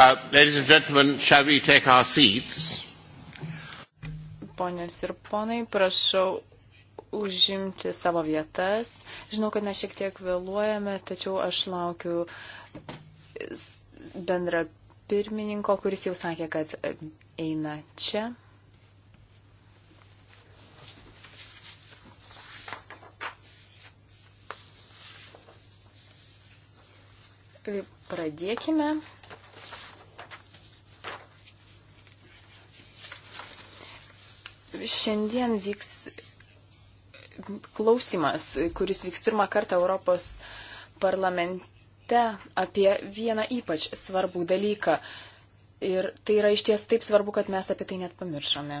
Uh, ladies and gentlemen, shall we take our seats? Ponės ir ponai, prašau užimti savo vietas. Žinau, kad mes šiek tiek vėluojame, tačiau aš laukiu bendra pirmininko, kuris jau sakė, kad eina čia. Pradėkime. Šiandien vyks klausimas, kuris vyks pirmą kartą Europos parlamente apie vieną ypač svarbų dalyką. Ir tai yra iš ties taip svarbu, kad mes apie tai net pamiršome.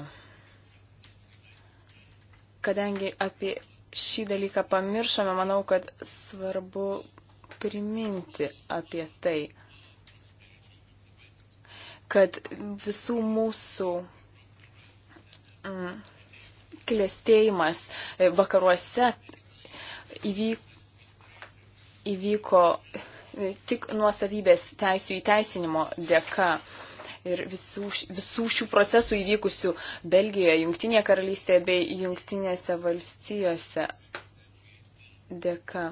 Kadangi apie šį dalyką pamiršome, manau, kad svarbu priminti apie tai, kad visų mūsų mm, klėstėjimas e, vakaruose įvyko e, tik nuosavybės teisų įteisinimo dėka. Ir visų, visų šių procesų įvykusių Belgijoje, Junktinėje karalystėje bei Junktinėse valstijose dėka.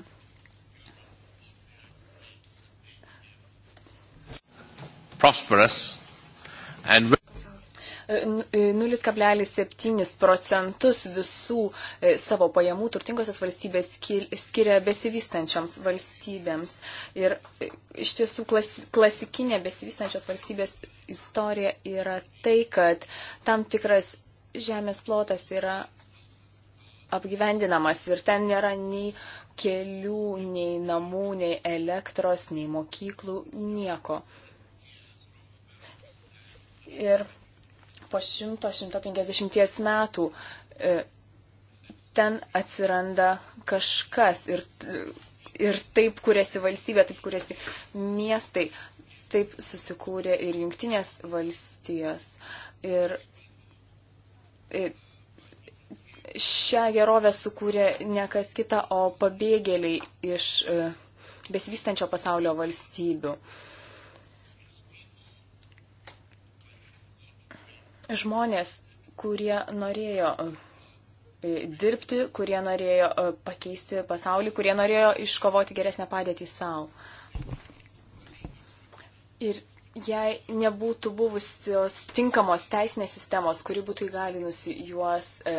Prosperous and 0,7 procentus visų e, savo pajamų turtingosios valstybės skiria besivystančioms valstybėms. Ir e, iš tiesų klasikinė besivystančios valstybės istorija yra tai, kad tam tikras žemės plotas yra apgyvendinamas ir ten nėra nei kelių, nei namų, nei elektros, nei mokyklų, nieko. Ir po 100-150 metų e, ten atsiranda kažkas ir, ir taip kuriasi valstybė, taip kuriasi miestai, taip susikūrė ir jungtinės valstijos. Ir, ir e, šią gerovę sukūrė ne kas kita, o pabėgėliai iš e, besivystančio pasaulio valstybių. Uh, Žmonės, kurie norėjo e, dirbti, kurie norėjo e, pakeisti pasaulį, kurie norėjo iškovoti geresnę padėtį savo. Ir jei nebūtų buvusios tinkamos teisinės sistemos, kuri būtų įgalinusi juos e,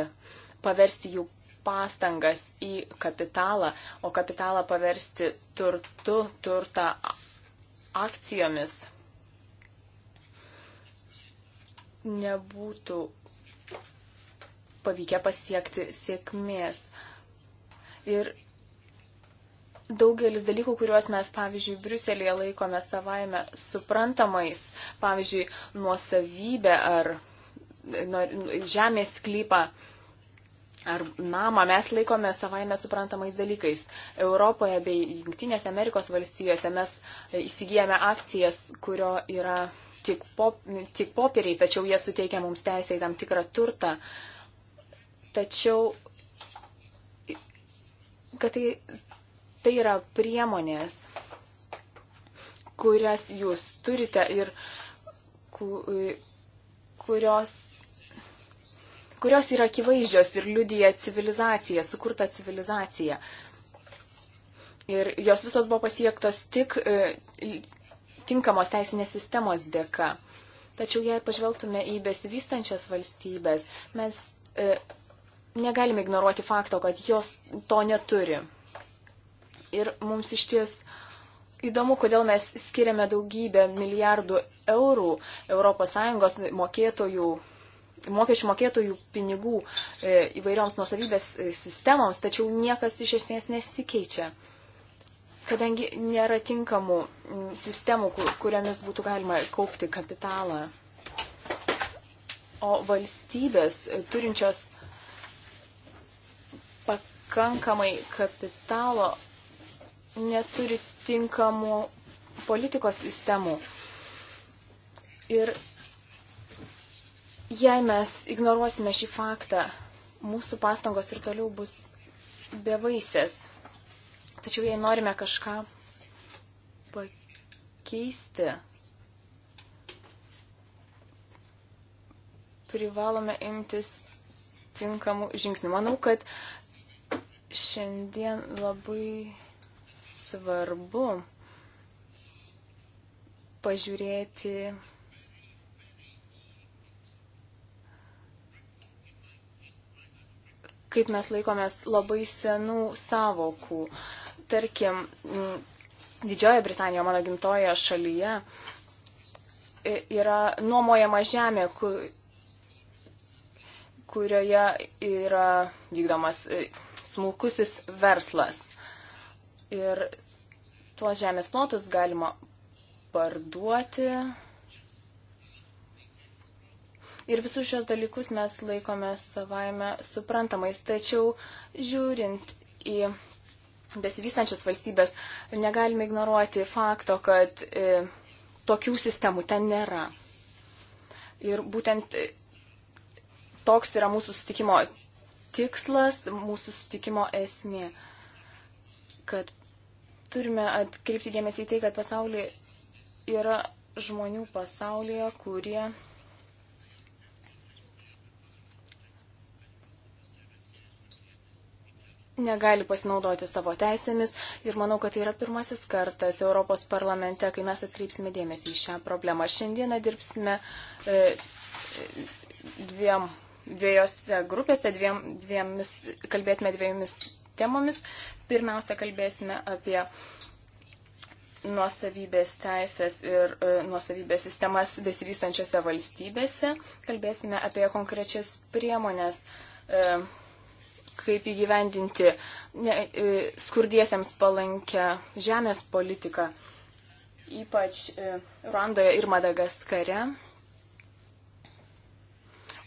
paversti jų pastangas į kapitalą, o kapitalą paversti turtu, turtą akcijomis, nebūtų pavykę pasiekti sėkmės. Ir daugelis dalykų, kuriuos mes, pavyzdžiui, Briuselėje laikome savaime suprantamais, pavyzdžiui, nuosavybę ar žemės sklypą ar namą, mes laikome savaime suprantamais dalykais. Europoje bei Junktinėse Amerikos valstijose mes įsigijame akcijas, kurio yra tik, pop, tik popieriai, tačiau jie suteikia mums teisę į tam tikrą turtą. Tačiau, kad tai, tai yra priemonės, kurias jūs turite ir ku, kurios, kurios yra akivaizdžios ir liudyja civilizaciją, sukurta civilizacija. Ir jos visos buvo pasiektos tik e, tinkamos teisinės sistemos dėka. Tačiau jei pažvelgtume į besivystančias valstybės, mes e, negalime ignoruoti fakto, kad jos to neturi. Ir mums iš ties įdomu, kodėl mes skiriame daugybę milijardų eurų ES mokėtojų mokesčių mokėtojų pinigų e, įvairioms nuosavybės e, sistemoms, tačiau niekas iš esmės nesikeičia kadangi nėra tinkamų sistemų, kuriamis būtų galima kaupti kapitalą. O valstybės e, turinčios pakankamai kapitalo neturi tinkamų politikos sistemų. Ir jei mes ignoruosime šį faktą, mūsų pastangos ir toliau bus bevaisės. Tačiau jei norime kažką pakeisti, privalome imtis tinkamų žingsnių. Manau, kad šiandien labai svarbu pažiūrėti kaip mes laikomės labai senų savokų. Tarkim, Didžiojoje Britanijoje, mano gimtojoje šalyje, yra nuomojama žemė, kurioje yra vykdomas smulkusis verslas. Ir tuos žemės plotus galima parduoti. Ir visus šios dalykus mes laikome savaime suprantamais. Tačiau žiūrint į besivystančias valstybės, negalime ignoruoti fakto, kad e, tokių sistemų ten nėra. Ir būtent e, toks yra mūsų sustikimo tikslas, mūsų sustikimo esmė, kad turime atkreipti dėmesį į tai, kad pasaulyje yra žmonių pasaulyje, kurie negali pasinaudoti savo teisėmis ir manau, kad tai yra pirmasis kartas Europos parlamente, kai mes atkreipsime dėmesį į šią problemą. Šiandieną dirbsime e, dviem, dviejose grupėse, dviem, dviemis, kalbėsime dviejomis temomis. Pirmiausia, kalbėsime apie nuosavybės teisės ir e, nuosavybės sistemas besivystančiose valstybėse. Kalbėsime apie konkrečias priemonės. E, kaip įgyvendinti e, skurdiesiems palankę žemės politiką, ypač e, Ruandoje ir Madagaskare.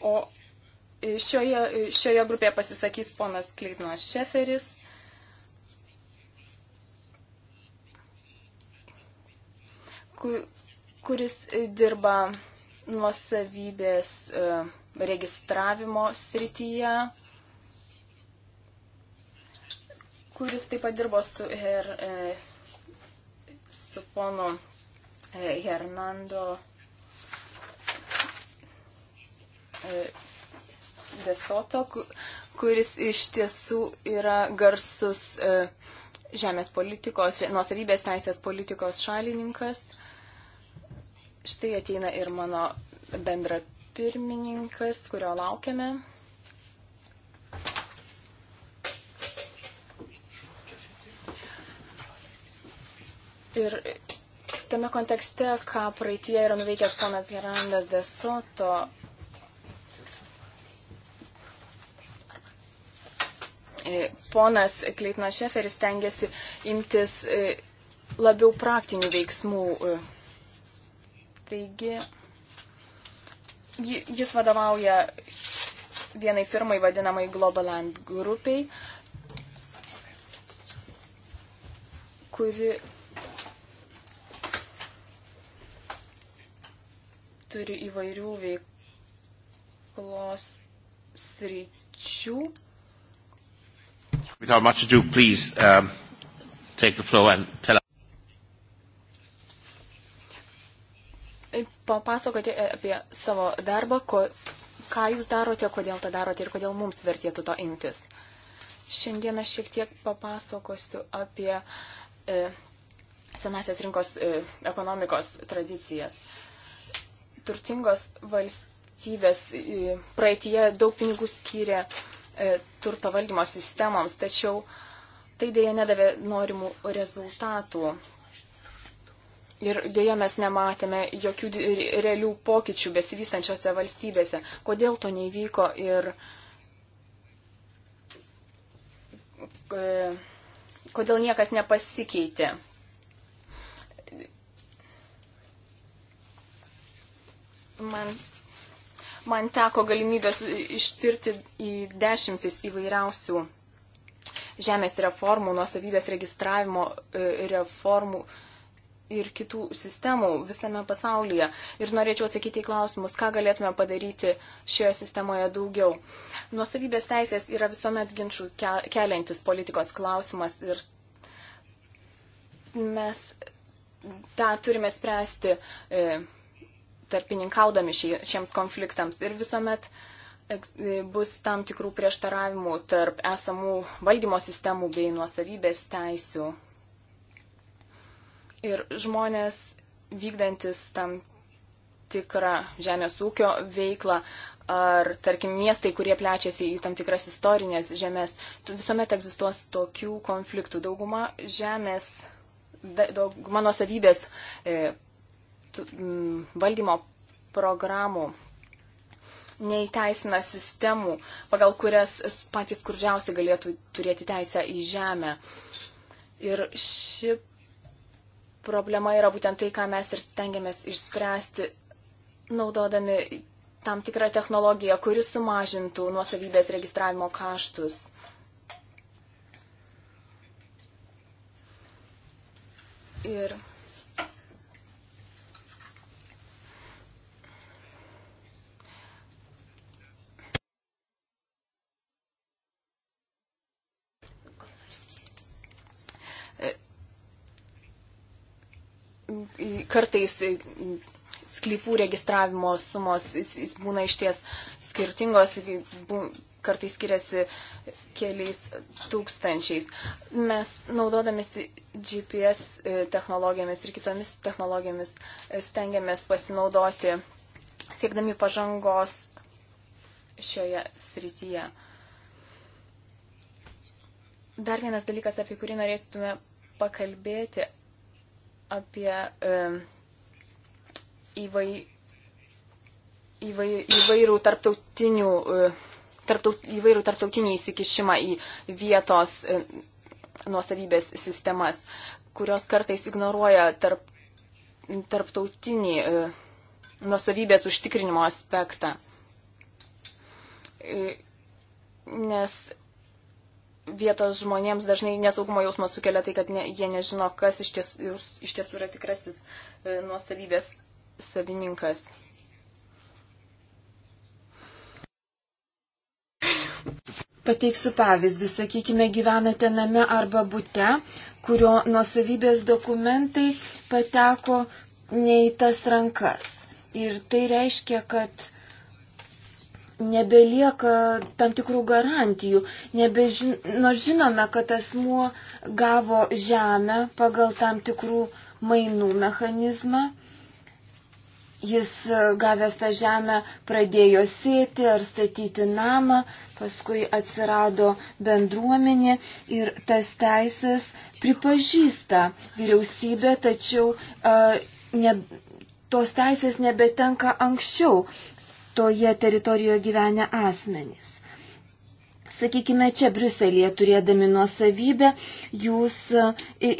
O e, šioje, šioje grupėje pasisakys ponas Kleitinas Šeferis. kuris dirba nuosavybės registravimo srityje kuris taip pat dirbo su, her, e, su ponu e, Hernando e, Desoto, kuris iš tiesų yra garsus e, žemės politikos, nuosavybės teisės politikos šalininkas. Štai ateina ir mano bendra pirmininkas, kurio laukiame. Ir tame kontekste, ką praeitie yra nuveikęs ponas Gerandas Desoto, e, ponas Kleitinas Šeferis tengiasi imtis e, labiau praktinių veiksmų. E. Taigi, jis vadovauja vienai firmai vadinamai Globaland grupiai, kuri turi įvairių veiklos sričių. Without much ado, please um, take the floor and tell us. Papasakoti apie savo darbą, ko, ką jūs darote, kodėl tą darote ir kodėl mums vertėtų to imtis. Šiandieną šiek tiek papasakosiu apie e, senasias rinkos e, ekonomikos tradicijas. E, turtingos valstybės praeitie daug pinigų skyrė e, turto valdymo sistemoms, tačiau tai dėja nedavė norimų rezultatų. Ir dėja mes nematėme jokių realių pokyčių besivystančiose valstybėse. Kodėl to neįvyko ir e, kodėl niekas nepasikeitė? man, man teko galimybės ištirti į dešimtis įvairiausių žemės reformų, nuosavybės registravimo e, reformų ir kitų sistemų visame pasaulyje. Ir norėčiau atsakyti į klausimus, ką galėtume padaryti šioje sistemoje daugiau. Nuosavybės teisės yra visuomet ginčių keliantis politikos klausimas ir mes tą turime spręsti e, tarpininkaudami šiems konfliktams. Ir visuomet bus tam tikrų prieštaravimų tarp esamų valdymo sistemų bei nuosavybės teisių. Ir žmonės vykdantis tam tikrą žemės ūkio veiklą ar, tarkim, miestai, kurie plečiasi į tam tikras istorinės žemės, visuomet egzistuos tokių konfliktų. Dauguma žemės, dauguma nuosavybės e, Mm, valdymo programų neįteisina sistemų, pagal kurias patys skurdžiausi galėtų turėti teisę į žemę. Ir ši problema yra būtent tai, ką mes ir stengiamės išspręsti, naudodami tam tikrą technologiją, kuri sumažintų nuosavybės registravimo kaštus. Ir kartais sklypų registravimo sumos būna išties skirtingos, kartais skiriasi keliais tūkstančiais. Mes naudodamės GPS e, technologijomis ir kitomis technologijomis e, stengiamės pasinaudoti siekdami pažangos šioje srityje. Dar vienas dalykas, apie kurį norėtume pakalbėti, apie e, įvai, įvai, įvairių tarptautinių. E, Tarptaut, įvairių tarptautinį įsikišimą į vietos e, nuosavybės sistemas, kurios kartais ignoruoja tarp, tarptautinį e, nuosavybės užtikrinimo aspektą. E, nes vietos žmonėms dažnai nesaugumo jausmas sukelia tai, kad ne, jie nežino, kas iš tiesų, iš tiesų yra tikrasis e, nuosavybės savininkas. Pateiksiu pavyzdį, sakykime, gyvenate name arba bute, kurio nuosavybės dokumentai pateko ne į tas rankas. Ir tai reiškia, kad nebelieka tam tikrų garantijų, nebežin, nors žinome, kad asmuo gavo žemę pagal tam tikrų mainų mechanizmą. Jis e, gavęs tą žemę pradėjo sėti ar statyti namą, paskui atsirado bendruomenė ir tas teisės pripažįsta vyriausybė, tačiau uh, ne, tos teisės nebetenka anksčiau, toje teritorijoje gyvenę asmenys. Sakykime, čia Briuselėje turėdami nuosavybę, jūs e,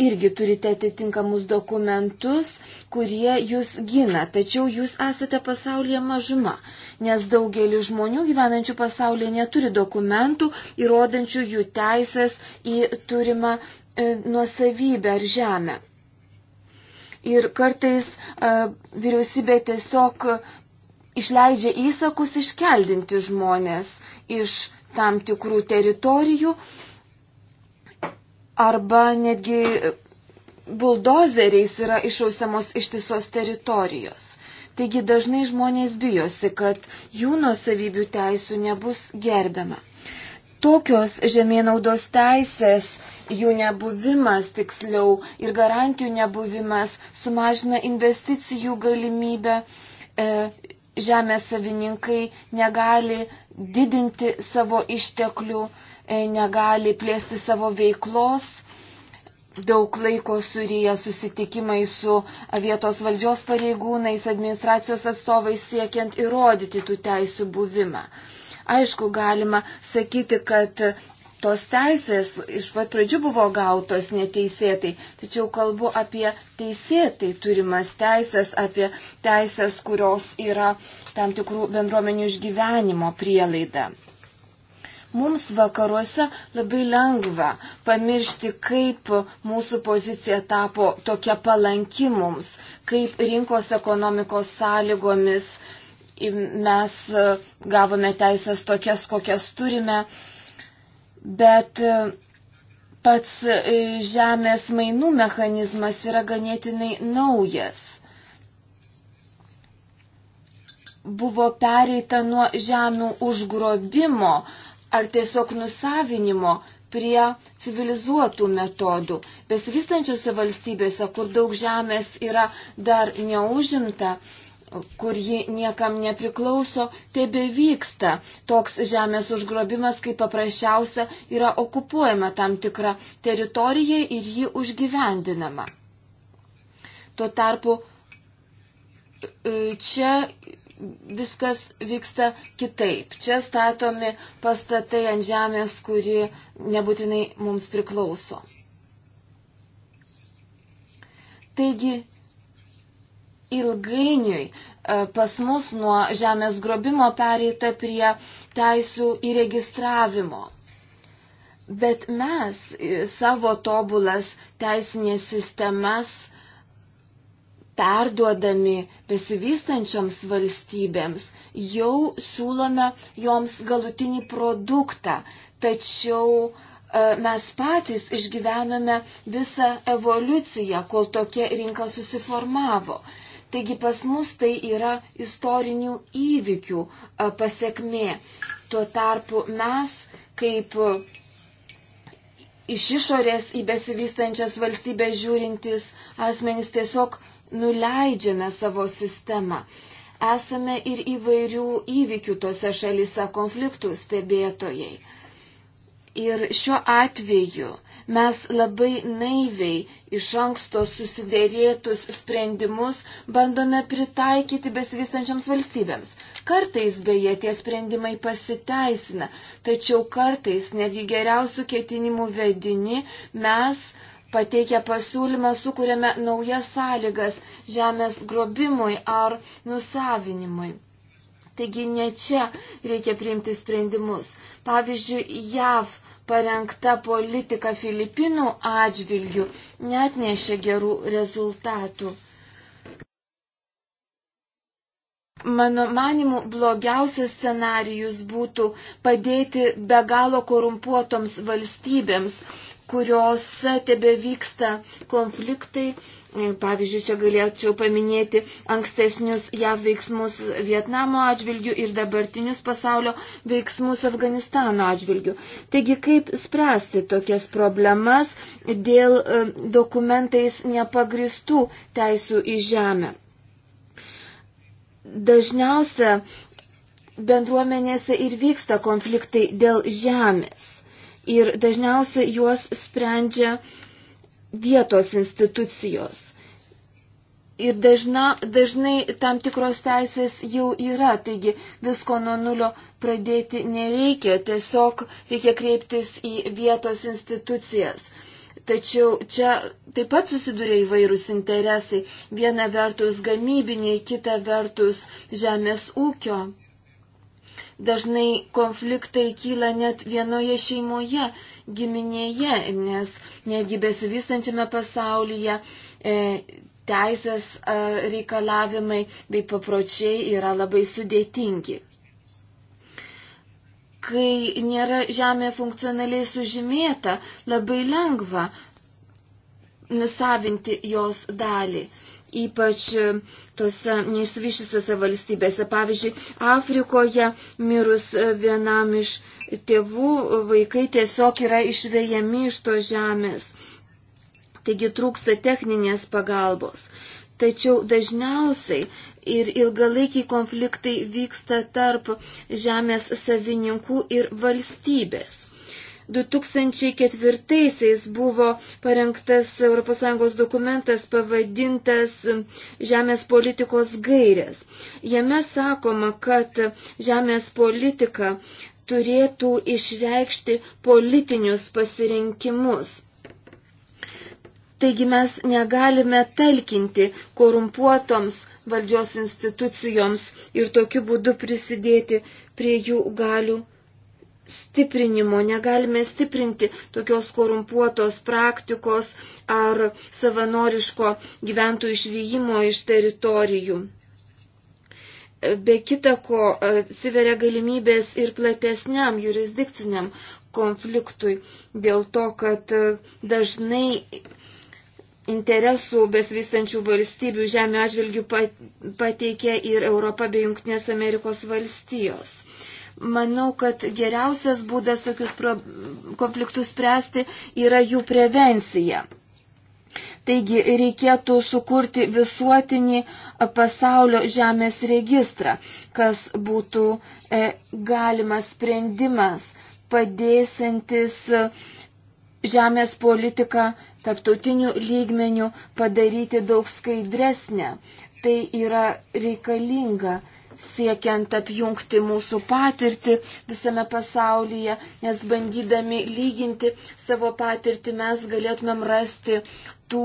irgi turite atitinkamus dokumentus, kurie jūs gina, tačiau jūs esate pasaulyje mažuma, nes daugelis žmonių gyvenančių pasaulyje neturi dokumentų įrodančių jų teisės į turimą e, nuosavybę ar žemę. Ir kartais a, e, vyriausybė tiesiog išleidžia įsakus iškeldinti žmonės iš tam tikrų teritorijų arba netgi buldozeriais yra išausiamos ištisos teritorijos. Taigi dažnai žmonės bijosi, kad jų nuosavybių teisų nebus gerbiama. Tokios žemėnaudos teisės, jų nebuvimas tiksliau ir garantijų nebuvimas sumažina investicijų galimybę e, žemės savininkai negali didinti savo išteklių, e, negali plėsti savo veiklos. Daug laiko surija susitikimai su vietos valdžios pareigūnais, administracijos atstovais siekiant įrodyti tų teisų buvimą. Aišku, galima sakyti, kad tos teisės iš pat pradžių buvo gautos neteisėtai, tačiau kalbu apie teisėtai turimas teisės, apie teisės, kurios yra tam tikrų bendruomenių išgyvenimo prielaida. Mums vakaruose labai lengva pamiršti, kaip mūsų pozicija tapo tokia palanki mums, kaip rinkos ekonomikos sąlygomis mes gavome teisės tokias, kokias turime, bet e, pats e, žemės mainų mechanizmas yra ganėtinai naujas. Buvo pereita nuo žemių užgrobimo ar tiesiog nusavinimo prie civilizuotų metodų. Besivystančiose valstybėse, kur daug žemės yra dar neužimta, uh, kur ji niekam nepriklauso, tebe vyksta. Toks žemės užgrobimas, kaip paprasčiausia, yra okupuojama tam tikra teritorija ir ji užgyvendinama. Tuo tarpu e, čia viskas vyksta kitaip. Čia statomi pastatai ant žemės, kuri nebūtinai mums priklauso. Taigi ilgainiui e, pas mus nuo žemės grobimo pereita prie teisų įregistravimo. Bet mes e, savo tobulas teisinės sistemas perduodami besivystančioms valstybėms jau siūlome joms galutinį produktą, tačiau e, mes patys išgyvenome visą evoliuciją, kol tokia rinka susiformavo. Taigi pas mus tai yra istorinių įvykių pasiekmė. Tuo tarpu mes kaip iš išorės į besivystančias valstybės žiūrintis asmenys tiesiog nuleidžiame savo sistemą. Esame ir įvairių įvykių tose šalyse konfliktų stebėtojai. Ir šiuo atveju mes labai naiviai iš anksto susidėrėtus sprendimus bandome pritaikyti besivystančiams valstybėms. Kartais beje tie sprendimai pasiteisina, tačiau kartais netgi geriausių ketinimų vedini mes pateikę pasiūlymą sukūrėme naujas sąlygas žemės grobimui ar nusavinimui. Taigi ne čia reikia priimti sprendimus. Pavyzdžiui, JAV parengta politika Filipinų atžvilgių net nešia gerų rezultatų. Mano manimu, blogiausias scenarijus būtų padėti be galo korumpuotoms valstybėms, kuriuose tebe vyksta konfliktai E, pavyzdžiui, čia galėčiau paminėti ankstesnius JAV veiksmus Vietnamo atžvilgių ir dabartinius pasaulio veiksmus Afganistano atžvilgių. Taigi, kaip spręsti tokias problemas dėl e, dokumentais nepagristų teisų į žemę? Dažniausia bendruomenėse ir vyksta konfliktai dėl žemės. Ir dažniausiai juos sprendžia uh, vietos institucijos. Ir dažna, dažnai tam tikros teisės jau yra, taigi visko nuo nulio pradėti nereikia, tiesiog reikia kreiptis į vietos institucijas. Tačiau čia taip pat susiduria įvairūs interesai. Viena vertus gamybiniai, kita vertus žemės ūkio. Dažnai konfliktai kyla net vienoje šeimoje, giminėje, nes netgi besivystančiame pasaulyje e, teisės e, reikalavimai bei papročiai yra labai sudėtingi. Kai nėra žemė funkcionaliai sužymėta, labai lengva nusavinti jos dalį ypač e, tose neišsivyšusiose valstybėse. Pavyzdžiui, Afrikoje mirus e, vienam iš tėvų e, vaikai tiesiog yra išvėjami iš to žemės. Taigi trūksta techninės pagalbos. Tačiau dažniausiai ir ilgalaikiai konfliktai vyksta tarp žemės savininkų ir valstybės. 2004-aisiais buvo parengtas ES dokumentas pavadintas Žemės politikos gairės. Jame sakoma, kad Žemės politika turėtų išreikšti politinius pasirinkimus. Taigi mes negalime talkinti korumpuotoms valdžios institucijoms ir tokiu būdu prisidėti prie jų galių stiprinimo, negalime stiprinti tokios korumpuotos praktikos ar savanoriško gyventojų išvyjimo iš teritorijų. Be kita ko, e, atsiveria galimybės ir platesniam jurisdikciniam konfliktui dėl to, kad e, dažnai interesų besvystančių valstybių žemė atžvilgių pateikia ir Europa bei Junktinės Amerikos valstijos. Manau, kad geriausias būdas tokius konfliktus spręsti yra jų prevencija. Taigi reikėtų sukurti visuotinį pasaulio žemės registrą, kas būtų e, galimas sprendimas padėsintis e, žemės politiką taptautinių lygmenių padaryti daug skaidresnę. Tai yra reikalinga siekiant apjungti mūsų patirtį visame pasaulyje, nes bandydami lyginti savo patirtį mes galėtumėm rasti tų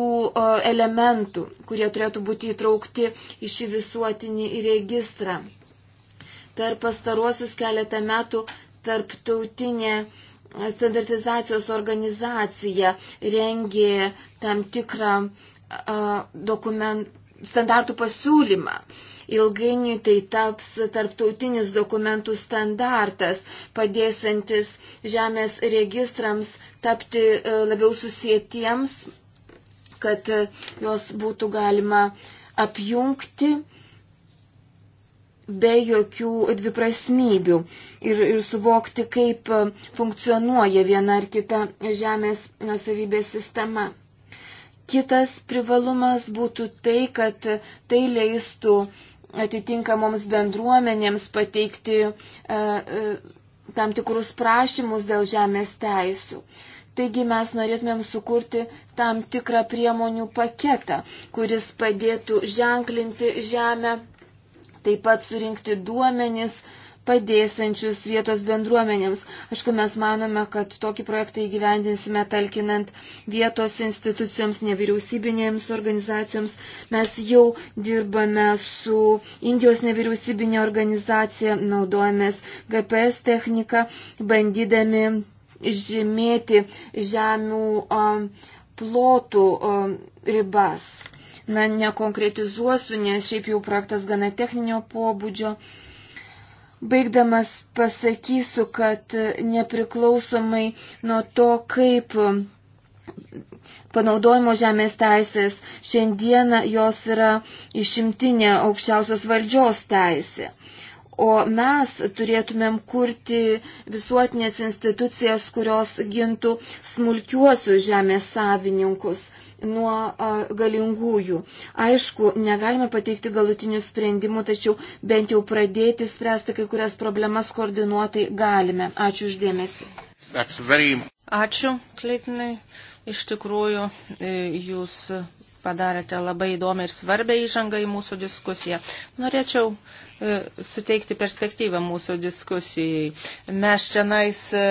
elementų, kurie turėtų būti įtraukti į šį visuotinį registrą. Per pastaruosius keletą metų tarptautinė standartizacijos organizacija rengė tam tikrą dokument, standartų pasiūlymą. Uh, ilgainiui tai taps tarptautinis dokumentų standartas, padėsantis žemės registrams tapti e, labiau susijėtiems, kad e, juos būtų galima apjungti be jokių dviprasmybių ir, ir suvokti, kaip e, funkcionuoja viena ar kita žemės nusavybės sistema. Kitas privalumas būtų tai, kad tai leistų atitinkamoms bendruomenėms pateikti e, e, tam tikrus prašymus dėl žemės teisų. Taigi mes norėtumėm sukurti tam tikrą priemonių paketą, kuris padėtų ženklinti žemę, taip pat surinkti duomenis, e, padėsančius vietos bendruomenėms. Aišku, mes manome, kad tokį projektą įgyvendinsime talkinant vietos institucijoms, nevyriausybinėms organizacijoms. Mes jau dirbame su Indijos nevyriausybinė organizacija, naudojamės GPS techniką, bandydami žymėti žemių um, plotų um, ribas. Na, nekonkretizuosiu, nes šiaip jau projektas gana techninio pobūdžio. Uh, Baigdamas pasakysiu, kad e, nepriklausomai nuo to, kaip e, panaudojimo žemės teisės, šiandieną jos yra išimtinė aukščiausios valdžios teisė. O mes turėtumėm kurti visuotinės institucijas, kurios gintų smulkiuosius žemės savininkus, nuo a, galingųjų. Aišku, negalime pateikti galutinių sprendimų, tačiau bent jau pradėti spręsti kai kurias problemas koordinuotai galime. Ačiū uždėmesi. Very... Ačiū, Kleitinai. Iš tikrųjų, e, jūs padarėte labai įdomią ir svarbę įžangą į mūsų diskusiją. Norėčiau e, suteikti perspektyvą mūsų diskusijai. Mes čia nais e,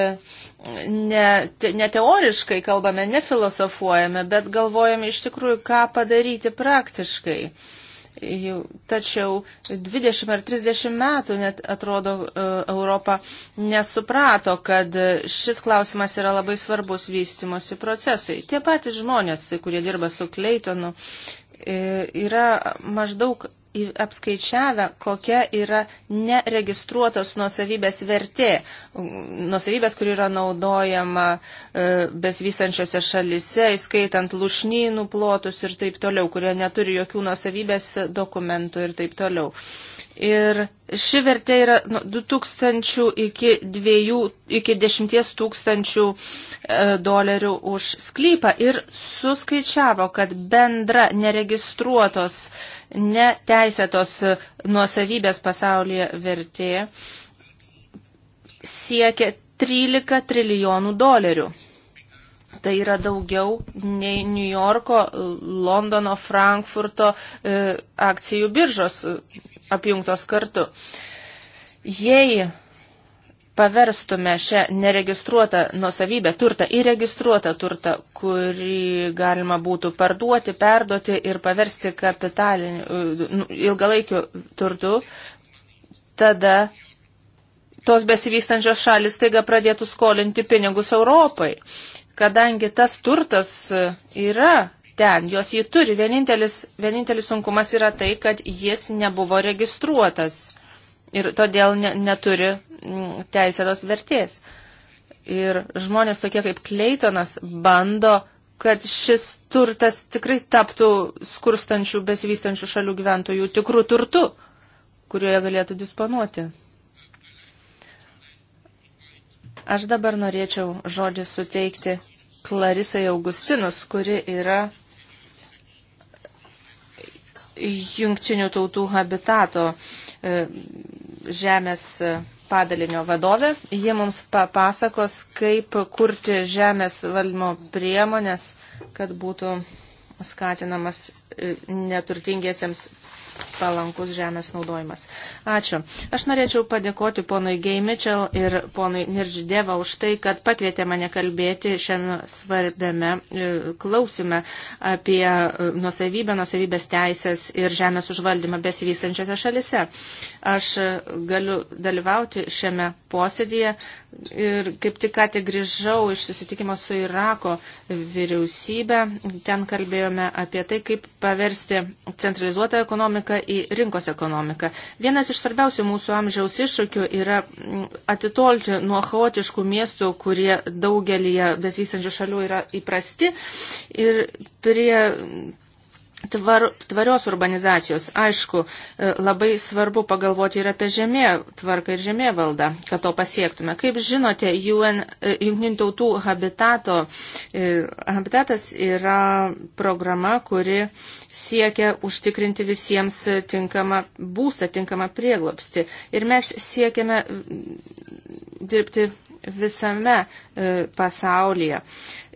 ne, te, ne teoriškai kalbame, ne filosofuojame, bet galvojame iš tikrųjų, ką padaryti praktiškai. Uh, Jau, tačiau 20 ar 30 metų net atrodo e, Europa nesuprato, kad šis klausimas yra labai svarbus vystimosi procesui. Tie patys žmonės, kurie dirba su Kleitonu, e, yra maždaug apskaičiavę, kokia yra neregistruotos nuosavybės vertė, nuosavybės, kur yra naudojama e, besvystančiose šalise, įskaitant lušnynų plotus ir taip toliau, kurie neturi jokių nuosavybės dokumentų ir taip toliau. Ir ši vertė yra nuo 2000 iki, 2, iki 10 tūkstančių e, dolerių už sklypą ir suskaičiavo, kad bendra neregistruotos uh, neteisėtos nuosavybės pasaulyje vertė siekia 13 trilijonų dolerių. Tai yra daugiau nei New Yorko, Londono, Frankfurto e, akcijų biržos e, apjungtos kartu. Jei paverstume šią neregistruotą nuosavybę turtą į registruotą turtą, kurį galima būtų parduoti, perduoti ir paversti kapitaliniu nu, ilgalaikiu turtu, tada tos besivystančios šalis taiga pradėtų skolinti pinigus Europai, kadangi tas turtas yra ten, jos jį turi. Vienintelis, vienintelis sunkumas yra tai, kad jis nebuvo registruotas ir todėl ne, neturi mm, teisėtos vertės. Ir žmonės tokie kaip Kleitonas bando, kad šis turtas tikrai taptų skurstančių, besivystančių šalių gyventojų tikrų turtų, kurioje galėtų disponuoti. Aš dabar norėčiau žodį suteikti Klarisai Augustinus, kuri yra jungtinių tautų habitato e, žemės padalinio vadovė. Jie mums papasakos, kaip kurti žemės valdymo priemonės, kad būtų skatinamas e, neturtingiesiems palankus žemės naudojimas. Ačiū. Aš norėčiau padėkoti ponui Geimičel ir ponui Nirždėva už tai, kad pakvietė mane kalbėti šiame svarbiame e, klausime apie e, nusavybę, nusavybės teisės ir žemės užvaldymą besivystančiose šalise. Aš e, galiu dalyvauti šiame posėdėje Ir kaip tik ką tik grįžau iš susitikimo su Irako vyriausybė. Ten kalbėjome apie tai, kaip paversti centralizuotą ekonomiką į rinkos ekonomiką. Vienas iš svarbiausių mūsų amžiaus iššūkių yra atitolti nuo chaotiškų miestų, kurie daugelį besivystančių šalių yra įprasti, ir prie Tvar, tvarios urbanizacijos. Aišku, e, labai svarbu pagalvoti ir apie žemė tvarką ir žemė valdą, kad to pasiektume. Kaip žinote, UN, e, Junktinių tautų habitato, e, habitatas yra programa, kuri siekia užtikrinti visiems tinkamą būstą, tinkamą prieglopsti. Ir mes siekiame mm, dirbti visame pasaulyje.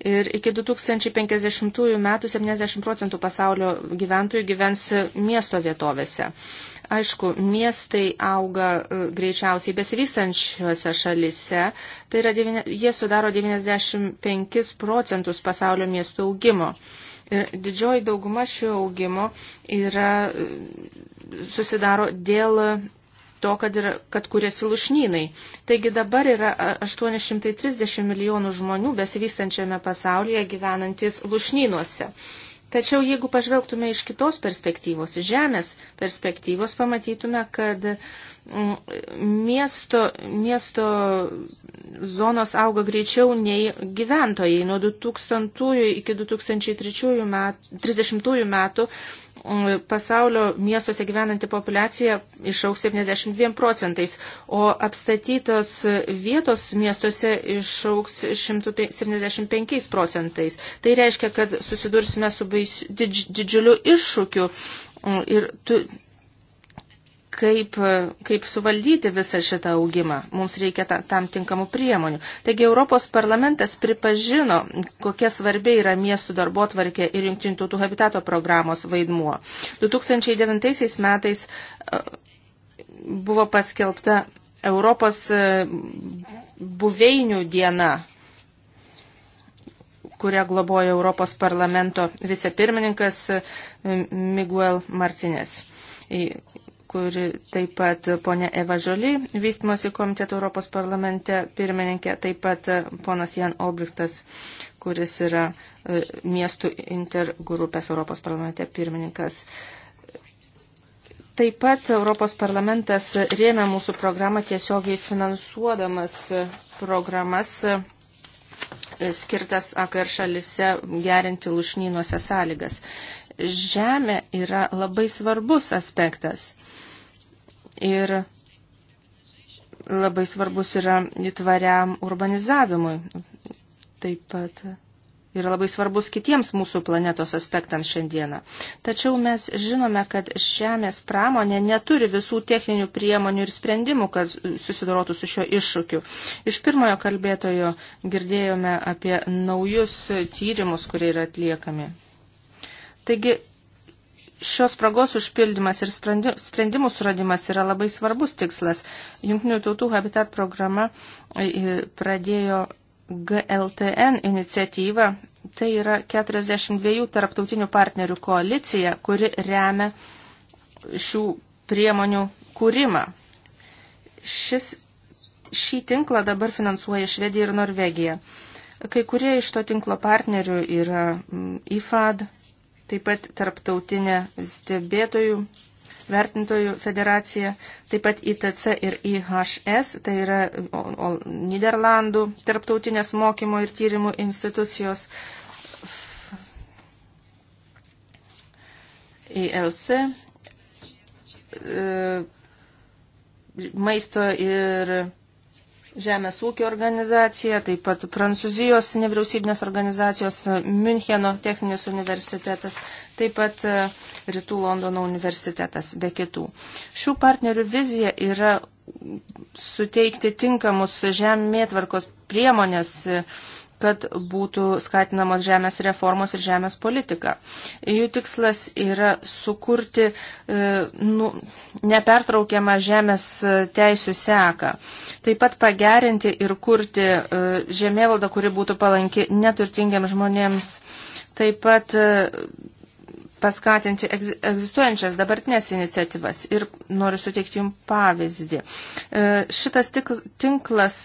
Ir iki 2050 metų 70 procentų pasaulio gyventojų gyvens miesto vietovėse. Aišku, miestai auga e, greičiausiai besivystančiuose šalise, tai yra, jie sudaro 95 procentus pasaulio miestų augimo. Ir didžioji dauguma šio augimo yra, e, susidaro dėl to, kad, yra, kad kuriasi lušnynai. Taigi dabar yra 830 e, milijonų žmonių besivystančiame pasaulyje gyvenantis lušnynuose. Tačiau jeigu pažvelgtume iš kitos perspektyvos, iš žemės perspektyvos, pamatytume, kad mm, miesto, miesto zonos auga greičiau nei gyventojai. Nuo 2000 iki 2030 metų, metų pasaulio miestuose gyvenanti populiacija išauks 72 procentais, o apstatytos vietos miestuose išauks 175 procentais. Tai reiškia, kad susidursime su baisiu, didž, didžiuliu iššūkiu mm, ir tu, kaip, kaip suvaldyti visą šitą augimą. Mums reikia ta, tam tinkamų priemonių. Taigi Europos parlamentas pripažino, kokia svarbi yra miestų darbo tvarkė ir jungtinių tautų habitato programos vaidmuo. 2009 metais e, buvo paskelbta Europos e, buveinių diena kurią globoja Europos parlamento vicepirmininkas e, Miguel Martinės kuri taip pat ponė Eva Žoly, vystimosi komiteto Europos parlamente pirmininkė, taip pat ponas Jan Olbrichtas, kuris yra e, miestų intergrupės Europos parlamente pirmininkas. Taip pat Europos parlamentas rėmė mūsų programą tiesiogiai finansuodamas programas e, skirtas AKR šalise gerinti lušnynuose sąlygas. Žemė yra labai svarbus aspektas ir labai svarbus yra tvariam urbanizavimui. Taip pat yra labai svarbus kitiems mūsų planetos aspektams šiandieną. Tačiau mes žinome, kad žemės pramonė neturi visų techninių priemonių ir sprendimų, kad susidorotų su šiuo iššūkiu. Iš pirmojo kalbėtojo girdėjome apie naujus tyrimus, kurie yra atliekami. Taigi šios spragos užpildymas ir sprendimų suradimas yra labai svarbus tikslas. Junktinių tautų habitat programa e, e, pradėjo GLTN iniciatyvą. Tai yra 42 tarptautinių partnerių koalicija, kuri remia šių priemonių kūrimą. Šis, šį tinklą dabar finansuoja Švedija ir Norvegija. Kai kurie iš to tinklo partnerių yra IFAD, taip pat tarptautinė stebėtojų vertintojų federacija, taip pat ITC ir IHS, tai yra Niderlandų tarptautinės mokymo ir tyrimų institucijos, ILC, e, maisto ir Žemės ūkio organizacija, taip pat Prancūzijos nevyriausybinės organizacijos, Müncheno techninis universitetas, taip pat e, Rytų Londono universitetas, be kitų. Šių partnerių vizija yra suteikti tinkamus žemėtvarkos priemonės e, kad būtų skatinamos žemės reformos ir žemės politika. Jų tikslas yra sukurti e, nu, nepertraukiamą žemės e, teisų seką. Taip pat pagerinti ir kurti e, žemėvaldą, kuri būtų palanki neturtingiams žmonėms. Taip pat paskatinti egzistuojančias dabartinės iniciatyvas. Ir noriu suteikti Jums pavyzdį. Šitas tinklas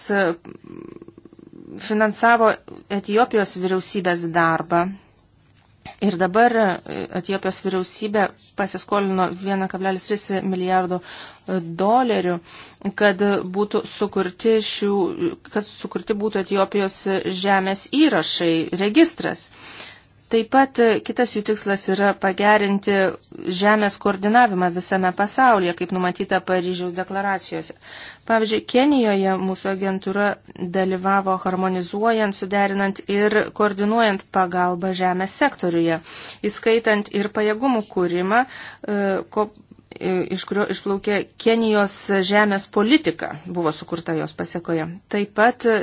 finansavo Etijopijos vyriausybės darbą. Ir dabar e, Etijopijos vyriausybė pasiskolino 1,3 milijardo e, dolerių, kad būtų sukurti, šių, kad sukurti būtų Etijopijos žemės įrašai, registras. Uh, Taip pat e, kitas jų tikslas yra pagerinti žemės koordinavimą visame pasaulyje, kaip numatyta Paryžiaus deklaracijose. Pavyzdžiui, Kenijoje mūsų agentūra dalyvavo harmonizuojant, suderinant ir koordinuojant pagalbą žemės sektoriuje, įskaitant ir pajėgumų kūrimą, e, E, iš kurio išplaukė Kenijos žemės politika, buvo sukurta jos pasiekoje. Taip pat e,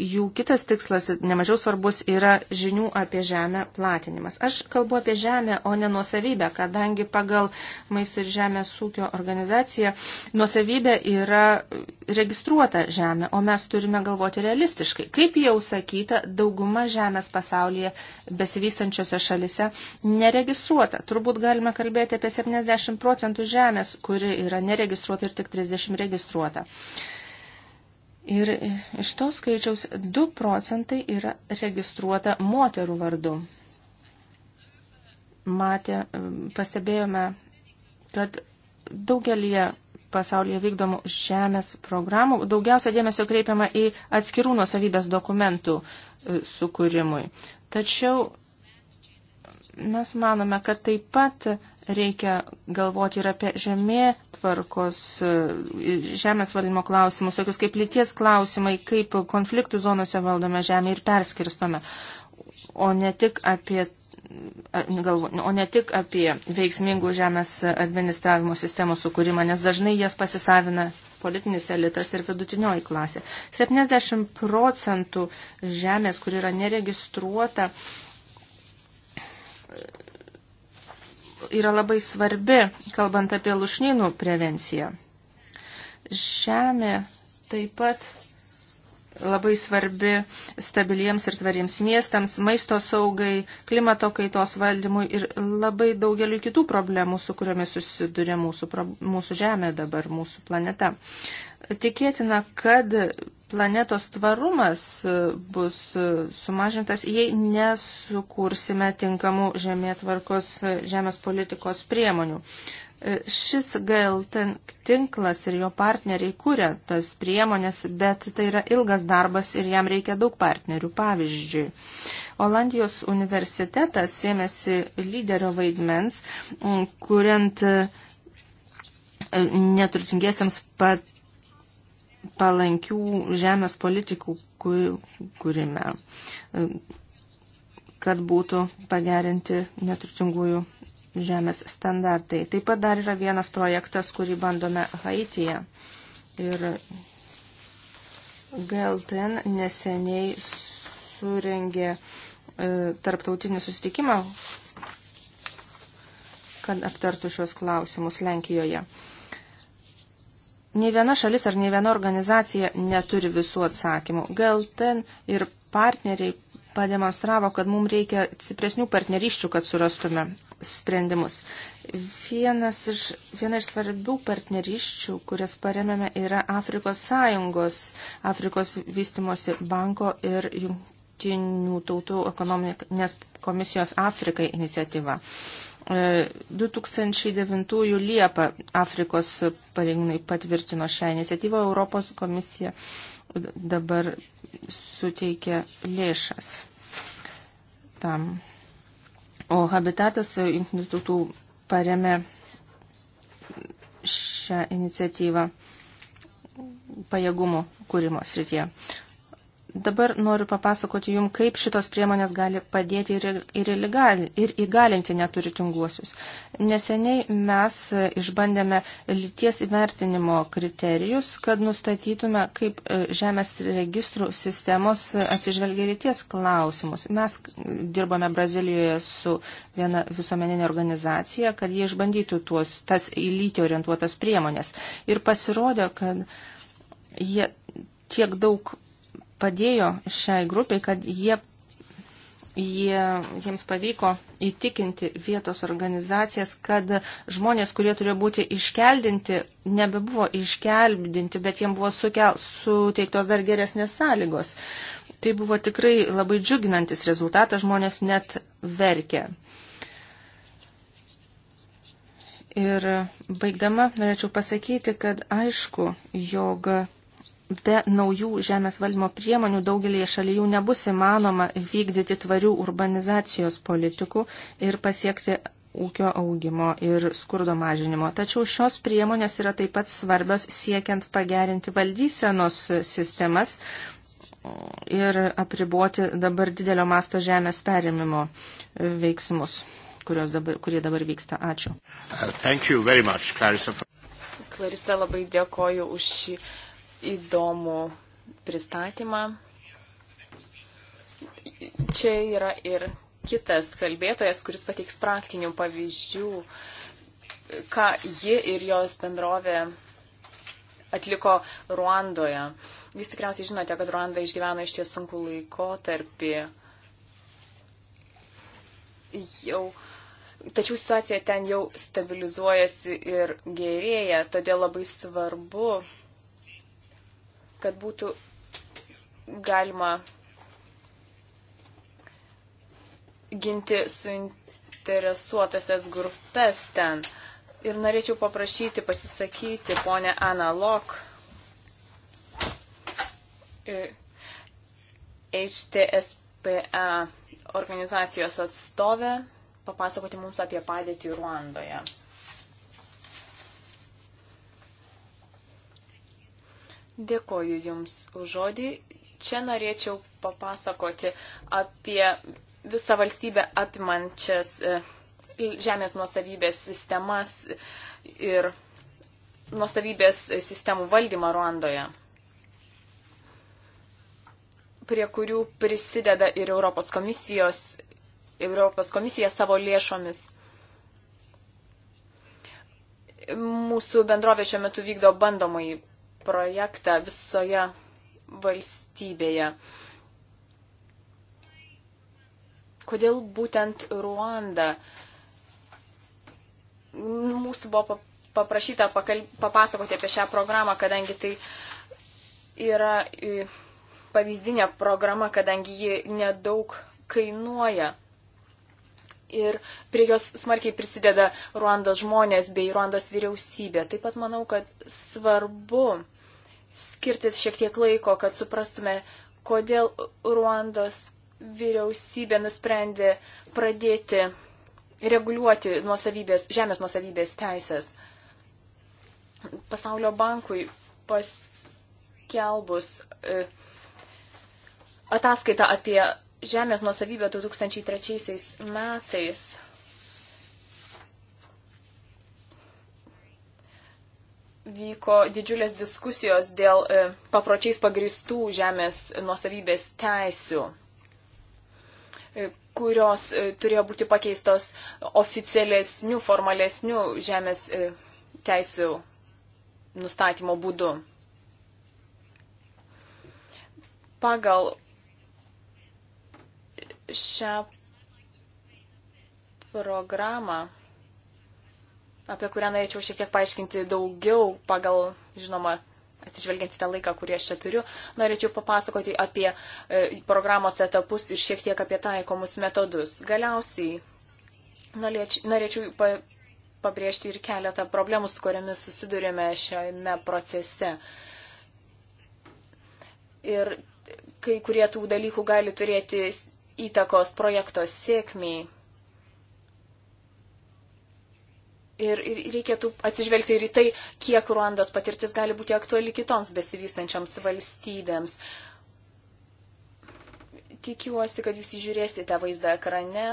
jų kitas tikslas, nemažiau svarbus, yra žinių apie žemę platinimas. Aš kalbu apie žemę, o ne nuosavybę, kadangi pagal Maisto ir žemės ūkio organizaciją nuosavybė yra registruota žemė, o mes turime galvoti realistiškai. Kaip jau sakyta, dauguma žemės pasaulyje besivystančiose šalise neregistruota. Turbūt galime kalbėti apie 70 procentų žemės žemės, kuri yra neregistruota ir tik 30 registruota. Ir iš to skaičiaus 2 procentai yra registruota moterų vardu. Matė, pastebėjome, kad daugelie pasaulyje vykdomų žemės programų daugiausia dėmesio kreipiama į atskirų nuosavybės dokumentų e, sukūrimui. Tačiau Mes manome, kad taip pat reikia galvoti ir apie žemė tvarkos, e, žemės valdymo klausimus, tokius kaip lyties klausimai, kaip konfliktų zonose valdome žemę ir perskirstome, o ne tik apie, galvo, o ne tik apie veiksmingų žemės administravimo sistemų sukūrimą, nes dažnai jas pasisavina politinis elitas ir vidutinioji klasė. 70 procentų žemės, kur yra neregistruota, yra labai svarbi, kalbant apie lušnynų prevenciją. Žemė taip pat labai svarbi stabiliems ir tvariems miestams, maisto saugai, klimato kaitos valdymui ir labai daugeliu kitų problemų, su kuriomis susiduria mūsų, mūsų Žemė dabar, mūsų planeta. Tikėtina, kad planetos tvarumas e, bus e, sumažintas, jei nesukursime tinkamų žemėtvarkos e, žemės politikos priemonių. Šis GLT tinklas ir jo partneriai kūrė tas priemonės, bet tai yra ilgas darbas ir jam reikia daug partnerių. Pavyzdžiui, Olandijos universitetas sėmėsi lyderio vaidmens, kuriant neturtingiesiams pat palankių žemės politikų kūrime, kad būtų pagerinti neturtingųjų žemės standartai. Taip pat dar yra vienas projektas, kurį bandome Haityje. Ir Gelten neseniai surengė e, tarptautinį susitikimą, kad aptartų šios klausimus Lenkijoje. E, Ne viena šalis ar ne viena organizacija neturi visų atsakymų. Gal ten ir partneriai pademonstravo, kad mums reikia stipresnių partneriščių, kad surastume sprendimus. Vienas iš, viena iš svarbių partneriščių, kurias paremėme, yra Afrikos sąjungos, Afrikos vystimosi banko ir jungtinių tautų ekonominės komisijos Afrikai iniciatyva. 2009 e, Liepą Afrikos pareigūnai patvirtino šią iniciatyvą, Europos komisija dabar suteikia lėšas tam. O Habitatas Junktinių tautų paremė šią iniciatyvą pajėgumo kūrimo srityje. Dabar noriu papasakoti jums, kaip šitos priemonės gali padėti ir, ir, iligal, ir įgalinti neturitinguosius. Neseniai mes išbandėme lyties įvertinimo kriterijus, kad nustatytume, kaip e, žemės registrų sistemos atsižvelgia lyties klausimus. Mes dirbame Brazilijoje su viena visuomeninė organizacija, kad jie išbandytų tuos, tas į lytį orientuotas priemonės. Ir pasirodė, kad jie tiek daug padėjo šiai grupiai, kad jie, jie, jiems pavyko įtikinti vietos organizacijas, kad žmonės, kurie turėjo būti iškeldinti, nebebuvo iškeldinti, bet jiems buvo sukel, suteiktos dar geresnės sąlygos. Tai buvo tikrai labai džiuginantis rezultatas, žmonės net verkė. Ir baigdama norėčiau pasakyti, kad aišku, jog be naujų žemės valdymo priemonių daugelėje šalyjų nebus įmanoma vykdyti tvarių urbanizacijos politikų ir pasiekti ūkio augimo ir skurdo mažinimo. Tačiau šios priemonės yra taip pat svarbios siekiant pagerinti valdysenos sistemas ir apriboti dabar didelio masto žemės perėmimo veiksmus, dabar, kurie dabar vyksta. Ačiū. Uh, much, Clarissa. Clarissa, labai dėkoju už šį įdomų pristatymą. Čia yra ir kitas kalbėtojas, kuris pateiks praktinių pavyzdžių, ką ji ir jos bendrovė atliko Ruandoje. Jūs tikriausiai žinote, kad Ruanda išgyveno iš ties sunku laikotarpį. Jau Tačiau situacija ten jau stabilizuojasi ir gerėja, todėl labai svarbu kad būtų galima ginti suinteresuotasias grupės ten. Ir norėčiau paprašyti pasisakyti ponę Aną Lok. E, HTSPA organizacijos atstovę papasakoti mums apie padėtį Ruandoje. Dėkoju Jums už žodį. Čia norėčiau papasakoti apie visą valstybę apimančias e, žemės nuosavybės sistemas ir nuosavybės sistemų valdymą Ruandoje, prie kurių prisideda ir Europos, komisijos, Europos komisija savo lėšomis. Mūsų bendrovė šiuo metu vykdo bandomąjį projektą visoje valstybėje. Kodėl būtent Ruanda? Nu, mūsų buvo paprašyta papasakoti apie šią programą, kadangi tai yra pavyzdinė programa, kadangi ji nedaug kainuoja. Ir prie jos smarkiai prisideda Ruandos žmonės bei Ruandos vyriausybė. Taip pat manau, kad svarbu skirti šiek tiek laiko, kad suprastume, kodėl Ruandos vyriausybė nusprendė pradėti reguliuoti nuosavybės, žemės nuosavybės teisės. Pasaulio bankui paskelbus e, ataskaitą apie žemės nuosavybę 2003 metais vyko didžiulės diskusijos dėl e, papročiais pagristų žemės nuosavybės teisių e, kurios e, turėjo būti pakeistos oficialesnių, formalesnių žemės teisų nustatymo būdu. Pagal šią programą apie kurią norėčiau šiek tiek paaiškinti daugiau pagal, žinoma, atsižvelgiant į tą laiką, kurį aš čia turiu, norėčiau papasakoti apie e, programos etapus ir šiek tiek apie taikomus metodus. Galiausiai norėčiau, norėčiau pa, pabrėžti ir keletą problemų, su kuriamis susidurėme šiame procese. Ir kai kurie tų dalykų gali turėti įtakos projekto sėkmiai Ir, ir reikėtų atsižvelgti ir į tai, kiek Ruandos patirtis gali būti aktuali kitoms besivystančioms valstybėms. Tikiuosi, kad jūs įžiūrėsite vaizdą ekrane.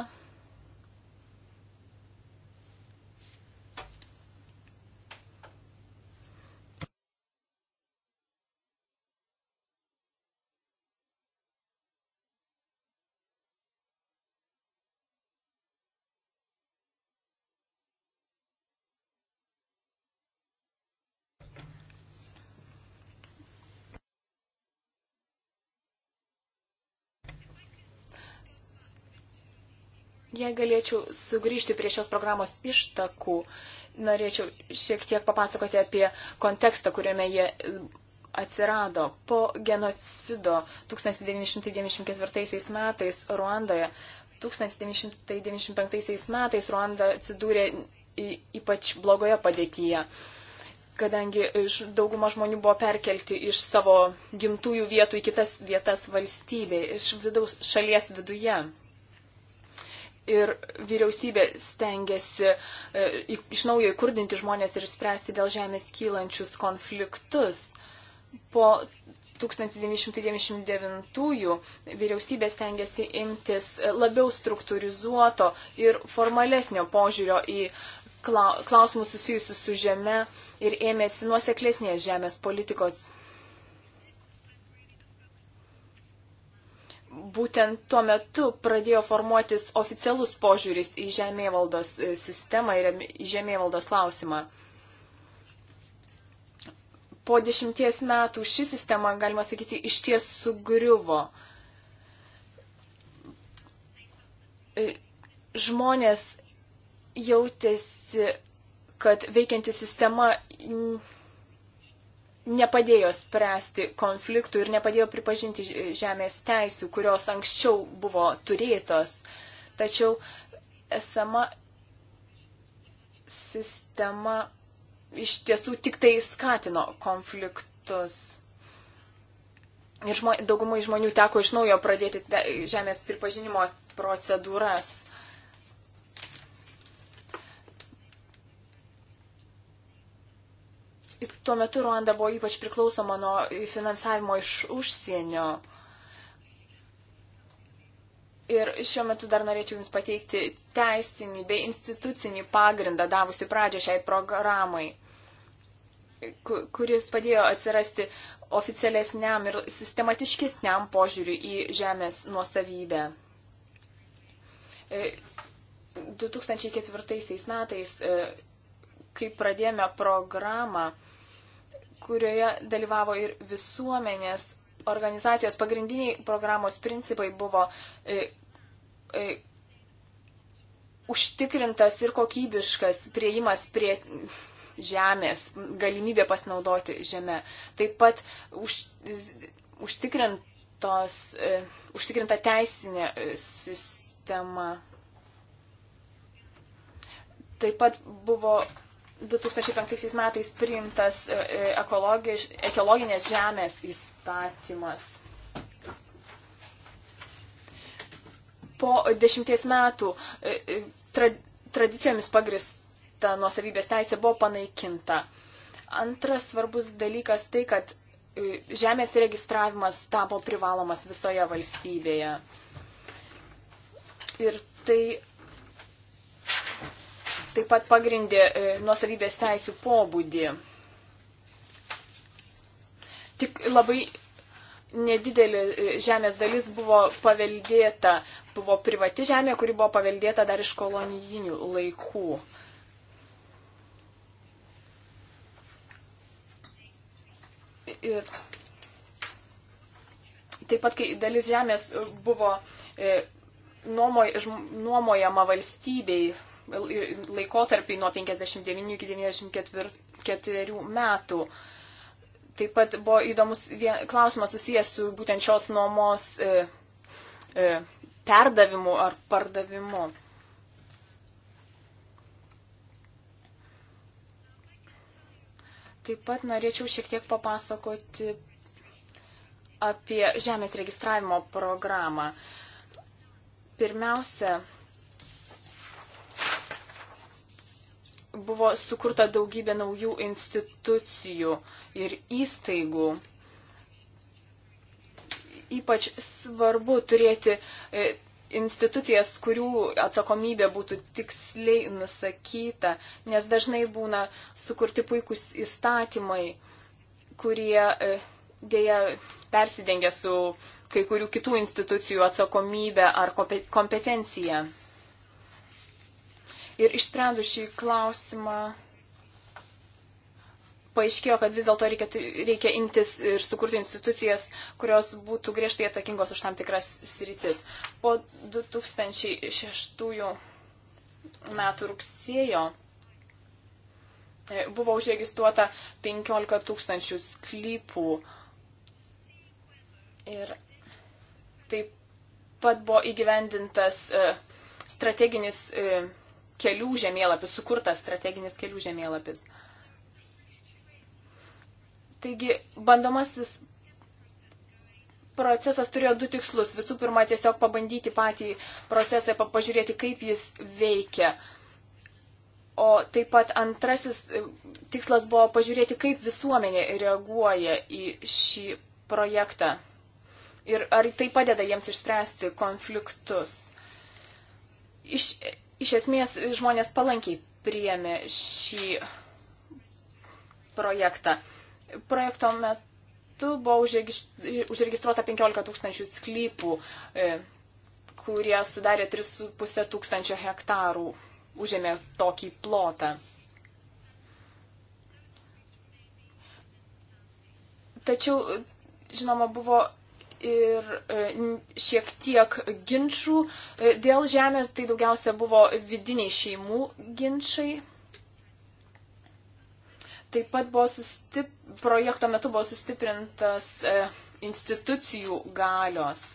Jei galėčiau sugrįžti prie šios programos ištakų, norėčiau šiek tiek papasakoti apie kontekstą, kuriame jie atsirado. Po genocido 1994 metais Ruandoje, 1995 metais Ruanda atsidūrė ypač blogoje padėtyje, kadangi dauguma žmonių buvo perkelti iš savo gimtųjų vietų į kitas vietas valstybė, iš vidaus šalies viduje ir vyriausybė stengiasi e, iš naujo įkurdinti žmonės ir spręsti dėl žemės kylančius konfliktus. Po 1999-ųjų vyriausybė stengiasi imtis labiau struktūrizuoto ir formalesnio požiūrio į klausimus susijusius su žeme ir ėmėsi nuoseklesnės žemės politikos būtent tuo metu pradėjo formuotis oficialus požiūris į žemėvaldos e, sistemą ir žemėvaldos klausimą. Po dešimties metų ši sistema, galima sakyti, iš ties sugriuvo. E, žmonės jautėsi, kad veikianti sistema nepadėjo spręsti konfliktų ir nepadėjo pripažinti žemės teisų, kurios anksčiau buvo turėtos. Tačiau esama sistema iš tiesų tik tai skatino konfliktus. Ir žmo, daugumai žmonių teko iš naujo pradėti te, žemės pripažinimo procedūras. tuo metu Ruanda buvo ypač priklausoma nuo finansavimo iš užsienio. Ir šiuo metu dar norėčiau Jums pateikti teisinį bei institucinį pagrindą davusi pradžią šiai programai, kuris padėjo atsirasti oficialesniam ir sistematiškesniam požiūriui į žemės nuosavybę. 2004 e, metais e, kai pradėjome programą, kurioje dalyvavo ir visuomenės organizacijos, pagrindiniai programos principai buvo e, e, užtikrintas ir kokybiškas prieimas prie žemės, galimybė pasinaudoti žemę. Taip pat už, užtikrintos, e, užtikrinta teisinė e, sistema. Taip pat buvo 2005 metais priimtas e, e, ekologinės žemės įstatymas. Po dešimties metų e, tra, tradicijomis pagrista nuosavybės teisė buvo panaikinta. Antras svarbus dalykas tai, kad žemės registravimas tapo privalomas visoje valstybėje. Ir tai taip pat pagrindė e, nuosavybės teisų pobūdį. Tik labai nedidelė e, žemės dalis buvo paveldėta, buvo privati žemė, kuri buvo paveldėta dar iš kolonijinių laikų. Ir taip pat, kai dalis žemės buvo e, nuomoj, nuomojama valstybei, laikotarpį nuo 59 iki 94 metų. Taip pat buvo įdomus klausimas susijęs su būtent šios nuomos e, e, perdavimu ar pardavimu. Taip pat norėčiau šiek tiek papasakoti apie žemės registravimo programą. Pirmiausia, buvo sukurta daugybė naujų institucijų ir įstaigų. Ypač svarbu turėti e, institucijas, kurių atsakomybė būtų tiksliai nusakyta, nes dažnai būna sukurti puikūs įstatymai, kurie e, dėja persidengia su kai kurių kitų institucijų atsakomybė ar kompetencija. Ir išsprendus šį klausimą, paaiškėjo, kad vis dėlto reikia, reikia imtis ir sukurti institucijas, kurios būtų griežtai atsakingos už tam tikras sritis. Po 2006 metų rugsėjo e, buvo užregistruota 15 tūkstančių sklypų. Ir taip pat buvo įgyvendintas e, strateginis e, kelių žemėlapis, sukurtas strateginis kelių žemėlapis. Taigi, bandomasis procesas turėjo du tikslus. Visų pirma, tiesiog pabandyti patį procesą, pažiūrėti, kaip jis veikia. O taip pat antrasis e, tikslas buvo pažiūrėti, kaip visuomenė reaguoja į šį projektą. Ir ar tai padeda jiems išspręsti konfliktus. Iš Iš esmės žmonės palankiai priėmė šį projektą. Projekto metu buvo užregistruota 15 tūkstančių sklypų, e, kurie sudarė 3,5 tūkstančio hektarų, užėmė tokį plotą. Tačiau, e, žinoma, buvo ir e, šiek tiek ginčių e, dėl žemės, tai daugiausia buvo vidiniai šeimų ginčiai. Taip pat buvo sustip... projekto metu buvo sustiprintas e, institucijų galios.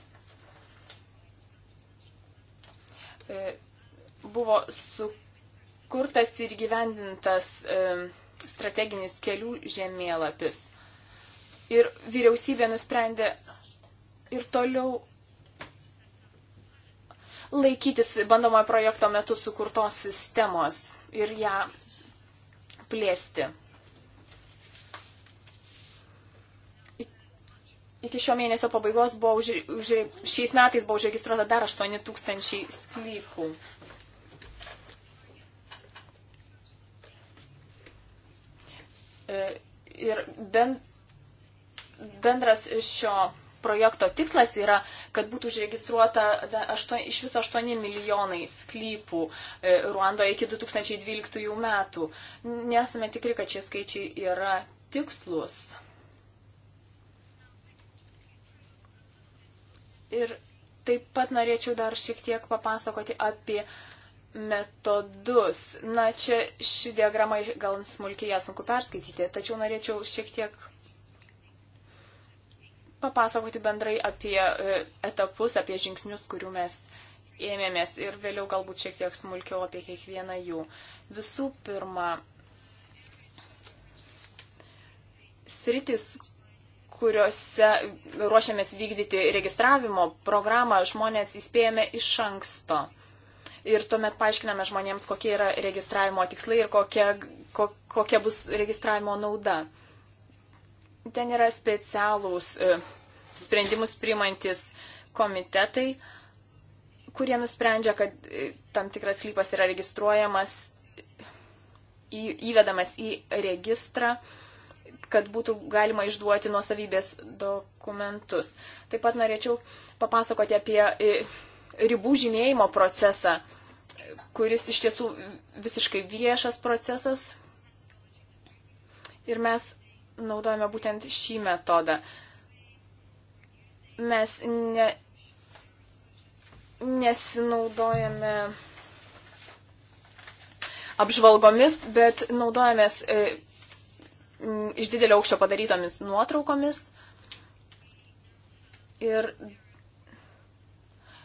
Buvo sukurtas ir gyvendintas strateginis kelių žemėlapis. Ir vyriausybė nusprendė ir toliau laikytis bandomojo projekto metu sukurtos sistemos ir ją plėsti. Iki šio mėnesio pabaigos buvo už, už, šiais metais buvo užregistruota dar 8 tūkstančiai sklypų. E, ir bend, bendras šio projekto tikslas yra, kad būtų užregistruota iš viso 8 milijonai sklypų e, Ruandoje iki 2012 metų. Nesame tikri, kad šie skaičiai yra tikslus. Ir taip pat norėčiau dar šiek tiek papasakoti apie metodus. Na, čia ši diagrama gal smulkiai ją sunku perskaityti, tačiau norėčiau šiek tiek papasakoti bendrai apie e, etapus, apie žingsnius, kurių mes ėmėmės ir vėliau galbūt šiek tiek smulkiau apie kiekvieną jų. Visų pirma, sritis, kuriuose ruošiamės vykdyti registravimo programą, žmonės įspėjame iš anksto. Ir tuomet paaiškiname žmonėms, kokie yra registravimo tikslai ir kokia, ko, kokia bus registravimo nauda ten yra specialūs e, sprendimus priimantis komitetai, kurie nusprendžia, kad e, tam tikras sklypas yra registruojamas, į, įvedamas į registrą, kad būtų galima išduoti nuosavybės dokumentus. Taip pat norėčiau papasakoti apie e, ribų žymėjimo procesą, kuris iš tiesų visiškai viešas procesas. Ir mes naudojame būtent šį metodą. Mes ne, nesinaudojame apžvalgomis, bet naudojamės e, iš didelio aukščio padarytomis nuotraukomis. Ir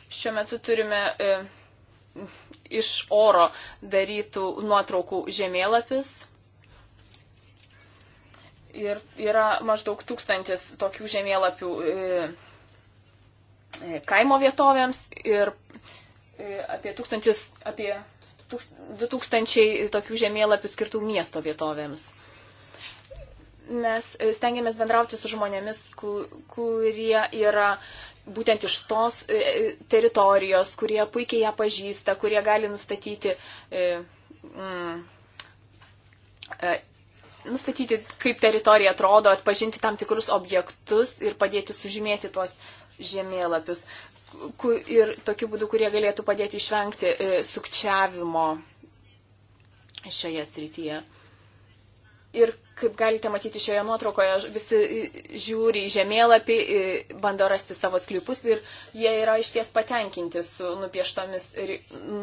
šiuo metu turime e, iš oro darytų nuotraukų žemėlapis. Ir yra maždaug tūkstantis tokių žemėlapių e, e, kaimo vietovėms ir e, apie tūkstantis, apie 2000 tokių žemėlapių skirtų miesto vietovėms. Mes stengiamės bendrauti su žmonėmis, kurie yra būtent iš tos teritorijos, kurie puikiai ją pažįsta, kurie gali nustatyti mm, nustatyti, kaip teritorija atrodo, atpažinti tam tikrus objektus ir padėti sužymėti tuos žemėlapius. Ir tokiu būdu, kurie galėtų padėti išvengti e, sukčiavimo šioje srityje. Ir kaip galite matyti šioje nuotraukoje, visi e, žiūri į žemėlapį, e, bando rasti savo sklypus ir jie yra išties patenkinti su nupieštomis,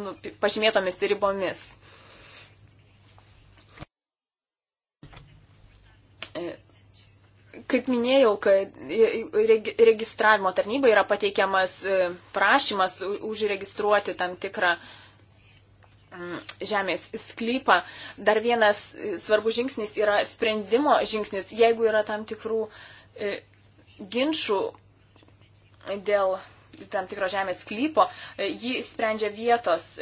nupi, pažymėtomis ribomis. Kaip minėjau, kad registravimo tarnybai yra pateikiamas e, prašymas užregistruoti tam tikrą mm, žemės sklypą. Dar vienas e, svarbus žingsnis yra sprendimo žingsnis, jeigu yra tam tikrų e, ginčių dėl tam tikro žemės sklypo, jį sprendžia vietos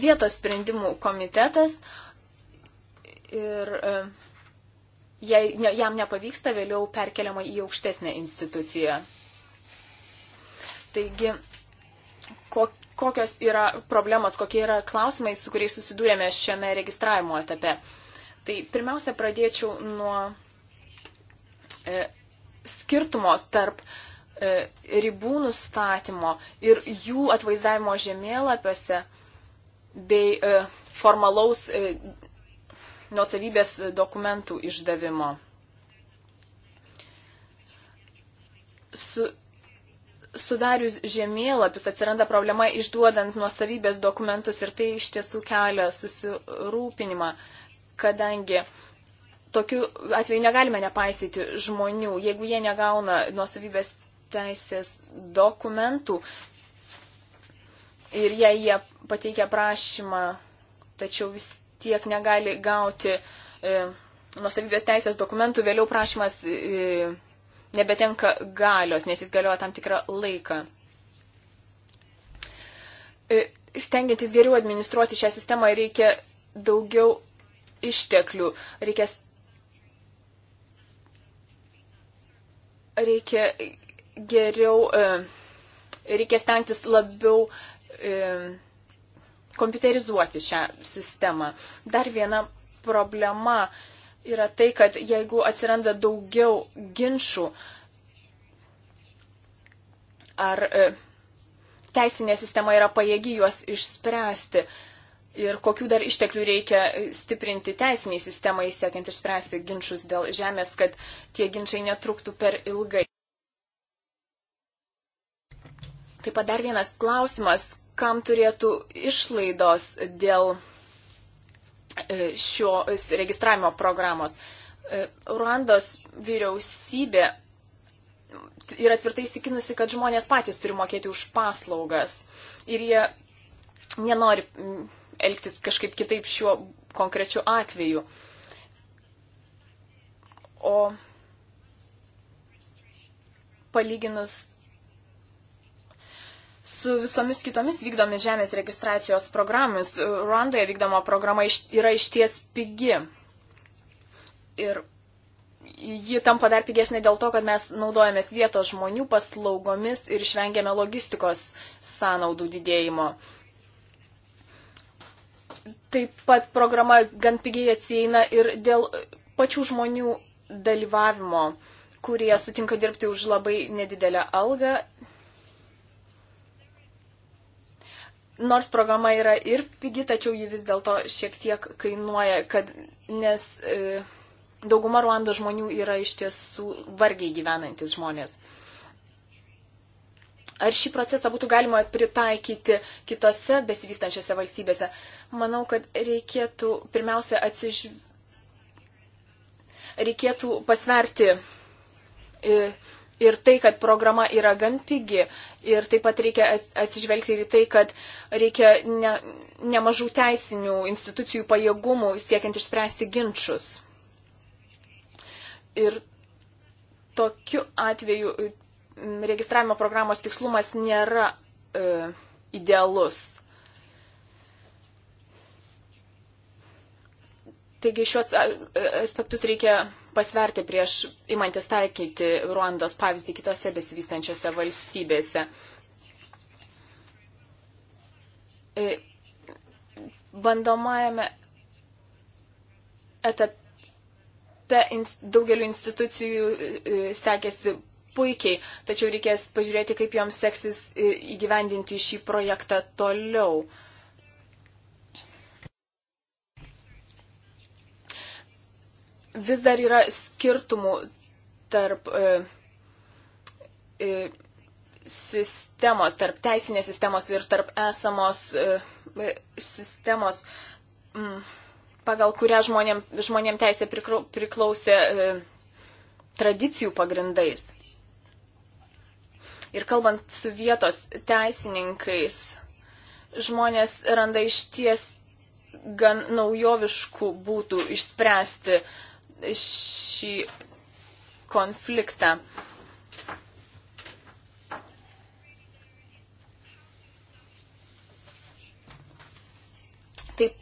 vietos sprendimų komitetas ir e, jei ne, jam nepavyksta, vėliau perkeliama į aukštesnę instituciją. Taigi, kokios yra problemos, kokie yra klausimai, su kuriais susidūrėme šiame registravimo etape. Tai pirmiausia, pradėčiau nuo e, skirtumo tarp e, ribų nustatymo ir jų atvaizdavimo žemėlapiuose. E, bei e, formalaus e, nuosavybės dokumentų išdavimo. Su, sudarius žemėlapius atsiranda problema išduodant nuosavybės dokumentus ir tai iš tiesų kelia susirūpinimą, kadangi tokiu atveju negalime nepaisyti žmonių, jeigu jie negauna nuosavybės teisės dokumentų ir jei jie pateikia prašymą, tačiau vis tiek negali gauti e, nuosavybės teisės dokumentų, vėliau prašymas e, nebetenka galios, nes jis galioja tam tikrą laiką. E, stengiantis geriau administruoti šią sistemą, reikia daugiau išteklių, reikia, reikia geriau, e, reikia stengtis labiau e, kompiuterizuoti šią sistemą. Dar viena problema yra tai, kad jeigu atsiranda daugiau ginčių ar e, teisinė sistema yra pajėgi juos išspręsti ir kokių dar išteklių reikia stiprinti teisiniai sistemai, siekiant išspręsti ginčius dėl žemės, kad tie ginčiai netruktų per ilgai. Taip pat dar vienas klausimas, kam turėtų išlaidos dėl e, šio registravimo programos. E, Ruandos vyriausybė yra tvirtai įsitikinusi, kad žmonės patys turi mokėti už paslaugas ir jie nenori elgtis kažkaip kitaip šiuo konkrečiu atveju. O palyginus su visomis kitomis vykdomis žemės registracijos programomis. Ruandoje vykdoma programa yra išties pigi. Ir ji tampa dar pigesnė dėl to, kad mes naudojamės vietos žmonių paslaugomis ir išvengiame logistikos sąnaudų didėjimo. Taip pat programa gan pigiai atsieina ir dėl pačių žmonių dalyvavimo, kurie sutinka dirbti už labai nedidelę algą nors programa yra ir pigi, tačiau ji vis dėlto šiek tiek kainuoja, kad, nes e, dauguma Ruandos žmonių yra iš tiesų vargiai gyvenantis žmonės. Ar šį procesą būtų galima pritaikyti kitose besivystančiose valstybėse? Manau, kad reikėtų pirmiausia atsiž... reikėtų pasverti. E, ir tai, kad programa yra gan pigi ir taip pat reikia atsižvelgti ir į tai, kad reikia ne, nemažų teisinių institucijų pajėgumų siekiant išspręsti ginčius. Ir tokiu atveju registravimo programos tikslumas nėra e, idealus. Taigi šios aspektus reikia pasverti prieš imantis taikyti Ruandos pavyzdį kitose besivystančiose valstybėse. E, bandomajame etape daugeliu institucijų e, sekėsi puikiai, tačiau reikės pažiūrėti, kaip joms seksis e, įgyvendinti šį projektą toliau. vis dar yra skirtumų tarp e, e, sistemos, tarp teisinės sistemos ir tarp esamos e, sistemos, m, mm, pagal kurią žmonėm, žmonėm teisė priklausė e, tradicijų pagrindais. Ir kalbant su vietos teisininkais, žmonės randa iš ties gan naujoviškų būtų išspręsti šį konfliktą. Taip,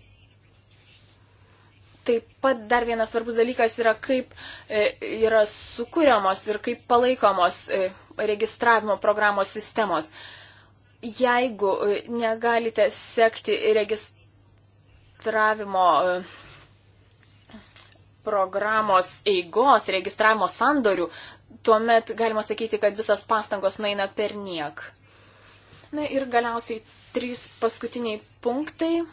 taip pat dar vienas svarbus dalykas yra, kaip e, yra sukūriamos ir kaip palaikomos e, registravimo programos sistemos. Jeigu e, negalite sekti registravimo programos eigos, registravimo sandorių, tuomet galima sakyti, kad visos pastangos naina per niek. Na ir galiausiai trys paskutiniai punktai.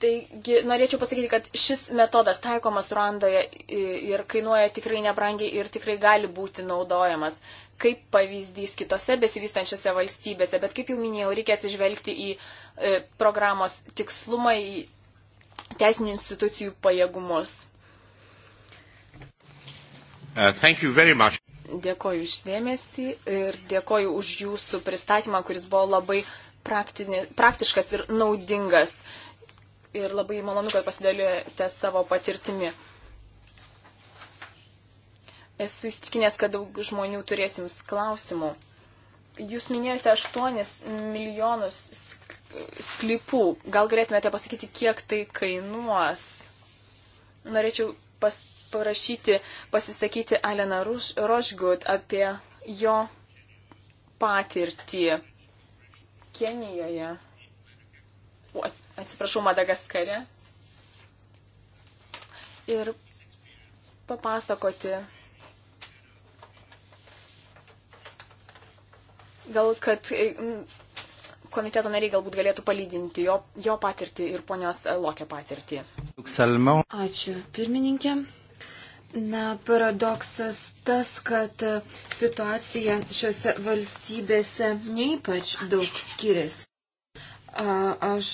Taigi norėčiau pasakyti, kad šis metodas taikomas Ruandoje ir kainuoja tikrai nebrangiai ir tikrai gali būti naudojamas kaip pavyzdys kitose besivystančiose valstybėse, bet kaip jau minėjau, reikia atsižvelgti į E, programos tikslumą į teisinių institucijų pajėgumus. Uh, dėkoju išdėmesį ir dėkoju už jūsų pristatymą, kuris buvo labai praktinė, praktiškas ir naudingas. Ir labai malonu, kad pasidalėjote savo patirtimi. Esu įstikinęs, kad daug žmonių turėsims klausimų. Jūs minėjote 8 milijonus skirtų sklypų. Gal galėtumėte pasakyti, kiek tai kainuos? Norėčiau pas, parašyti, pasisakyti Aleną Rožgut apie jo patirtį Kenijoje. O, atsiprašau, Madagaskare. Ir papasakoti gal kad e, komiteto nariai galbūt galėtų palydinti jo, jo patirtį ir ponios Lokio patirtį. Ačiū, pirmininkė. Na, paradoksas tas, kad situacija šiuose valstybėse neįpač daug skiriasi. Aš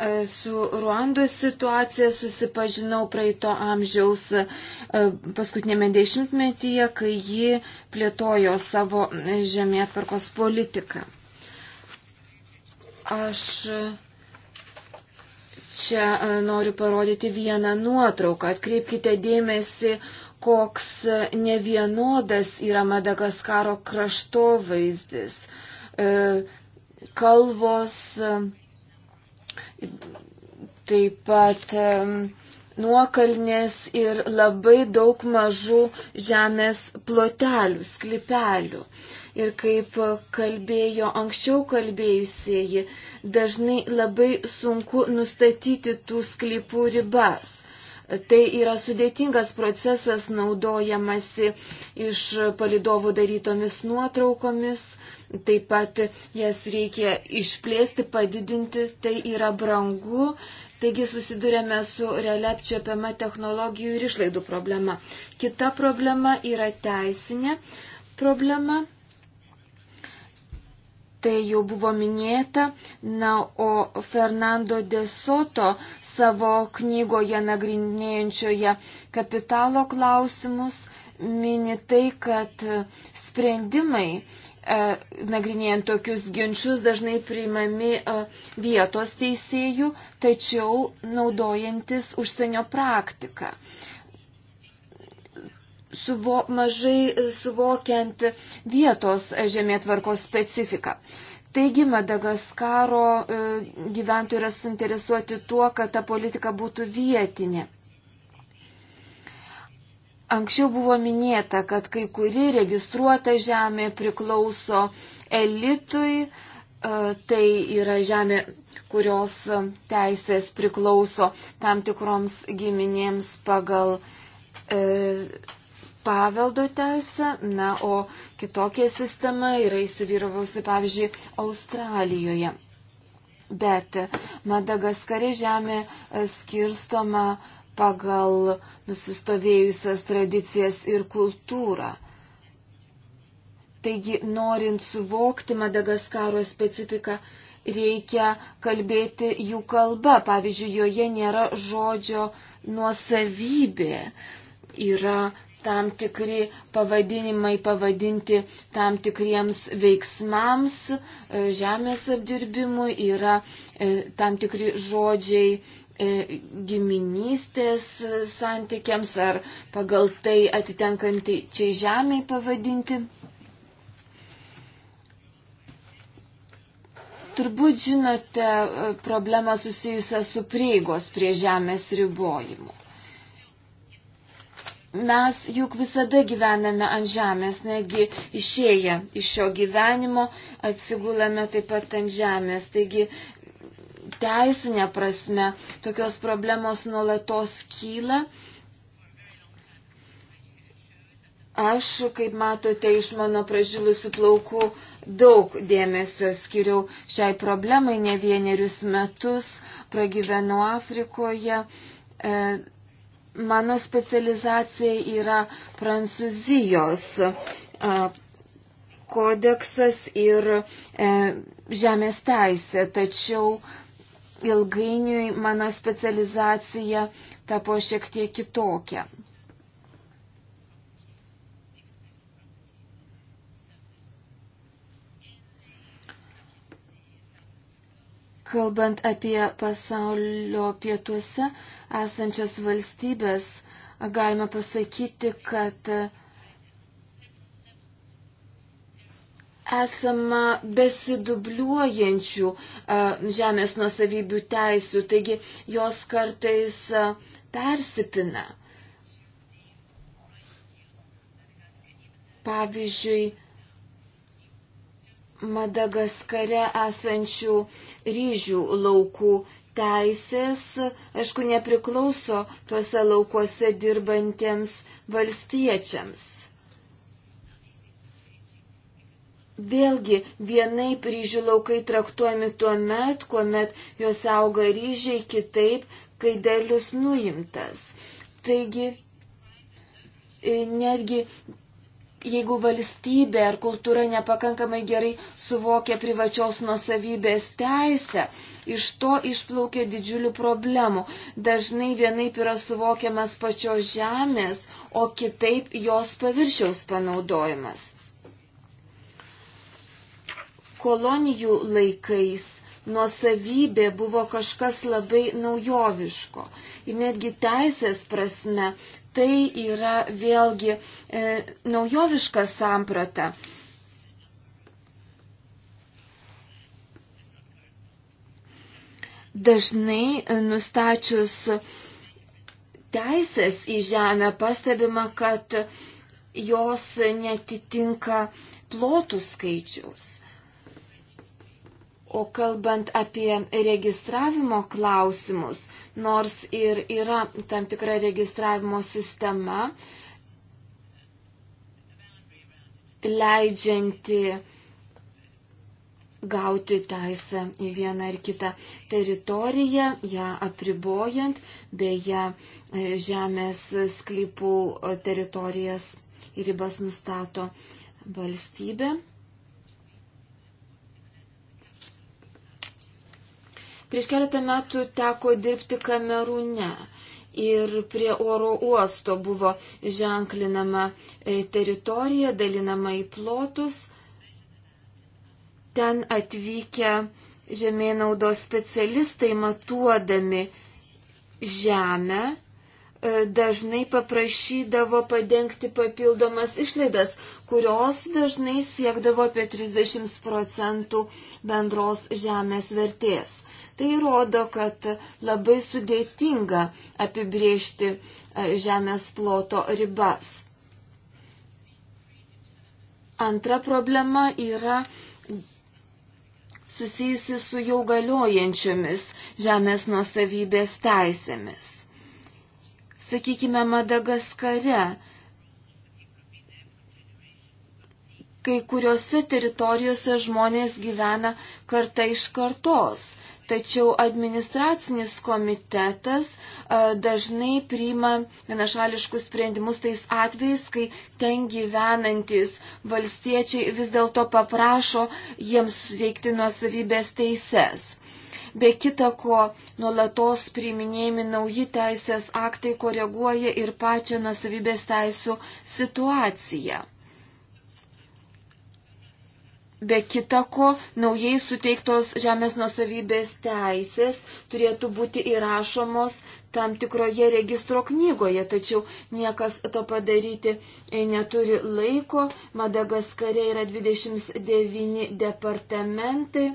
E, su Ruandos situacija susipažinau praeito amžiaus e, paskutinėme dešimtmetyje, kai ji plėtojo savo e, žemėtvarkos politiką. Aš čia noriu parodyti vieną nuotrauką. Atkreipkite dėmesį, koks nevienodas yra Madagaskaro kraštovaizdis. Kalvos taip pat nuokalnės ir labai daug mažų žemės plotelių, sklipelių. Ir kaip kalbėjo anksčiau kalbėjusieji, dažnai labai sunku nustatyti tų sklypų ribas. Tai yra sudėtingas procesas naudojamasi iš palidovų darytomis nuotraukomis Taip pat jas reikia išplėsti, padidinti, tai yra brangu. Taigi susidurėme su realia apčiopiama technologijų ir išlaidų problema. Kita problema yra teisinė problema. Tai jau buvo minėta. Na, o Fernando de Soto savo knygoje nagrinėjančioje kapitalo klausimus mini tai, kad sprendimai E, nagrinėjant tokius ginčius, dažnai priimami e, vietos teisėjų, tačiau naudojantis užsienio praktiką. Suvo, mažai e, suvokiant vietos žemėtvarkos specifiką. Taigi Madagaskaro gyventojai yra suinteresuoti tuo, kad ta politika būtų vietinė. Anksčiau buvo minėta, kad kai kuri registruota žemė priklauso elitui, e, tai yra žemė, kurios e, teisės priklauso tam tikroms giminėms pagal e, paveldo teisę, na, o kitokia sistema yra įsivyravusi, pavyzdžiui, Australijoje. Bet Madagaskare žemė e, skirstoma pagal nusistovėjusias tradicijas ir kultūrą. Taigi, norint suvokti Madagaskaro specifiką, reikia kalbėti jų kalba. Pavyzdžiui, joje nėra žodžio nuosavybė. Yra tam tikri pavadinimai pavadinti tam tikriems veiksmams, e, žemės apdirbimui, yra e, tam tikri žodžiai e, giminystės santykiams ar pagal tai atitenkanti čia žemiai pavadinti. Turbūt žinote problemą susijusią su prieigos prie žemės ribojimu. Mes juk visada gyvename ant žemės, netgi išėję iš šio gyvenimo atsigulame taip pat ant žemės. Taigi teisinė prasme tokios problemos nuolatos kyla. Aš, kaip matote, iš mano pražilusių plaukų daug dėmesio skiriau šiai problemai, ne vienerius metus pragyvenu Afrikoje. E, Mano specializacija yra Prancūzijos kodeksas ir e, žemės teisė, tačiau ilgainiui mano specializacija tapo šiek tiek kitokia. Kalbant apie pasaulio pietuose esančias valstybės, galime pasakyti, kad esama besidubliuojančių žemės nuosavybių teisių, taigi jos kartais persipina. Pavyzdžiui, Madagaskare esančių ryžių laukų teisės, aišku, nepriklauso tuose laukuose dirbantiems valstiečiams. Vėlgi, vienaip ryžių laukai traktuojami tuo met, kuomet juos auga ryžiai, kitaip, kai dėlius nuimtas. Taigi, e, netgi jeigu valstybė ar kultūra nepakankamai gerai suvokia privačios nusavybės teisę, iš to išplaukia didžiulių problemų. Dažnai vienaip yra suvokiamas pačios žemės, o kitaip jos paviršiaus panaudojimas. Kolonijų laikais nuosavybė buvo kažkas labai naujoviško. Ir netgi teisės prasme Tai yra vėlgi e, naujoviška samprata. Dažnai e, nustačius teisės į žemę pastebima, kad jos netitinka plotų skaičiaus. O kalbant apie registravimo klausimus, nors ir yra tam tikra registravimo sistema, leidžianti gauti teisę į vieną ar kitą teritoriją, ją apribojant, beje, žemės sklypų teritorijas ir ribas nustato valstybė. Prieš keletą metų teko dirbti Kamerūne ir prie oro uosto buvo ženklinama e, teritorija, dalinama į plotus. Ten atvykę žemėnaudos specialistai matuodami žemę e, dažnai paprašydavo padengti papildomas išlaidas, kurios dažnai siekdavo apie 30 procentų bendros žemės vertės. Tai rodo, kad labai sudėtinga apibriežti e, žemės ploto ribas. Antra problema yra susijusi su jau galiojančiomis žemės nuosavybės teisėmis. Sakykime, Madagaskare kai kuriuose teritorijose žmonės gyvena karta iš kartos tačiau administracinis komitetas e, dažnai priima vienašališkus sprendimus tais atvejais, kai ten gyvenantis valstiečiai vis dėlto paprašo jiems suteikti nuosavybės teises. Be kita ko, nuolatos priiminėjami nauji teisės aktai koreguoja ir pačią nusavybės teisų situaciją. Be kitako, naujai suteiktos žemės nusavybės teisės turėtų būti įrašomos tam tikroje registro knygoje, tačiau niekas to padaryti e, neturi laiko. Madagaskare yra 29 departamentai,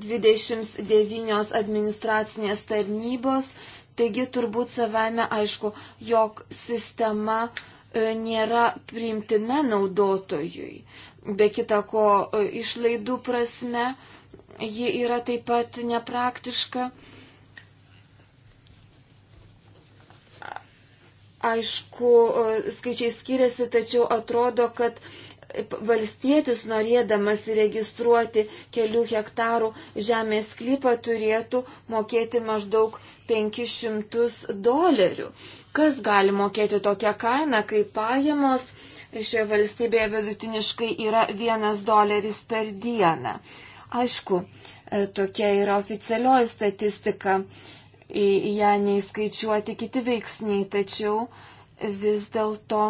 29 administracinės tarnybos, taigi turbūt savame aišku, jog sistema e, nėra priimtina naudotojui be kita ko e, išlaidų prasme, ji yra taip pat nepraktiška. Aišku, e, skaičiai skiriasi, tačiau atrodo, kad valstietis norėdamas įregistruoti kelių hektarų žemės sklypą turėtų mokėti maždaug 500 dolerių. Kas gali mokėti tokią kainą, kai pajamos šioje valstybėje vidutiniškai yra vienas doleris per dieną. Aišku, e, tokia yra oficialioji statistika, į ją neįskaičiuoti kiti veiksniai, tačiau vis dėlto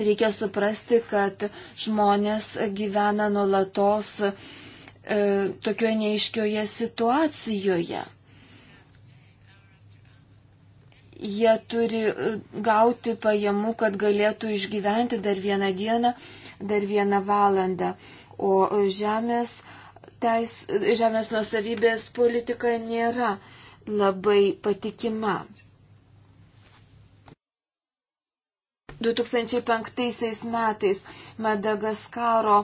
reikia suprasti, kad žmonės gyvena nuolatos e, tokioje neiškioje situacijoje jie turi e, gauti pajamų, kad galėtų išgyventi dar vieną dieną, dar vieną valandą. O žemės, teis, žemės nusavybės politika nėra labai patikima. 2005 metais Madagaskaro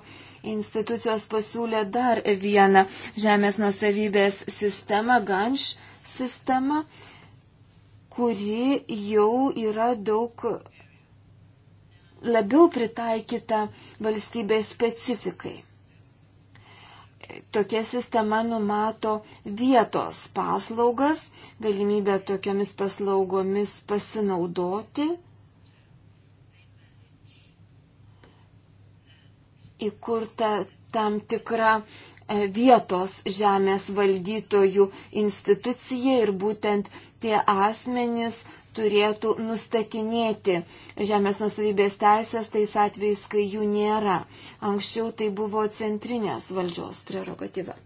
institucijos pasiūlė dar vieną žemės nusavybės sistemą, ganš sistemą, kuri jau yra daug labiau pritaikyta valstybės specifikai. Tokia sistema numato vietos paslaugas, galimybę tokiamis paslaugomis pasinaudoti, įkurta tam tikra e, vietos žemės valdytojų institucija ir būtent tie asmenys turėtų nustatinėti žemės nusavybės teisės tais atvejais, kai jų nėra. Anksčiau tai buvo centrinės valdžios prerogatyva.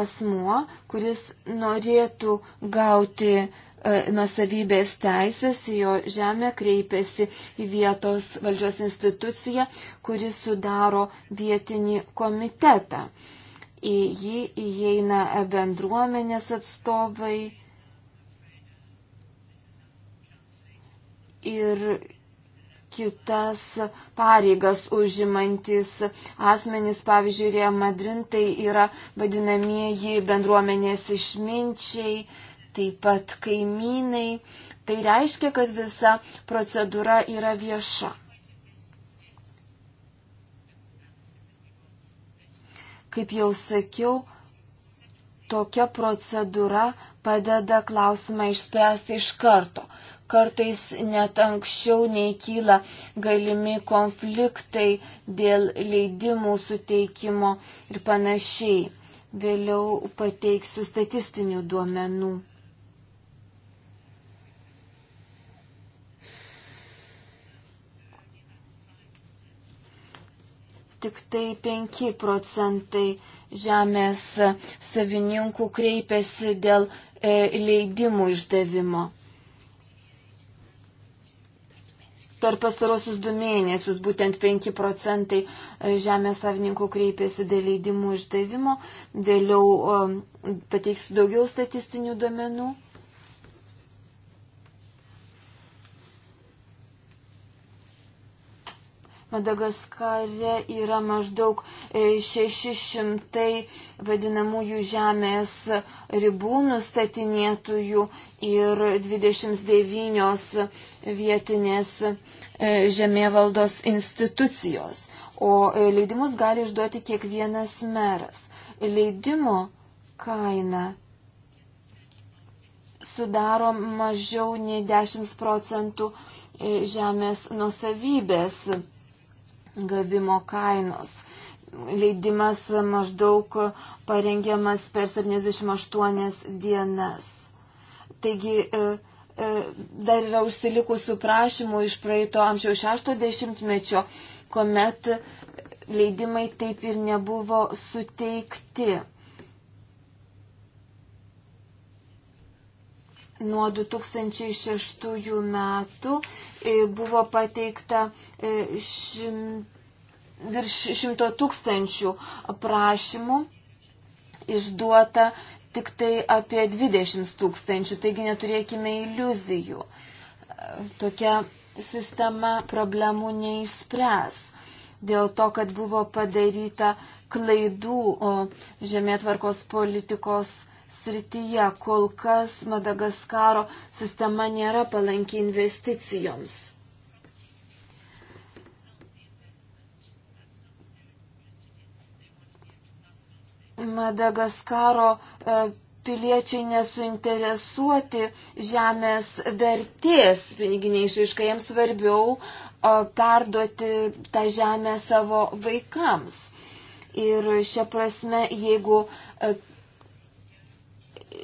Asmuo, kuris norėtų gauti e, nusavybės teisės į jo žemę, kreipiasi į vietos valdžios instituciją, kuris sudaro vietinį komitetą. E, į jį įeina bendruomenės atstovai ir kitas pareigas užimantis asmenys, pavyzdžiui, Rija Madrintai yra vadinamieji bendruomenės išminčiai, taip pat kaimynai. Tai reiškia, kad visa procedūra yra vieša. Kaip jau sakiau, tokia procedūra padeda klausimą išspręsti iš karto. Kartais net anksčiau nei kyla galimi konfliktai dėl leidimų suteikimo ir panašiai. Vėliau pateiksiu statistinių duomenų. tik tai 5 procentai žemės savininkų kreipiasi dėl e, leidimų išdavimo. Per pastarosius du mėnesius būtent 5 procentai e, žemės savininkų kreipėsi dėl leidimų išdavimo. Vėliau e, pateiksiu daugiau statistinių duomenų. Madagaskare yra maždaug 600 e, vadinamųjų žemės ribų nustatinėtųjų ir 29 vietinės e, žemėvaldos institucijos, o e, leidimus gali išduoti kiekvienas meras. Leidimo kaina sudaro mažiau nei 10 procentų žemės nusavybės gavimo kainos. Leidimas maždaug parengiamas per 78 dienas. Taigi e, e, dar yra užsilikusių prašymų iš praeito amžiaus 60-mečio, kuomet leidimai taip ir nebuvo suteikti. nuo 2006 metų e, buvo pateikta e, šim, virš šimto tūkstančių prašymų, išduota tik tai apie 20 tūkstančių, taigi neturėkime iliuzijų. Tokia sistema problemų neįspręs dėl to, kad buvo padaryta klaidų žemėtvarkos politikos srityje. Kol kas Madagaskaro sistema nėra palanki investicijoms. Madagaskaro e, piliečiai nesuinteresuoti žemės vertės piniginiai išaiškai, jiems svarbiau e, perduoti tą žemę savo vaikams. Ir šią prasme, jeigu e,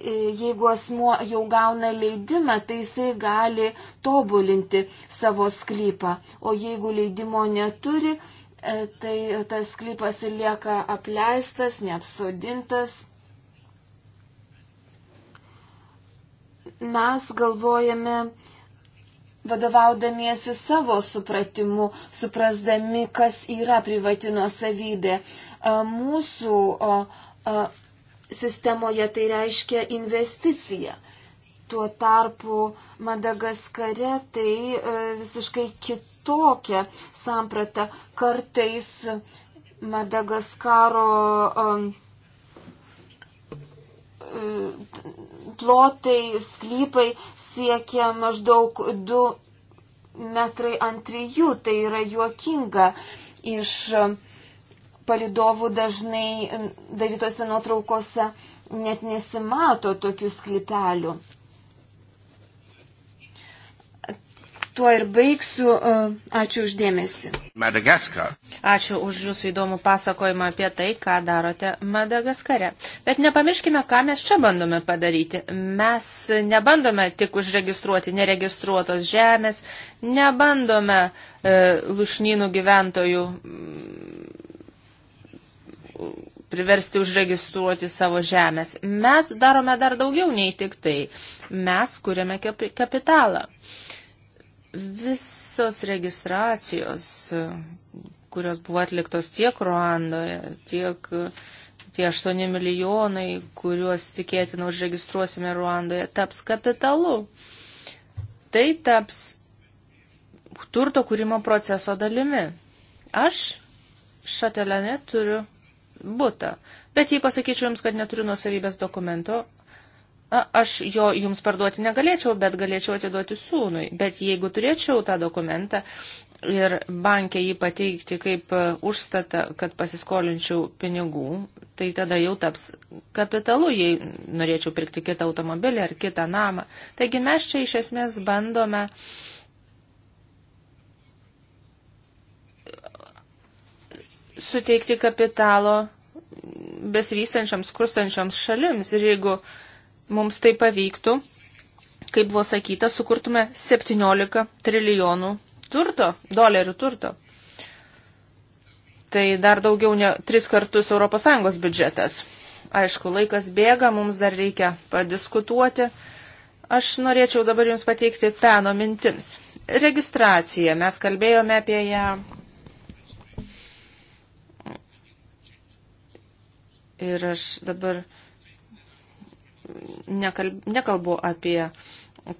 jeigu asmuo jau gauna leidimą, tai jisai gali tobulinti savo sklypą. O jeigu leidimo neturi, e, tai tas sklypas ir lieka apleistas, neapsodintas. Mes galvojame, vadovaudamiesi savo supratimu, suprasdami, kas yra privati nuosavybė. E, mūsų e, sistemoje tai reiškia investiciją. Tuo tarpu Madagaskare tai e, visiškai kitokia samprata. Kartais Madagaskaro um, e, plotai, sklypai siekia maždaug 2 metrai ant 3, tai yra juokinga iš palidovų dažnai darytose nuotraukose net nesimato tokių sklipelių. Tuo ir baigsiu. E, ačiū uždėmesi. Madagaskar. Ačiū už jūsų įdomų pasakojimą apie tai, ką darote Madagaskare. Bet nepamirškime, ką mes čia bandome padaryti. Mes nebandome tik užregistruoti neregistruotos žemės, nebandome e, lušnynų gyventojų priversti užregistruoti savo žemės. Mes darome dar daugiau nei tik tai. Mes kuriame kapitalą. Visos registracijos, kurios buvo atliktos tiek Ruandoje, tiek tie 8 milijonai, kuriuos tikėtina užregistruosime Ruandoje, taps kapitalu. Tai taps turto kūrimo proceso dalimi. Aš šatelene turiu būtą. Bet jei pasakyčiau jums, kad neturiu nuosavybės dokumento, a, aš jo jums parduoti negalėčiau, bet galėčiau atiduoti sūnui. Bet jeigu turėčiau tą dokumentą ir bankė jį pateikti kaip e, užstatą, kad pasiskolinčiau pinigų, tai tada jau taps kapitalu, jei norėčiau pirkti kitą automobilį ar kitą namą. Taigi mes čia iš esmės bandome uh, suteikti kapitalo besivystančiams, skurstančiams šalims. Ir jeigu mums tai pavyktų, kaip buvo sakyta, sukurtume 17 trilijonų turto, dolerių turto. Tai dar daugiau ne tris kartus ES biudžetas. Aišku, laikas bėga, mums dar reikia padiskutuoti. Aš norėčiau dabar Jums pateikti peno mintims. Registracija, mes kalbėjome apie ją Ir aš dabar nekalb, nekalbu apie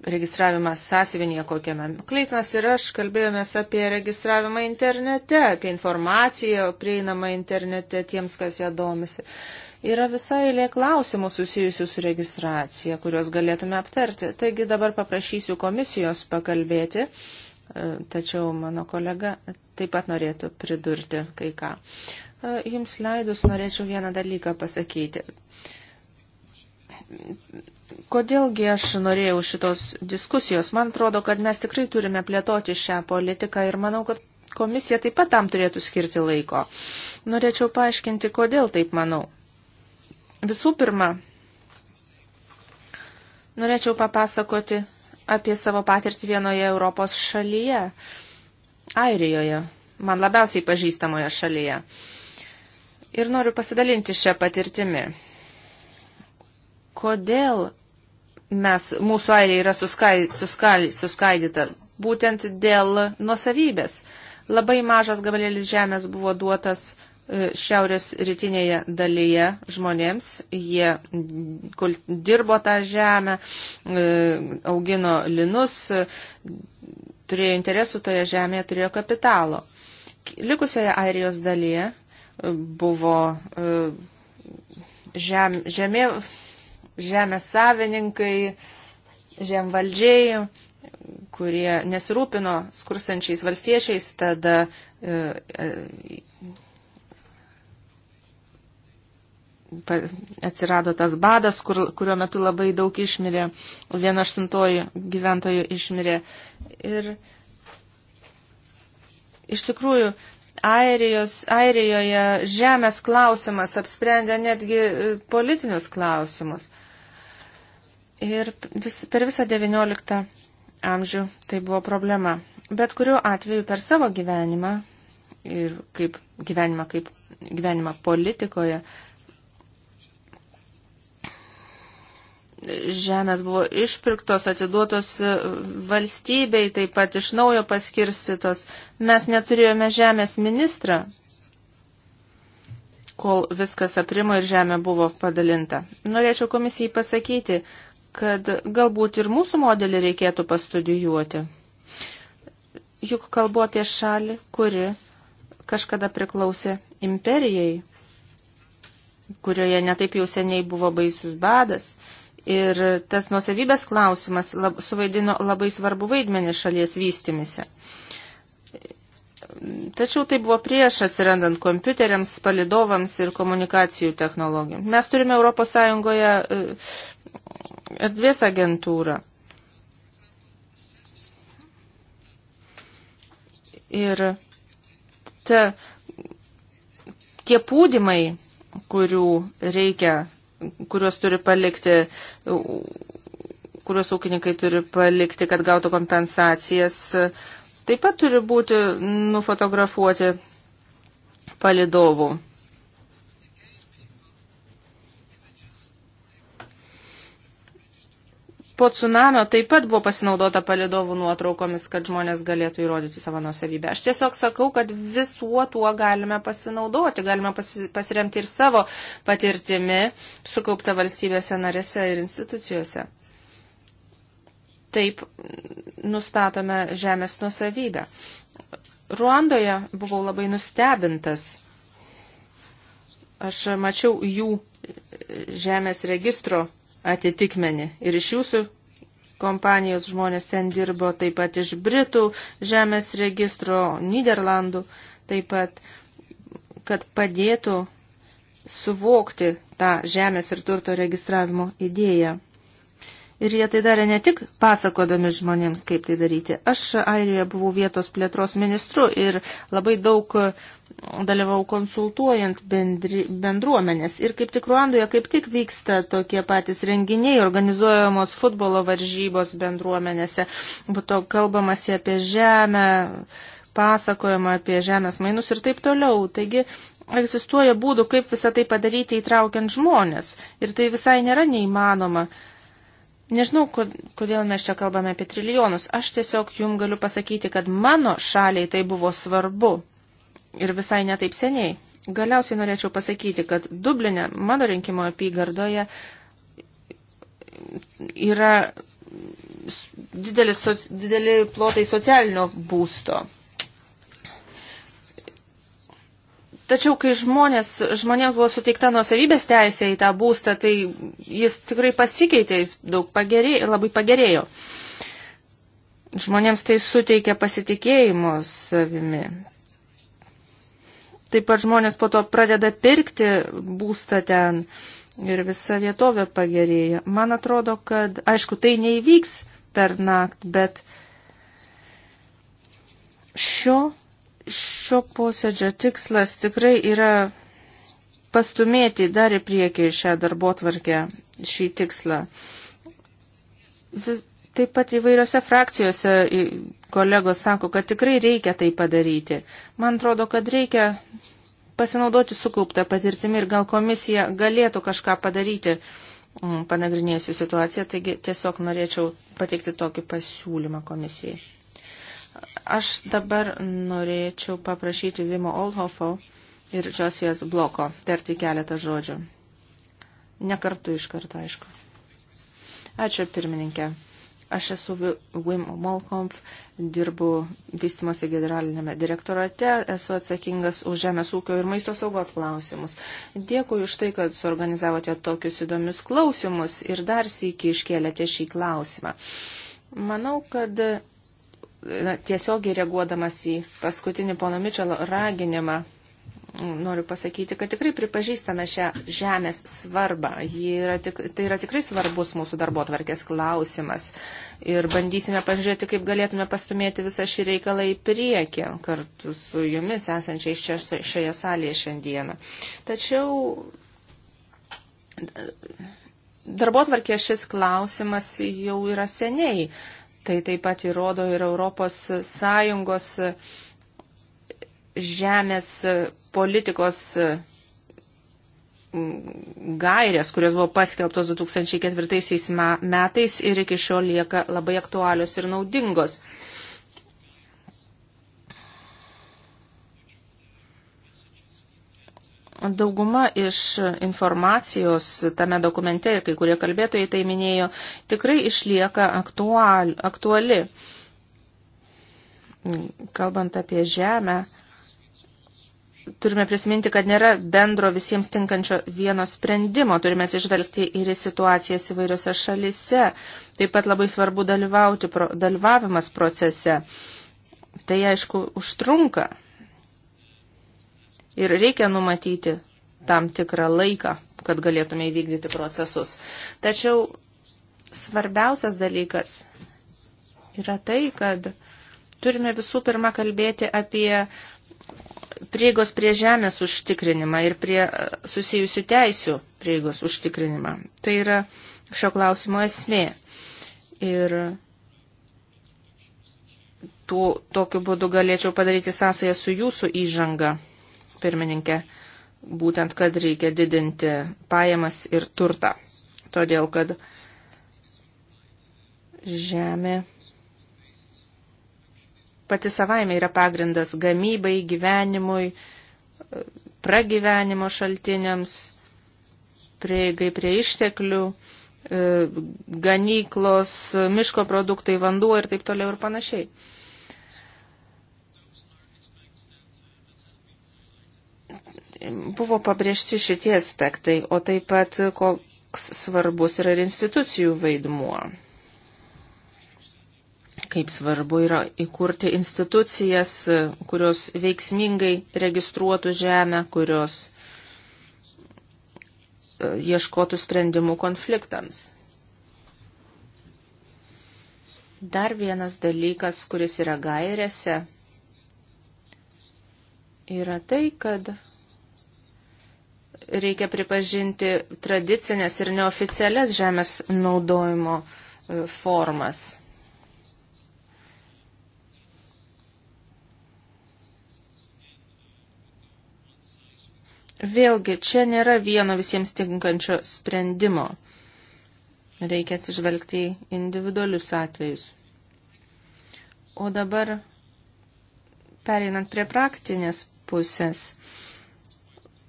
registravimą sąsiuvinėje kokiame. Kleitinas ir aš kalbėjomės apie registravimą internete, apie informaciją prieinamą internete tiems, kas ją domisi. Yra visai eilė klausimų susijusių su registracija, kuriuos galėtume aptarti. Taigi dabar paprašysiu komisijos pakalbėti, e, tačiau mano kolega taip pat norėtų pridurti kai ką. Jums leidus norėčiau vieną dalyką pasakyti. Kodėlgi aš norėjau šitos diskusijos? Man atrodo, kad mes tikrai turime plėtoti šią politiką ir manau, kad komisija taip pat tam turėtų skirti laiko. Norėčiau paaiškinti, kodėl taip manau. Visų pirma, norėčiau papasakoti apie savo patirtį vienoje Europos šalyje, Airijoje, man labiausiai pažįstamoje šalyje ir noriu pasidalinti šią patirtimį. Kodėl mes, mūsų airija yra suskai, suskai, suskaidyta? Būtent dėl nusavybės. Labai mažas gabalėlis žemės buvo duotas e, šiaurės rytinėje dalyje žmonėms. Jie dirbo tą žemę, e, augino linus, turėjo interesų toje žemėje, turėjo kapitalo. Likusioje Airijos dalyje buvo e, žem, žemė, žemės savininkai, žemvaldžiai, kurie nesirūpino skurstančiais valstiečiais, tada e, e, atsirado tas badas, kur, kurio metu labai daug išmirė, viena aštuntoji gyventojų išmirė. Ir iš tikrųjų Airijos, Airijoje žemės klausimas apsprendė netgi e, politinius klausimus. Ir vis, per visą XIX amžių tai buvo problema. Bet kuriuo atveju per savo gyvenimą ir kaip gyvenimą, kaip gyvenimą politikoje žemės buvo išpirktos, atiduotos valstybei, taip pat iš naujo paskirstytos. Mes neturėjome žemės ministrą, kol viskas aprimo ir žemė buvo padalinta. Norėčiau komisijai pasakyti, kad galbūt ir mūsų modelį reikėtų pastudijuoti. Juk kalbu apie šalį, kuri kažkada priklausė imperijai, kurioje netaip jau seniai buvo baisus badas Ir tas nuosavybės klausimas lab, suvaidino labai svarbu vaidmenį šalies vystimise. Tačiau tai buvo prieš atsirandant kompiuteriams, palidovams ir komunikacijų technologijoms. Mes turime ES e, erdvės agentūrą. Ir ta, tie pūdymai, kurių reikia kuriuos turi palikti kuriuos ūkininkai turi palikti, kad gautų kompensacijas, taip pat turi būti nufotografuoti palidovų. po tsunamio taip pat buvo pasinaudota palidovų nuotraukomis, kad žmonės galėtų įrodyti savo nusavybę. Aš tiesiog sakau, kad visuo tuo galime pasinaudoti, galime pasi, pasiremti ir savo patirtimi sukauptą valstybėse narėse ir institucijose. Taip nustatome žemės nusavybę. Ruandoje buvau labai nustebintas. Aš mačiau jų žemės registro atitikmenį. Ir iš jūsų kompanijos žmonės ten dirbo, taip pat iš Britų žemės registro Niderlandų, taip pat, kad padėtų suvokti tą žemės ir turto registravimo idėją. Ir jie tai darė ne tik pasakodami žmonėms, kaip tai daryti. Aš Airijoje buvau vietos plėtros ministru ir labai daug mm, dalyvau konsultuojant bendri, bendruomenės. Ir kaip tik Ruandoje kaip tik vyksta tokie patys renginiai, organizuojamos futbolo varžybos bendruomenėse. Po to kalbamasi apie žemę, pasakojama apie žemės mainus ir taip toliau. Taigi egzistuoja būdų, kaip visą tai padaryti įtraukiant žmonės. Ir tai visai nėra neįmanoma. Nežinau, kodėl mes čia kalbame apie trilijonus. Aš tiesiog jum galiu pasakyti, kad mano šaliai tai buvo svarbu ir visai netaip seniai. Galiausiai norėčiau pasakyti, kad Dublinė, mano rinkimo apygardoje, yra didelis, so, dideli plotai socialinio būsto. Tačiau, kai žmonės, žmonėms buvo suteikta nuosavybės teisė į tą būstą, tai jis tikrai pasikeitė, jis daug pagerėjo, labai pagerėjo. Žmonėms tai suteikia pasitikėjimo savimi. Taip pat žmonės po to pradeda pirkti būstą ten ir visa vietovė pagerėja. Man atrodo, kad, aišku, tai neįvyks per naktį, bet šio Šio posėdžio tikslas tikrai yra pastumėti dar į priekį šią darbo tvarkę, šį tikslą. Taip pat įvairiose frakcijose kolegos sako, kad tikrai reikia tai padaryti. Man atrodo, kad reikia pasinaudoti sukauptą patirtimį ir gal komisija galėtų kažką padaryti, mm, panagrinėjusi situaciją. Taigi tiesiog norėčiau pateikti tokį pasiūlymą komisijai. Aš dabar norėčiau paprašyti Vimo Olhofo ir Josijos bloko tarti keletą žodžių. Ne kartu iš karto, aišku. Ačiū pirmininkė. Aš esu Wim Molkomf, dirbu vystimosi generalinėme direktorate, esu atsakingas už žemės ūkio ir maisto saugos klausimus. Dėkui už tai, kad suorganizavote tokius įdomius klausimus ir dar sėkiai iškėlėte šį klausimą. Manau, kad na, tiesiogiai reaguodamas į paskutinį pono Mičelo raginimą, noriu pasakyti, kad tikrai pripažįstame šią žemės svarbą. Ji yra tik, tai yra tikrai svarbus mūsų darbo tvarkės klausimas. Ir bandysime pažiūrėti, kaip galėtume pastumėti visą šį reikalą į priekį kartu su jumis esančiais čia, šioje salėje šiandieną. Tačiau. E, darbo tvarkė šis klausimas jau yra seniai Tai taip pat įrodo ir Europos Sąjungos žemės politikos mm, gairės, kurios buvo paskelbtos 2004 metais ir iki šiol lieka labai aktualios ir naudingos. Dauguma iš informacijos tame dokumente ir kai kurie kalbėtojai tai minėjo, tikrai išlieka aktual, aktuali. Kalbant apie žemę, turime prisiminti, kad nėra bendro visiems tinkančio vieno sprendimo, turime atsižvelgti ir į situacijas įvairiose šalise. Taip pat labai svarbu dalyvauti, pro, dalyvavimas procese. Tai aišku, užtrunka ir reikia numatyti tam tikrą laiką, kad galėtume įvykdyti procesus. Tačiau svarbiausias dalykas yra tai, kad turime visų pirma kalbėti apie prieigos prie žemės užtikrinimą ir prie e, susijusių teisių prieigos užtikrinimą. Tai yra šio klausimo esmė. Ir tų, tokiu būdu galėčiau padaryti sąsąją su jūsų įžanga pirmininkė, būtent, kad reikia didinti pajamas ir turtą. Todėl, kad žemė pati savaime yra pagrindas gamybai, gyvenimui, pragyvenimo šaltiniams, prieigai prie išteklių, e, ganyklos, miško produktai, vanduo ir taip toliau ir panašiai. Buvo pabrėžti šitie aspektai, o taip pat koks svarbus yra ir institucijų vaidmuo. Kaip svarbu yra įkurti institucijas, kurios veiksmingai registruotų žemę, kurios e, ieškotų sprendimų konfliktams. Dar vienas dalykas, kuris yra gairėse, yra tai, kad reikia pripažinti tradicinės ir neoficialias žemės naudojimo e, formas. Vėlgi, čia nėra vieno visiems tinkančio sprendimo. Reikia atsižvelgti į individualius atvejus. O dabar, pereinant prie praktinės pusės,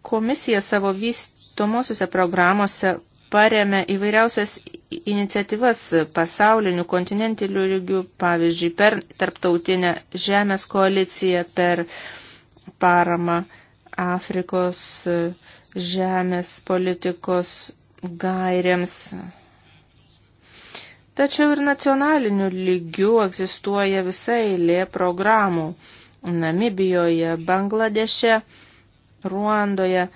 Komisija savo vystomosiuose programuose paremė įvairiausias iniciatyvas pasaulinių kontinentinių lygių, pavyzdžiui, per tarptautinę žemės koaliciją, per paramą Afrikos žemės politikos gairiams. Tačiau ir nacionaliniu lygiu egzistuoja visa eilė programų Namibijoje, Bangladeše, Ruandoje,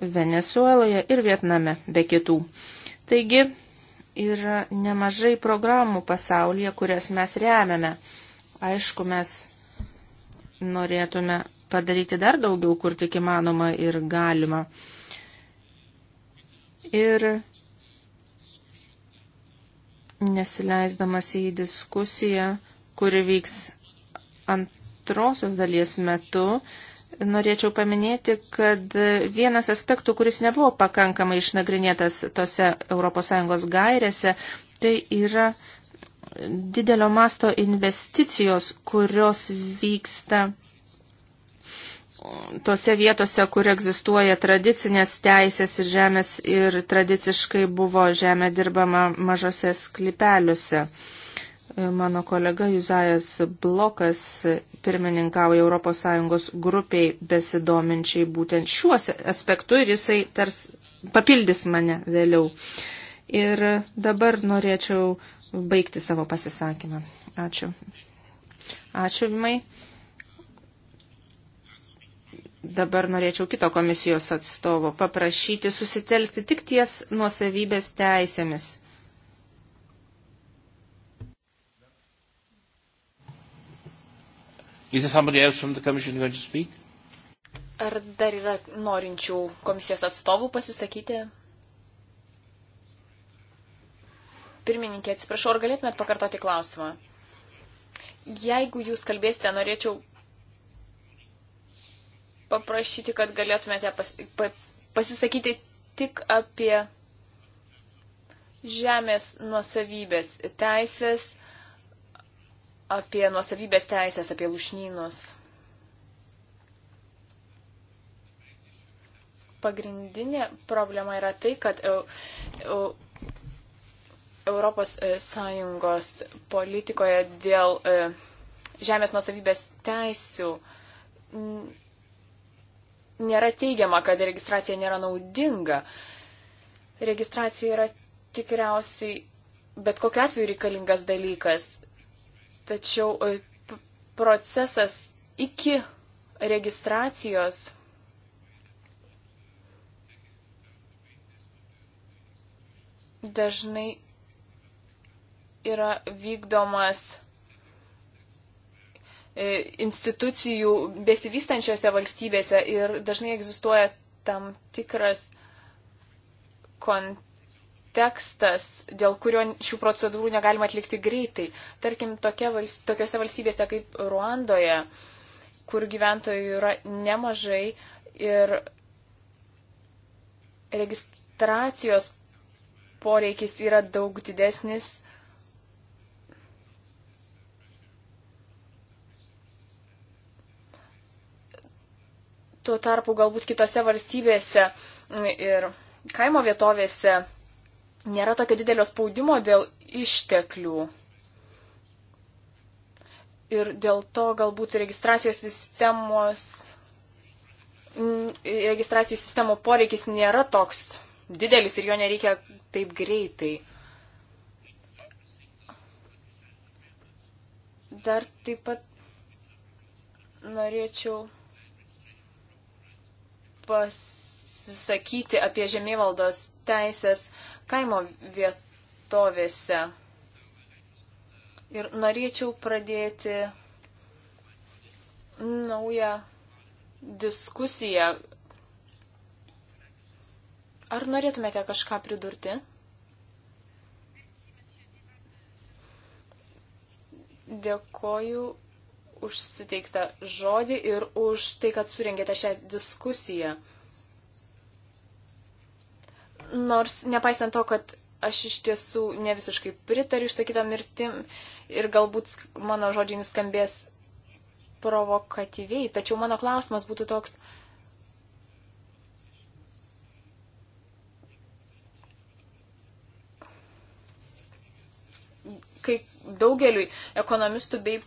Venezueloje ir Vietname, be kitų. Taigi yra nemažai programų pasaulyje, kurias mes remiame. Aišku, mes norėtume padaryti dar daugiau, kur tik įmanoma ir galima. Ir nesileisdamas į diskusiją, kuri vyks antrosios dalies metu, norėčiau paminėti, kad vienas aspektų, kuris nebuvo pakankamai išnagrinėtas tose ES gairėse, tai yra didelio masto investicijos, kurios vyksta tose vietose, kur egzistuoja tradicinės teisės ir žemės ir tradiciškai buvo žemė dirbama mažose sklipeliuose. Mano kolega Juzajas Blokas pirmininkauja ES grupiai besidominčiai būtent šiuo aspektu ir jisai tars papildys mane vėliau. Ir dabar norėčiau baigti savo pasisakymą. Ačiū. Ačiū, Vimai. Dabar norėčiau kito komisijos atstovo paprašyti susitelkti tik ties nuosavybės teisėmis Is there somebody else from the commission going to speak? Ar dar yra norinčių komisijos atstovų pasisakyti? Pirmininkė, atsiprašau, ar galėtumėt pakartoti klausimą? Jeigu jūs kalbėsite, norėčiau paprašyti, kad galėtumėte pas, pa, pasisakyti tik apie žemės nuosavybės teisės apie nuosavybės teisės, apie lūšnynus. Pagrindinė problema yra tai, kad Europos e, Sąjungos politikoje dėl e, žemės nuosavybės teisių nėra teigiama, kad registracija nėra naudinga. Registracija yra tikriausiai bet kokiu atveju reikalingas dalykas. Tačiau e, procesas iki registracijos dažnai yra vykdomas e, institucijų besivystančiose valstybėse ir dažnai egzistuoja tam tikras kontekstas tekstas, dėl kurio šių procedūrų negalima atlikti greitai. Tarkim, tokia valst, tokiose valstybėse kaip Ruandoje, kur gyventojų yra nemažai ir registracijos poreikis yra daug didesnis. Tuo tarpu galbūt kitose valstybėse ir kaimo vietovėse nėra tokio didelio spaudimo dėl išteklių. Ir dėl to galbūt registracijos sistemos, registracijų sistemo poreikis nėra toks didelis ir jo nereikia taip greitai. Dar taip pat norėčiau pasakyti apie žemėvaldos teisės kaimo vietovėse. Ir norėčiau pradėti naują diskusiją. Ar norėtumėte kažką pridurti? Dėkoju už suteiktą žodį ir už tai, kad surengėte šią diskusiją. Nors nepaisant to, kad aš iš tiesų ne visiškai pritariu išsakytą mirtim ir galbūt mano žodžiai nuskambės provokatyviai, tačiau mano klausimas būtų toks. Kaip daugeliui ekonomistų bei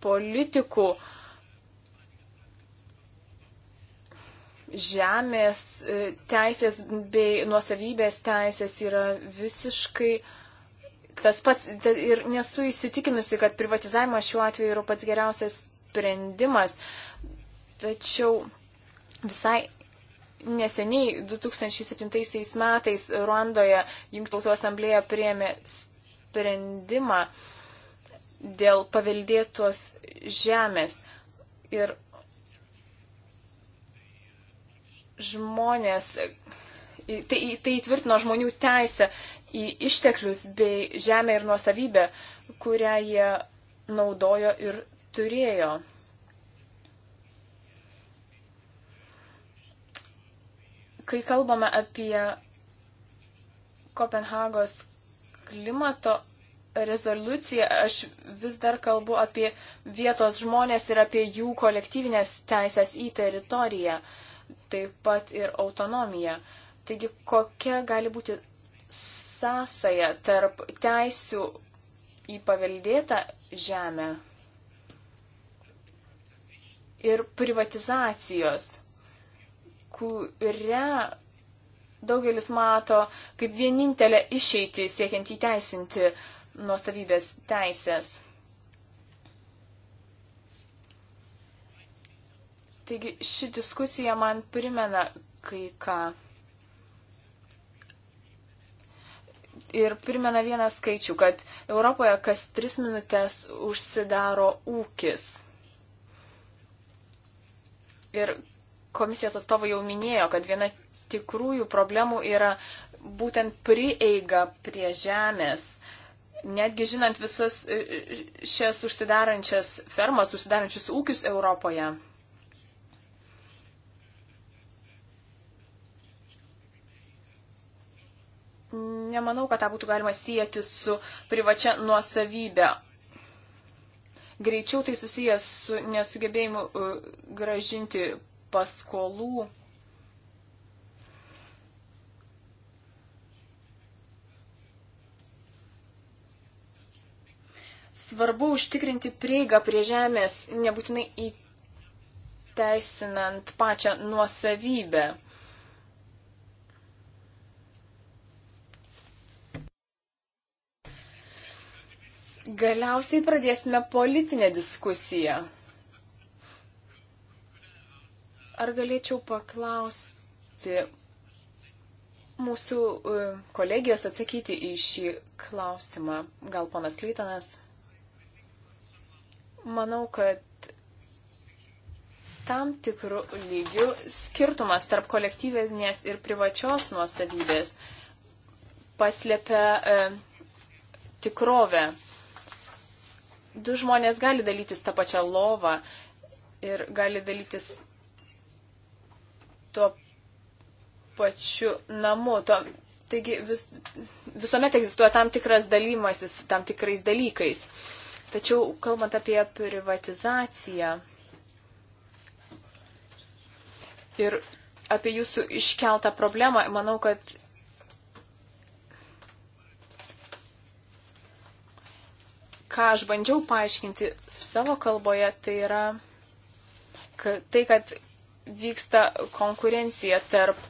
politikų uh, žemės e, teisės bei nuosavybės teisės yra visiškai tas pats ir nesu įsitikinusi, kad privatizavimas šiuo atveju yra pats geriausias sprendimas. Tačiau visai neseniai 2007 metais Ruandoje Junktautų asamblėje priėmė sprendimą dėl paveldėtos žemės. Ir žmonės, tai, tai įtvirtino žmonių teisę į išteklius bei žemę ir nuosavybę, kurią jie naudojo ir turėjo. Kai kalbame apie Kopenhagos klimato rezoliuciją, aš vis dar kalbu apie vietos žmonės ir apie jų kolektyvinės teisės į teritoriją. Uh, taip pat ir autonomiją. Taigi, kokia gali būti sąsaja tarp teisių į paveldėtą žemę ir privatizacijos, kurią daugelis mato kaip vienintelę išeitį siekiant įteisinti nuosavybės teisės. Taigi ši diskusija man primena kai ką. ir primena vieną skaičių, kad Europoje kas tris minutės užsidaro ūkis. Ir komisijos atstovai jau minėjo, kad viena tikrųjų problemų yra būtent prieiga prie žemės. Netgi žinant visas e, e, šias užsidarančias fermas, užsidarančius ūkius Europoje, nemanau, kad tą būtų galima sieti su privačia nuosavybė. Greičiau tai susijęs su nesugebėjimu e, gražinti paskolų. Svarbu užtikrinti prieigą prie žemės, nebūtinai įteisinant pačią nuosavybę. galiausiai pradėsime politinę diskusiją. Ar galėčiau paklausti mūsų e, kolegijos atsakyti į šį klausimą? Gal ponas Lytonas? Manau, kad tam tikrų lygių skirtumas tarp kolektyvinės ir privačios nuosavybės paslėpia e, tikrovę du žmonės gali dalytis tą pačią lovą ir gali dalytis tuo pačiu namu. Tuo, taigi vis, visuomet egzistuoja tam tikras dalymasis tam tikrais dalykais. Tačiau kalbant apie privatizaciją ir apie jūsų iškeltą problemą, manau, kad ką aš bandžiau paaiškinti savo kalboje, tai yra tai, kad vyksta konkurencija tarp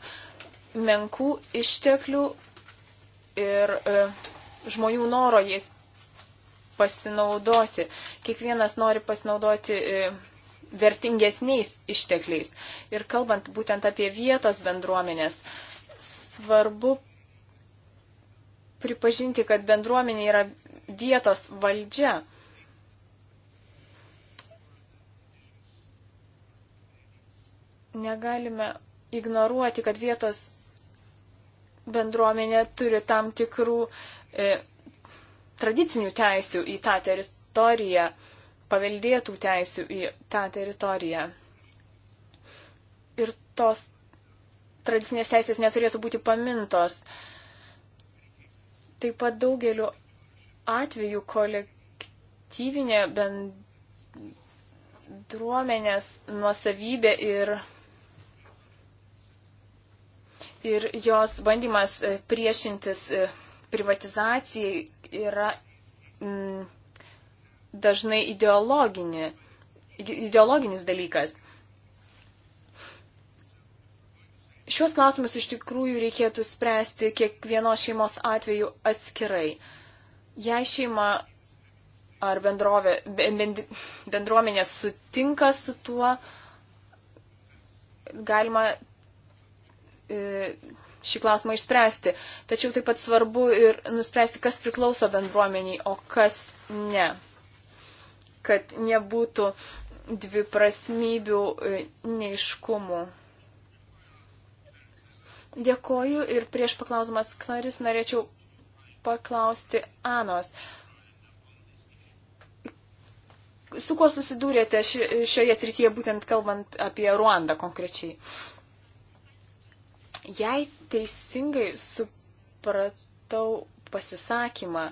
menkų išteklių ir e, žmonių noro jais pasinaudoti. Kiekvienas nori pasinaudoti e, vertingesniais ištekliais. Ir kalbant būtent apie vietos bendruomenės, svarbu pripažinti, kad bendruomenė yra vietos valdžia. Negalime ignoruoti, kad vietos bendruomenė turi tam tikrų e, tradicinių teisių į tą teritoriją, paveldėtų teisių į tą teritoriją. Ir tos tradicinės teisės neturėtų būti pamintos. E, Taip pat daugeliu atveju kolektyvinė bendruomenės nuosavybė ir, ir jos bandymas e, priešintis e, privatizacijai yra mm, dažnai ideologinė, ideologinis dalykas. Šiuos klausimus iš tikrųjų reikėtų spręsti kiekvienos šeimos atveju atskirai. Jei šeima ar bendrovė, bendruomenė sutinka su tuo, galima e, šį klausimą išspręsti. Tačiau taip pat svarbu ir nuspręsti, kas priklauso bendruomeniai, o kas ne. Kad nebūtų dviprasmybių e, neiškumų. Dėkoju ir prieš paklausimas Klaris norėčiau paklausti Anos. Su kuo susidūrėte šioje srityje, būtent kalbant apie Ruandą konkrečiai? Jei teisingai supratau pasisakymą,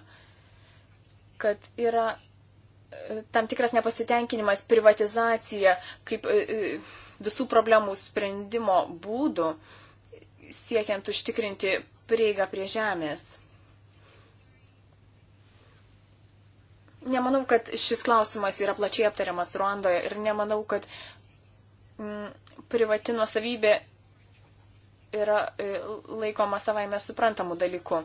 kad yra e, tam tikras nepasitenkinimas privatizacija kaip e, e, visų problemų sprendimo būdų, siekiant užtikrinti prieigą prie žemės. Nemanau, kad šis klausimas yra plačiai aptariamas Ruandoje ir nemanau, kad m, mm, privati nuosavybė yra e, laikoma savaime suprantamų dalykų.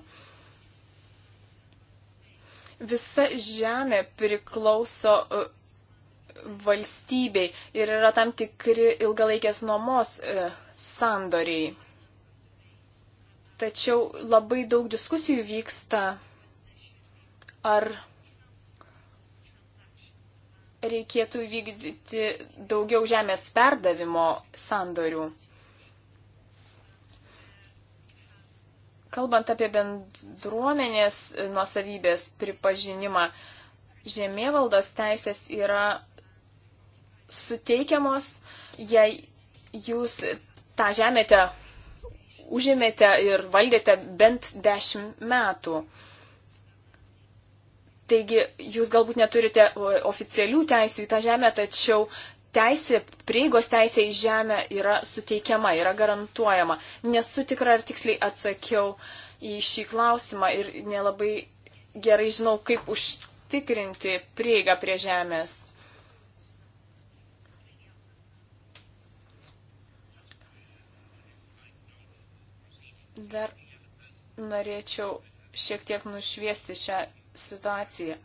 Visa žemė priklauso e, valstybei ir yra tam tikri ilgalaikės nuomos e, sandoriai. Tačiau labai daug diskusijų vyksta, ar reikėtų vykdyti daugiau žemės perdavimo sandorių. Kalbant apie bendruomenės nuosavybės pripažinimą, žemėvaldos teisės yra suteikiamos, jei jūs tą žemėte užėmėte ir valdėte bent dešimt metų. Taigi jūs galbūt neturite oficialių teisų į tą žemę, tačiau teisė, prieigos teisė į žemę yra suteikiama, yra garantuojama. Nesu tikra, ar tiksliai atsakiau į šį klausimą ir nelabai gerai žinau, kaip užtikrinti prieigą prie žemės. Dar norėčiau šiek tiek nušviesti šią situaciją.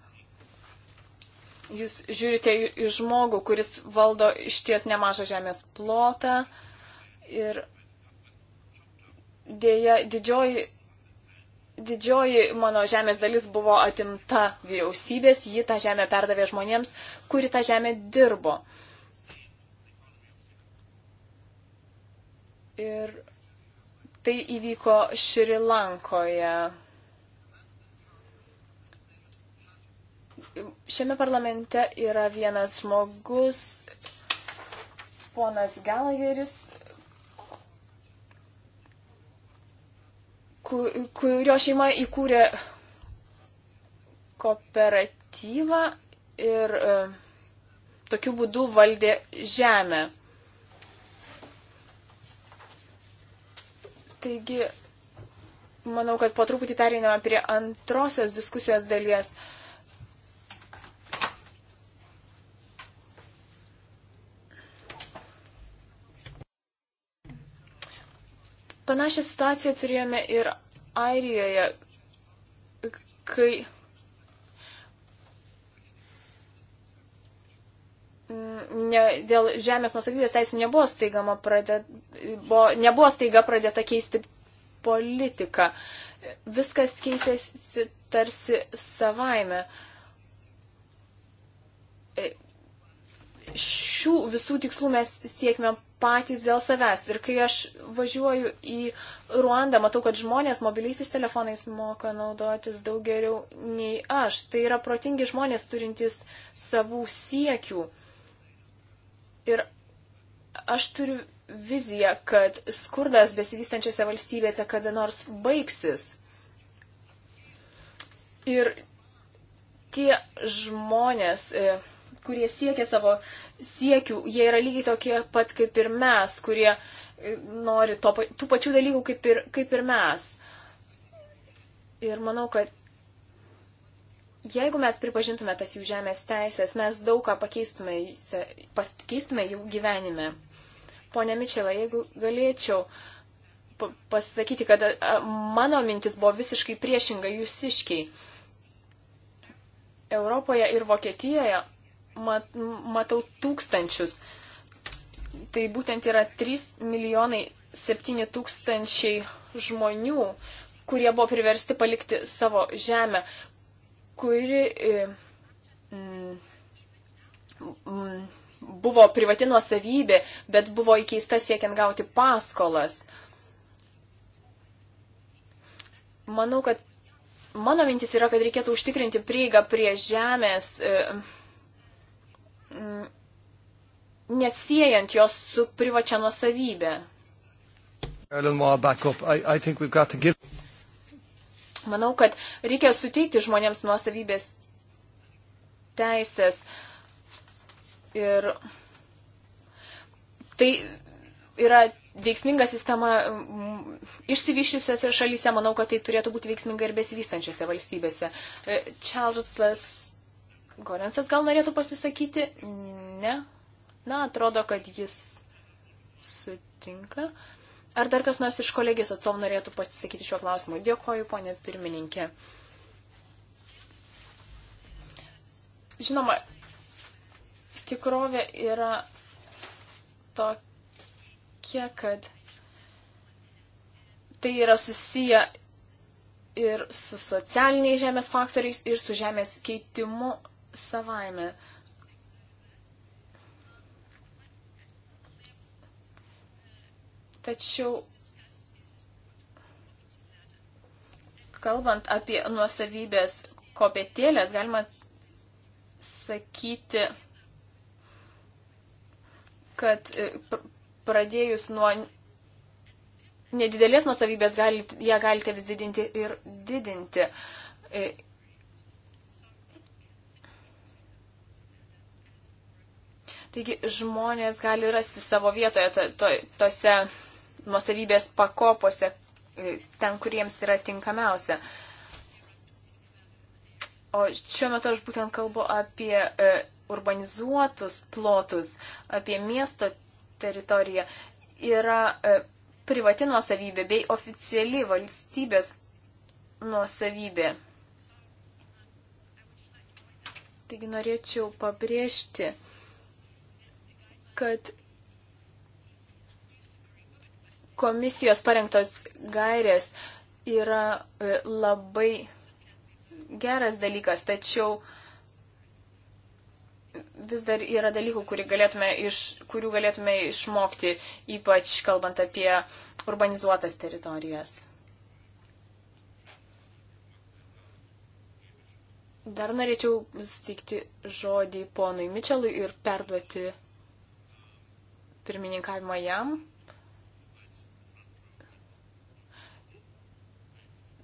Jūs žiūrite į žmogų, kuris valdo iš ties nemažą žemės plotą ir dėja didžioji, didžioji mano žemės dalis buvo atimta vyriausybės, ji tą žemę perdavė žmonėms, kuri tą žemę dirbo. Ir Tai įvyko Šri Lankoje. Šiame parlamente yra vienas žmogus, ponas Galageris, kurio šeima įkūrė kooperatyvą ir e, tokiu būdu valdė žemę. Taigi, manau, kad po truputį pereiname prie antrosios diskusijos dalies. Panašią situaciją turėjome ir Airijoje, kai ne, dėl žemės nusavybės teisų nebuvo staiga, pradė, buvo, nebuvo staiga pradėta keisti politiką. Viskas keitėsi tarsi savaime. Šių visų tikslų mes siekime patys dėl savęs. Ir kai aš važiuoju į Ruandą, matau, kad žmonės mobiliaisiais telefonais moka naudotis daug geriau nei aš. Tai yra protingi žmonės turintys savų siekių. Ir aš turiu viziją, kad skurdas besivystančiose valstybėse kada nors baigsis. Ir tie žmonės, e, kurie siekia savo siekių, jie yra lygiai tokie pat kaip ir mes, kurie e, nori to, tų pačių dalykų kaip ir, kaip ir mes. Ir manau, kad Jeigu mes pripažintume tas jų žemės teisės, mes daug ką pakeistume, pakeistume jų gyvenime. Pone Mičela, jeigu galėčiau pasakyti, kad mano mintis buvo visiškai priešinga jūsiškiai. Europoje ir Vokietijoje mat, matau tūkstančius. Tai būtent yra 3 milijonai 7 tūkstančiai žmonių, kurie buvo priversti palikti savo žemę, kuri e, mm, mm, buvo privati nuosavybė, bet buvo įkeista siekiant gauti paskolas. Manau, kad mano mintis yra, kad reikėtų užtikrinti prieigą prie žemės, e, mm, nesiejant jos su privačia nuosavybė. Give... Manau, kad reikia suteikti žmonėms nuosavybės teisės. Ir tai yra veiksminga sistema mm, išsivyščiusiose šalyse, manau, kad tai turėtų būti veiksminga ir besivystančiose valstybėse. Čarlzas e, Gorensas gal norėtų pasisakyti? Ne. Na, atrodo, kad jis sutinka. Ar dar kas nors iš kolegijos atstovų norėtų pasisakyti šiuo klausimu? Dėkoju, ponė pirmininkė. Žinoma, tikrovė yra tokia, kad tai yra susiję ir su socialiniais žemės faktoriais, ir su žemės keitimu savaime. Tačiau kalbant apie nuosavybės kopėtėlės, galima sakyti, kad e, pradėjus nuo nedidelės nuosavybės gali, ją galite vis didinti ir didinti. E, taigi žmonės gali rasti savo vietoje to, to, tose nusavybės pakopose, e, ten, kuriems yra tinkamiausia. O šiuo metu aš būtent kalbu apie e, urbanizuotus plotus, apie miesto teritoriją. Yra e, privati nuosavybė bei oficiali valstybės nuosavybė. Taigi norėčiau pabrėžti, kad Komisijos parengtos gairės yra e, labai geras dalykas, tačiau vis dar yra dalykų, galėtume iš, kurių galėtume išmokti, ypač kalbant apie urbanizuotas teritorijas. Dar norėčiau sutikti žodį ponui Mičelui ir perduoti pirmininkavimą jam.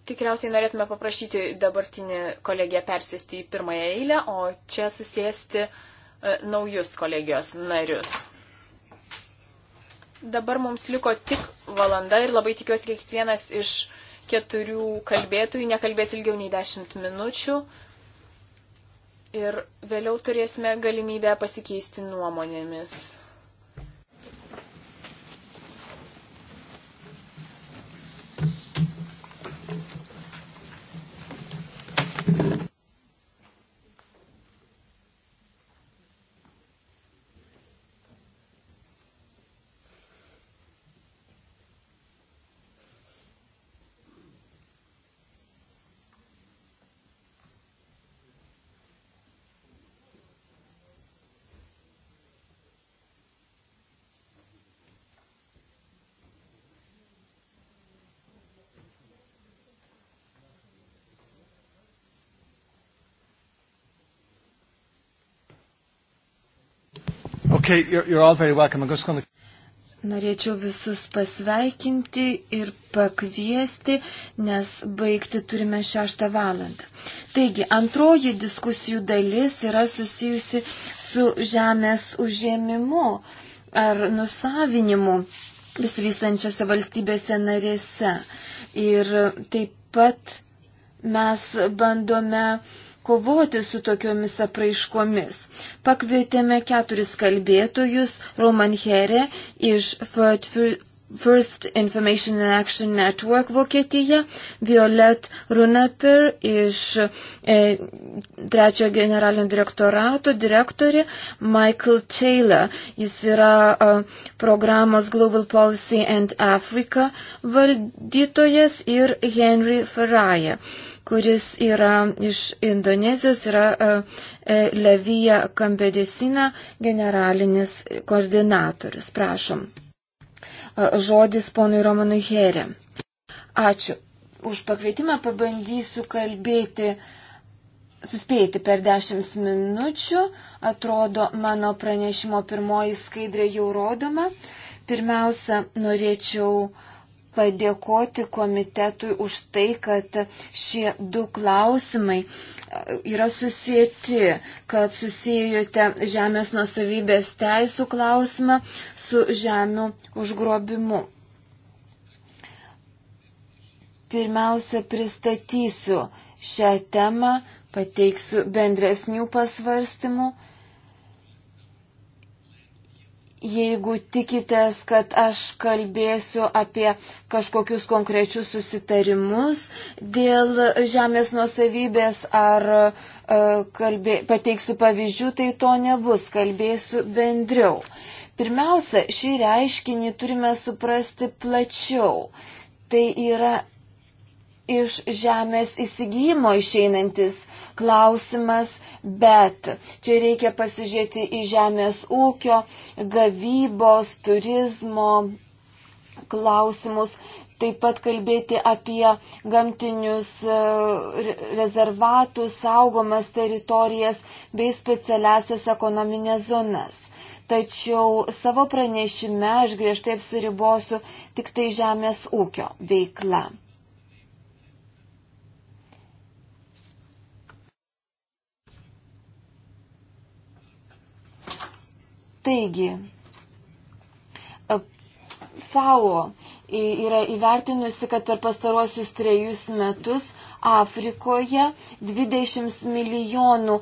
tikriausiai norėtume paprašyti dabartinį kolegiją persėsti į pirmąją eilę, o čia susėsti e, naujus kolegijos narius. Dabar mums liko tik valanda ir labai tikiuosi, kiekvienas iš keturių kalbėtojų nekalbės ilgiau nei dešimt minučių. Ir vėliau turėsime galimybę pasikeisti nuomonėmis. Okay, you're, you're all very welcome. I'm just going to... Norėčiau visus pasveikinti ir pakviesti, nes baigti turime 6 valandą. Taigi, antroji diskusijų dalis yra susijusi su žemės užėmimu ar nusavinimu besivystančiose valstybėse narėse. Ir taip pat mes bandome uh, kovoti su tokiomis apraiškomis. Pakvietėme keturis kalbėtojus - Roman Herė iš First Information and Action Network Vokietija, Violet Runaper iš e, trečiojo generalinio direktorato direktorė, Michael Taylor. Jis yra e, programos Global Policy and Africa valdytojas ir Henry Ferraja. E, kuris yra iš Indonezijos, yra e, e, Levija Kampedesina, generalinis koordinatorius. Prašom. E, žodis ponui Romanui Herė. Ačiū. Už pakvietimą pabandysiu kalbėti, suspėti per dešimt minučių. Atrodo, mano pranešimo pirmoji skaidrė jau rodoma. Pirmiausia, norėčiau uh, padėkoti komitetui už tai, kad šie du klausimai e, yra susijęti, kad susijote žemės nusavybės teisų klausimą su žemių užgrobimu. Pirmiausia, pristatysiu šią temą, pateiksiu bendresnių pasvarstymų jeigu tikitės, kad aš kalbėsiu apie kažkokius konkrečius susitarimus dėl žemės nuosavybės ar e, kalbė, pateiksiu pavyzdžių, tai to nebus, kalbėsiu bendriau. Pirmiausia, šį reiškinį turime suprasti plačiau. Tai yra iš žemės įsigymo išeinantis klausimas, bet čia reikia pasižiūrėti į žemės ūkio, gavybos, turizmo klausimus, taip pat kalbėti apie gamtinius e, rezervatus, saugomas teritorijas bei specialiasias ekonominės zonas. Tačiau savo pranešime aš griežtai apsiribosiu tik tai žemės ūkio veikla. Taigi, FAO yra įvertinusi, kad per pastaruosius trejus metus Afrikoje 20 milijonų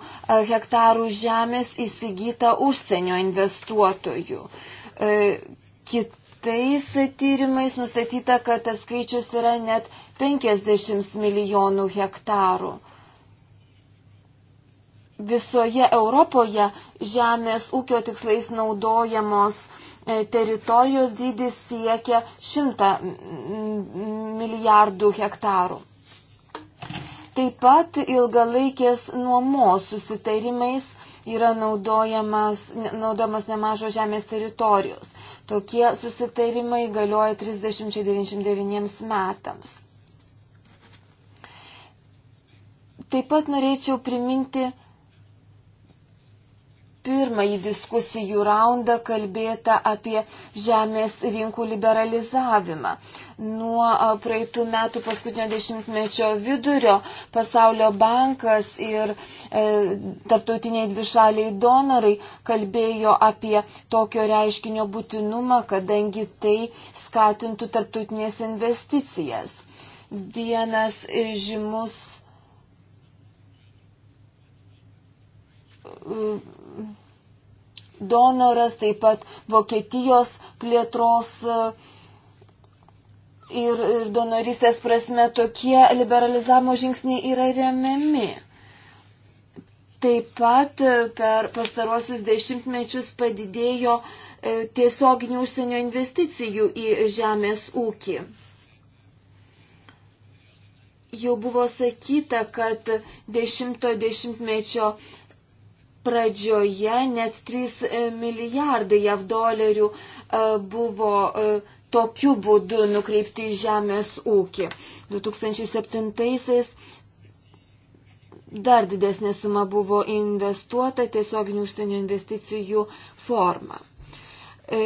hektarų žemės įsigyta užsienio investuotojų. Kitais tyrimais nustatyta, kad tas skaičius yra net 50 milijonų hektarų visoje Europoje žemės ūkio tikslais naudojamos e, teritorijos dydis siekia 100 milijardų hektarų. Taip pat ilgalaikės nuomos susitarimais yra naudojamas, naudojamas nemažo žemės teritorijos. Tokie susitarimai galioja 30-99 metams. Taip pat norėčiau priminti pirmąjį diskusijų raundą kalbėta apie žemės rinkų liberalizavimą. Nuo praeitų metų paskutinio dešimtmečio vidurio pasaulio bankas ir e, tarptautiniai dvišaliai donorai kalbėjo apie tokio reiškinio būtinumą, kadangi tai skatintų tarptautinės investicijas. Vienas žymus e, donoras, taip pat Vokietijos plėtros e, ir, ir donorystės prasme tokie liberalizavimo žingsniai yra remiami. Taip pat e, per pastarosius dešimtmečius padidėjo e, tiesioginių užsienio investicijų į žemės ūkį. Jau buvo sakyta, kad dešimto dešimtmečio pradžioje net 3 e, milijardai jav dolerių e, buvo e, tokiu būdu nukreipti į žemės ūkį. 2007-aisiais dar didesnė suma buvo investuota tiesioginių užsienio investicijų forma. E,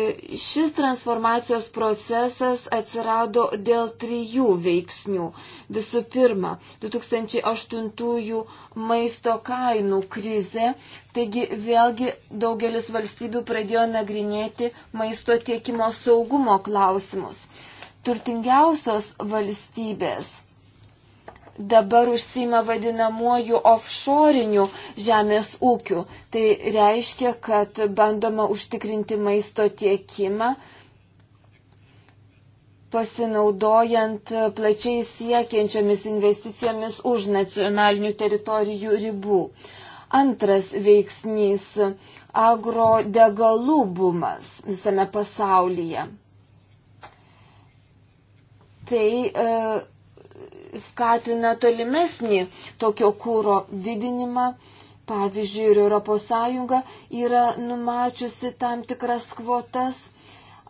šis transformacijos procesas atsirado dėl trijų veiksnių. Visų pirma, 2008 maisto kainų krizė, taigi vėlgi daugelis valstybių pradėjo nagrinėti maisto tiekimo saugumo klausimus. Turtingiausios valstybės dabar užsima vadinamuoju offshoriniu žemės ūkiu. Tai reiškia, kad bandoma užtikrinti maisto tiekimą pasinaudojant plačiai siekiančiomis investicijomis už nacionalinių teritorijų ribų. Antras veiksnys - agrodegalų bumas visame pasaulyje. Tai e, skatina tolimesnį tokio kūro didinimą. Pavyzdžiui, ir ES yra numačiusi tam tikras kvotas.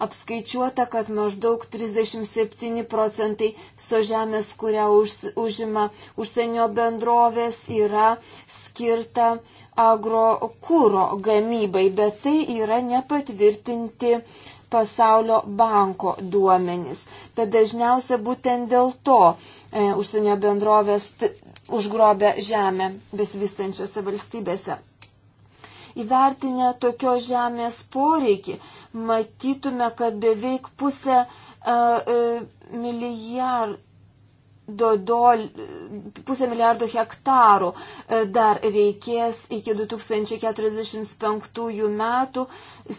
Apskaičiuota, kad maždaug 37 procentai so žemės, kurią už, užima užsienio bendrovės, yra skirta agrokūro gamybai, bet tai yra nepatvirtinti uh, pasaulio banko duomenys. Bet dažniausia būtent dėl to e, užsienio bendrovės užgrobia žemę besivystančiose valstybėse. Įvertinę tokios žemės poreikį, matytume, kad beveik pusė e, e, milijar, do, do, pusę milijardo hektarų e, dar reikės iki 2045 metų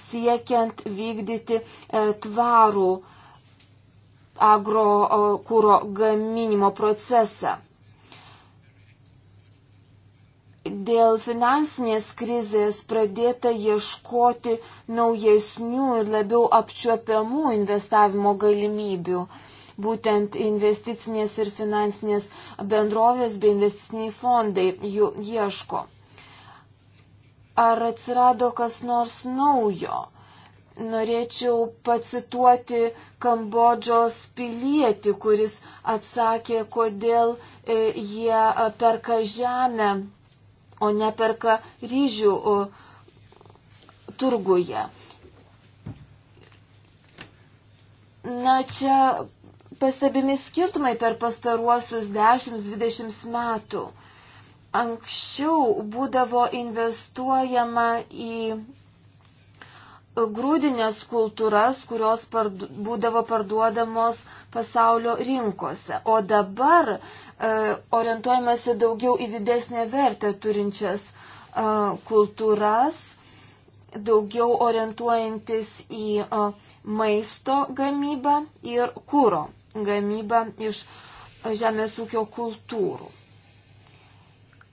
siekiant vykdyti e, tvarų agrokūro gaminimo procesą. Dėl finansinės krizės pradėta ieškoti naujesnių ir labiau apčiuopiamų investavimo galimybių. Uh, būtent investicinės ir finansinės bendrovės bei investiciniai fondai jų ieško. Ar atsirado kas nors naujo? Norėčiau pacituoti Kambodžos pilietį, kuris atsakė, kodėl e, jie e, perka žemę, o neperka ryžių turguje. Na, čia pastebimi skirtumai per pastaruosius 10-20 metų. Anksčiau būdavo investuojama į grūdinės kultūras, kurios pardu, būdavo parduodamos pasaulio rinkose. O dabar e, orientuojamasi daugiau į didesnę vertę turinčias e, kultūras, daugiau orientuojantis į e, maisto gamybą ir kūro gamybą iš žemės ūkio kultūrų.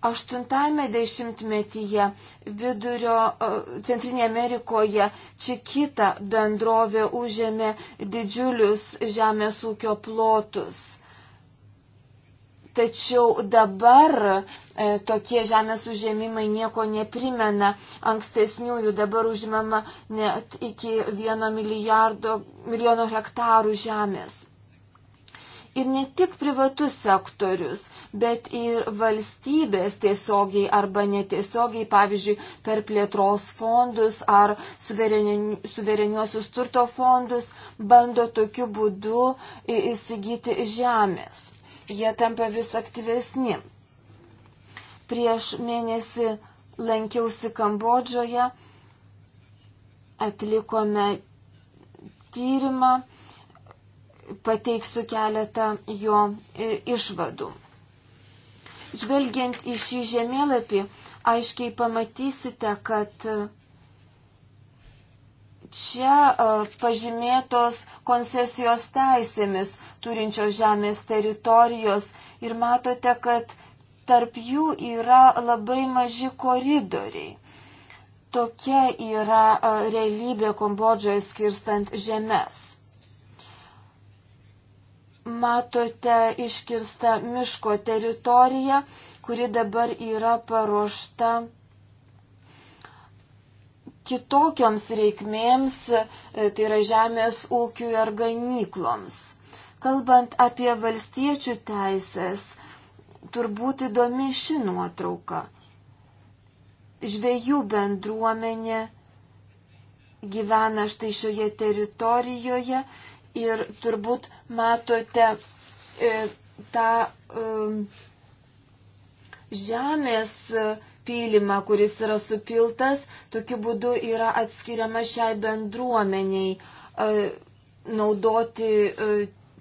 Aštuntame dešimtmetyje vidurio e, Centrinėje Amerikoje Čikita bendrovė užėmė didžiulius žemės ūkio plotus. Tačiau dabar e, tokie žemės užėmimai nieko neprimena ankstesniųjų, dabar užimama net iki vieno milijardo milijono hektarų žemės ir ne tik privatus sektorius, bet ir valstybės tiesiogiai arba netiesiogiai, pavyzdžiui, per plėtros fondus ar suvereniuosius turto fondus bando tokiu būdu įsigyti žemės. Jie tampa vis aktyvesni. Prieš mėnesį lankiausi Kambodžoje, atlikome tyrimą pateiksiu keletą jo e, išvadų. Žvelgiant į šį žemėlapį, aiškiai pamatysite, kad e, čia e, pažymėtos koncesijos teisėmis turinčios žemės teritorijos ir matote, kad tarp jų yra labai maži koridoriai. Tokia yra realybė Kambodžoje skirstant žemės matote iškirsta miško teritorija, kuri dabar yra paruošta kitokioms reikmėms, e, tai yra žemės ūkiui ar ganykloms. Kalbant apie valstiečių teisės, turbūt įdomi ši nuotrauka. Žvėjų bendruomenė gyvena štai šioje teritorijoje ir turbūt matote e, tą e, žemės pylimą, kuris yra supiltas, tokiu būdu yra atskiriama šiai bendruomeniai e, naudoti e,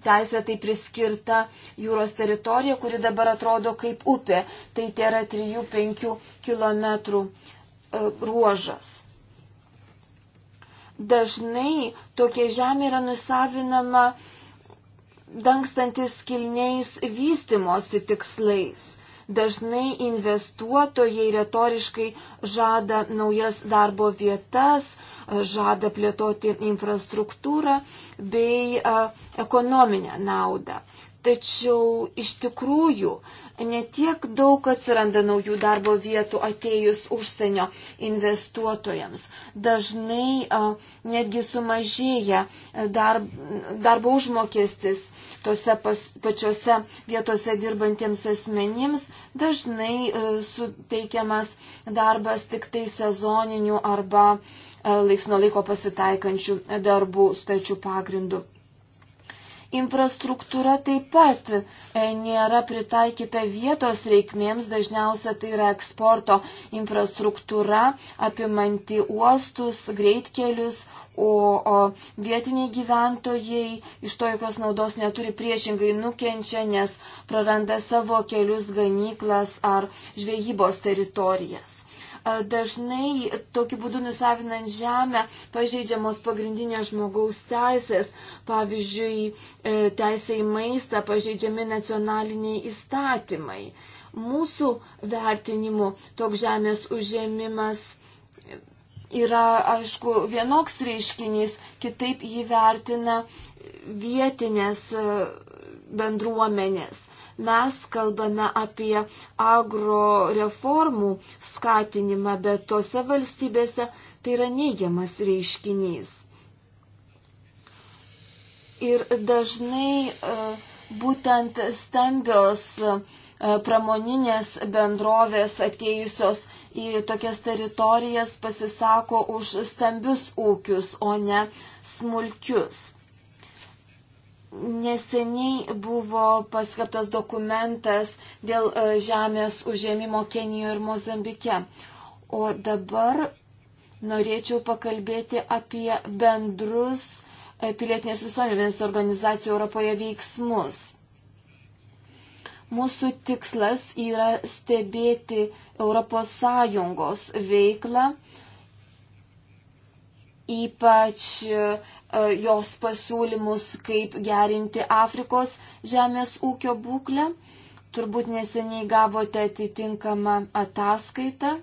teisė tai priskirta jūros teritorija, kuri dabar atrodo kaip upė. Tai tai yra 3-5 km ruožas dažnai tokia žemė yra nusavinama dangstantis kilniais vystimosi tikslais. Dažnai investuotojai retoriškai žada naujas darbo vietas, žada plėtoti infrastruktūrą bei a, ekonominę naudą. Tačiau iš tikrųjų netiek daug atsiranda naujų darbo vietų atėjus užsienio investuotojams. Dažnai a, netgi sumažėja darb, darbo užmokestis tose pas, pačiose vietose dirbantiems asmenims. Dažnai a, suteikiamas darbas tik tai sezoninių arba laiks nuo laiko pasitaikančių darbų stačių pagrindų. Infrastruktūra taip pat e, nėra pritaikyta vietos reikmėms, dažniausia tai yra eksporto infrastruktūra, apimanti uostus, greitkelius, o, o vietiniai gyventojai iš to jokios naudos neturi priešingai nukenčia, nes praranda savo kelius, ganyklas ar žvejybos teritorijas. E, dažnai tokiu būdu nusavinant žemę pažeidžiamos pagrindinės žmogaus teisės, pavyzdžiui, e, teisė į maistą pažeidžiami nacionaliniai įstatymai. Mūsų vertinimu toks žemės užėmimas yra, aišku, vienoks reiškinys, kitaip jį vertina vietinės e, bendruomenės. Mes kalbame apie agro reformų skatinimą, bet tose valstybėse tai yra neigiamas reiškinys. Ir dažnai e, būtent stambios e, pramoninės bendrovės atėjusios į tokias teritorijas pasisako už stambius ūkius, o ne smulkius. Neseniai buvo paskaptas dokumentas dėl e, žemės užėmimo Kenijoje ir Mozambike. O dabar norėčiau pakalbėti apie bendrus e, pilietinės visuomenės organizacijų Europoje veiksmus. Mūsų tikslas yra stebėti ES veiklą, ypač E, jos pasiūlymus, kaip gerinti Afrikos žemės ūkio būklę. Turbūt neseniai gavote atitinkamą ataskaitą.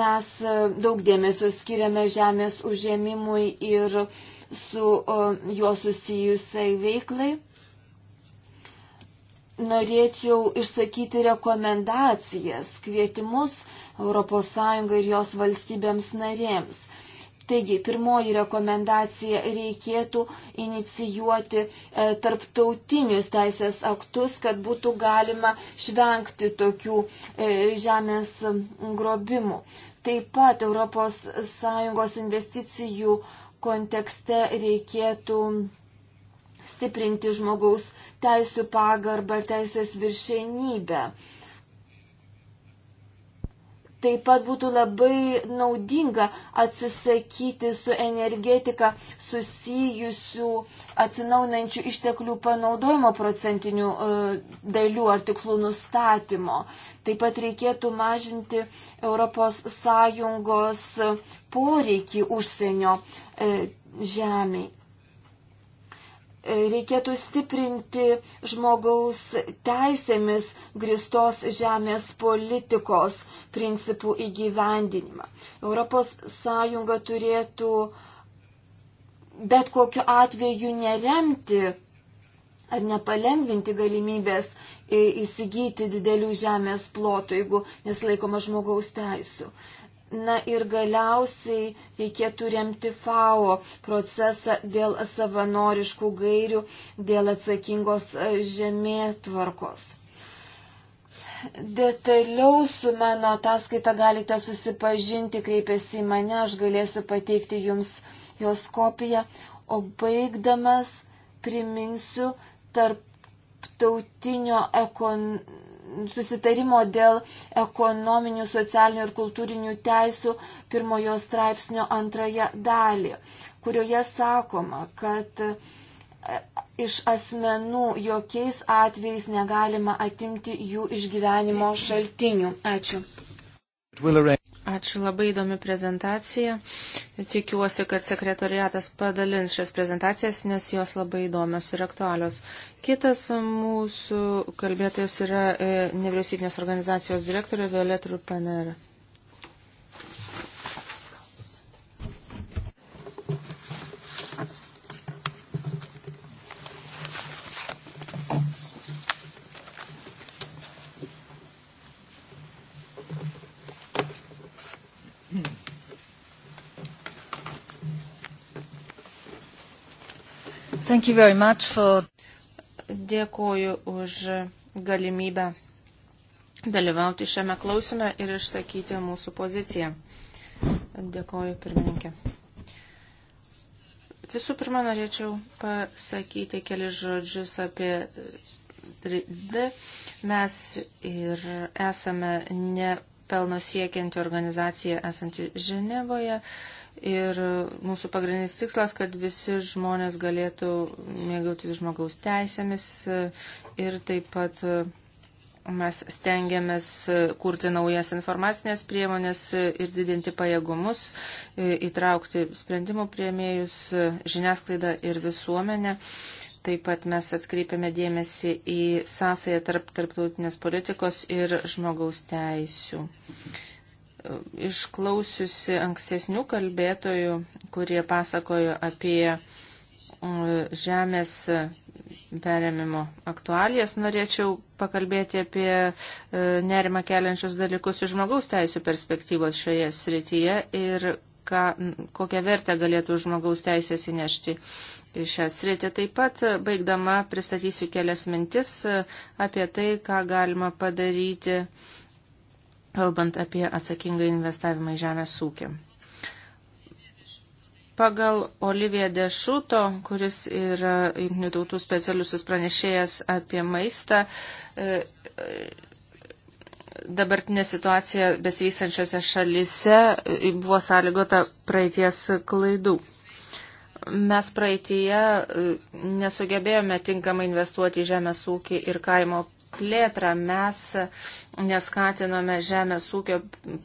Mes e, daug dėmesio skiriame žemės užėmimui ir su e, juo susijusiai veiklai. Norėčiau išsakyti rekomendacijas, kvietimus ES ir jos valstybėms narėms Taigi, pirmoji rekomendacija reikėtų inicijuoti e, tarptautinius teisės aktus, kad būtų galima švengti tokių e, žemės grobimų. Taip pat ES investicijų kontekste reikėtų stiprinti žmogaus teisų pagarbą ir teisės viršenybę. E, Taip pat būtų labai naudinga atsisakyti su energetika susijusių atsinaunančių išteklių panaudojimo procentinių e, dalių ar tikslų nustatymo. Taip pat reikėtų mažinti ES poreikį užsienio e, žemiai reikėtų stiprinti žmogaus teisėmis gristos žemės politikos principų įgyvendinimą. ES turėtų bet kokiu atveju neremti ar nepalengvinti galimybės įsigyti didelių žemės plotų, jeigu nesilaikoma žmogaus teisų. Na ir galiausiai reikėtų remti FAO procesą dėl savanoriškų gairių, dėl atsakingos e, žemėtvarkos. Detaliau su mano ataskaita galite susipažinti, kreipėsi į mane, aš galėsiu pateikti jums jos kopiją. O baigdamas priminsiu tarptautinio ekonominio susitarimo dėl ekonominių, socialinių ir kultūrinių teisų pirmojo straipsnio antrąją dalį, kurioje sakoma, kad e, iš asmenų jokiais atvejais negalima atimti jų išgyvenimo šaltinių. Ačiū. Ačiū labai įdomi prezentacija. Tikiuosi, kad sekretoriatas padalins šias prezentacijas, nes jos labai įdomios ir aktualios. Kitas mūsų kalbėtojas yra e, nevyriausybinės organizacijos direktorė Violet Rupanera. For... Dėkuoju už galimybę dalyvauti šiame klausime ir išsakyti mūsų poziciją. Dėkuoju, pirmininkė. Visų pirma, norėčiau pasakyti keli žodžius apie 3D. Mes ir esame ne pelno siekianti organizacija esanti Ženevoje. Uh, Ir mūsų pagrindinis tikslas, kad visi žmonės galėtų mėgautis žmogaus teisėmis e, ir taip pat e, mes stengiamės e, kurti naujas informacinės priemonės ir didinti pajėgumus, įtraukti sprendimų prieimėjus, žiniasklaidą ir visuomenę. Taip pat mes atkreipiame dėmesį į sąsąją tarp tarptautinės politikos ir žmogaus teisių išklausiusi ankstesnių kalbėtojų, kurie pasakojo apie mm, žemės perėmimo aktualijas, norėčiau pakalbėti apie e, nerimą keliančius dalykus iš žmogaus teisų perspektyvos šioje srityje ir ką, kokią vertę galėtų žmogaus teisės įnešti į šią sritį. Taip pat, baigdama, pristatysiu kelias mintis e, apie tai, ką galima padaryti kalbant apie atsakingą investavimą į žemės ūkį. Pagal Oliviją Dešuto, kuris yra Junktinių tautų specialiusis pranešėjas apie maistą, e, e, dabartinė situacija besivystančiose šalise e, buvo sąlygota praeities klaidų mes praeitie nesugebėjome tinkamai investuoti į žemės ūkį ir kaimo plėtrą. Mes neskatinome žemės ūkio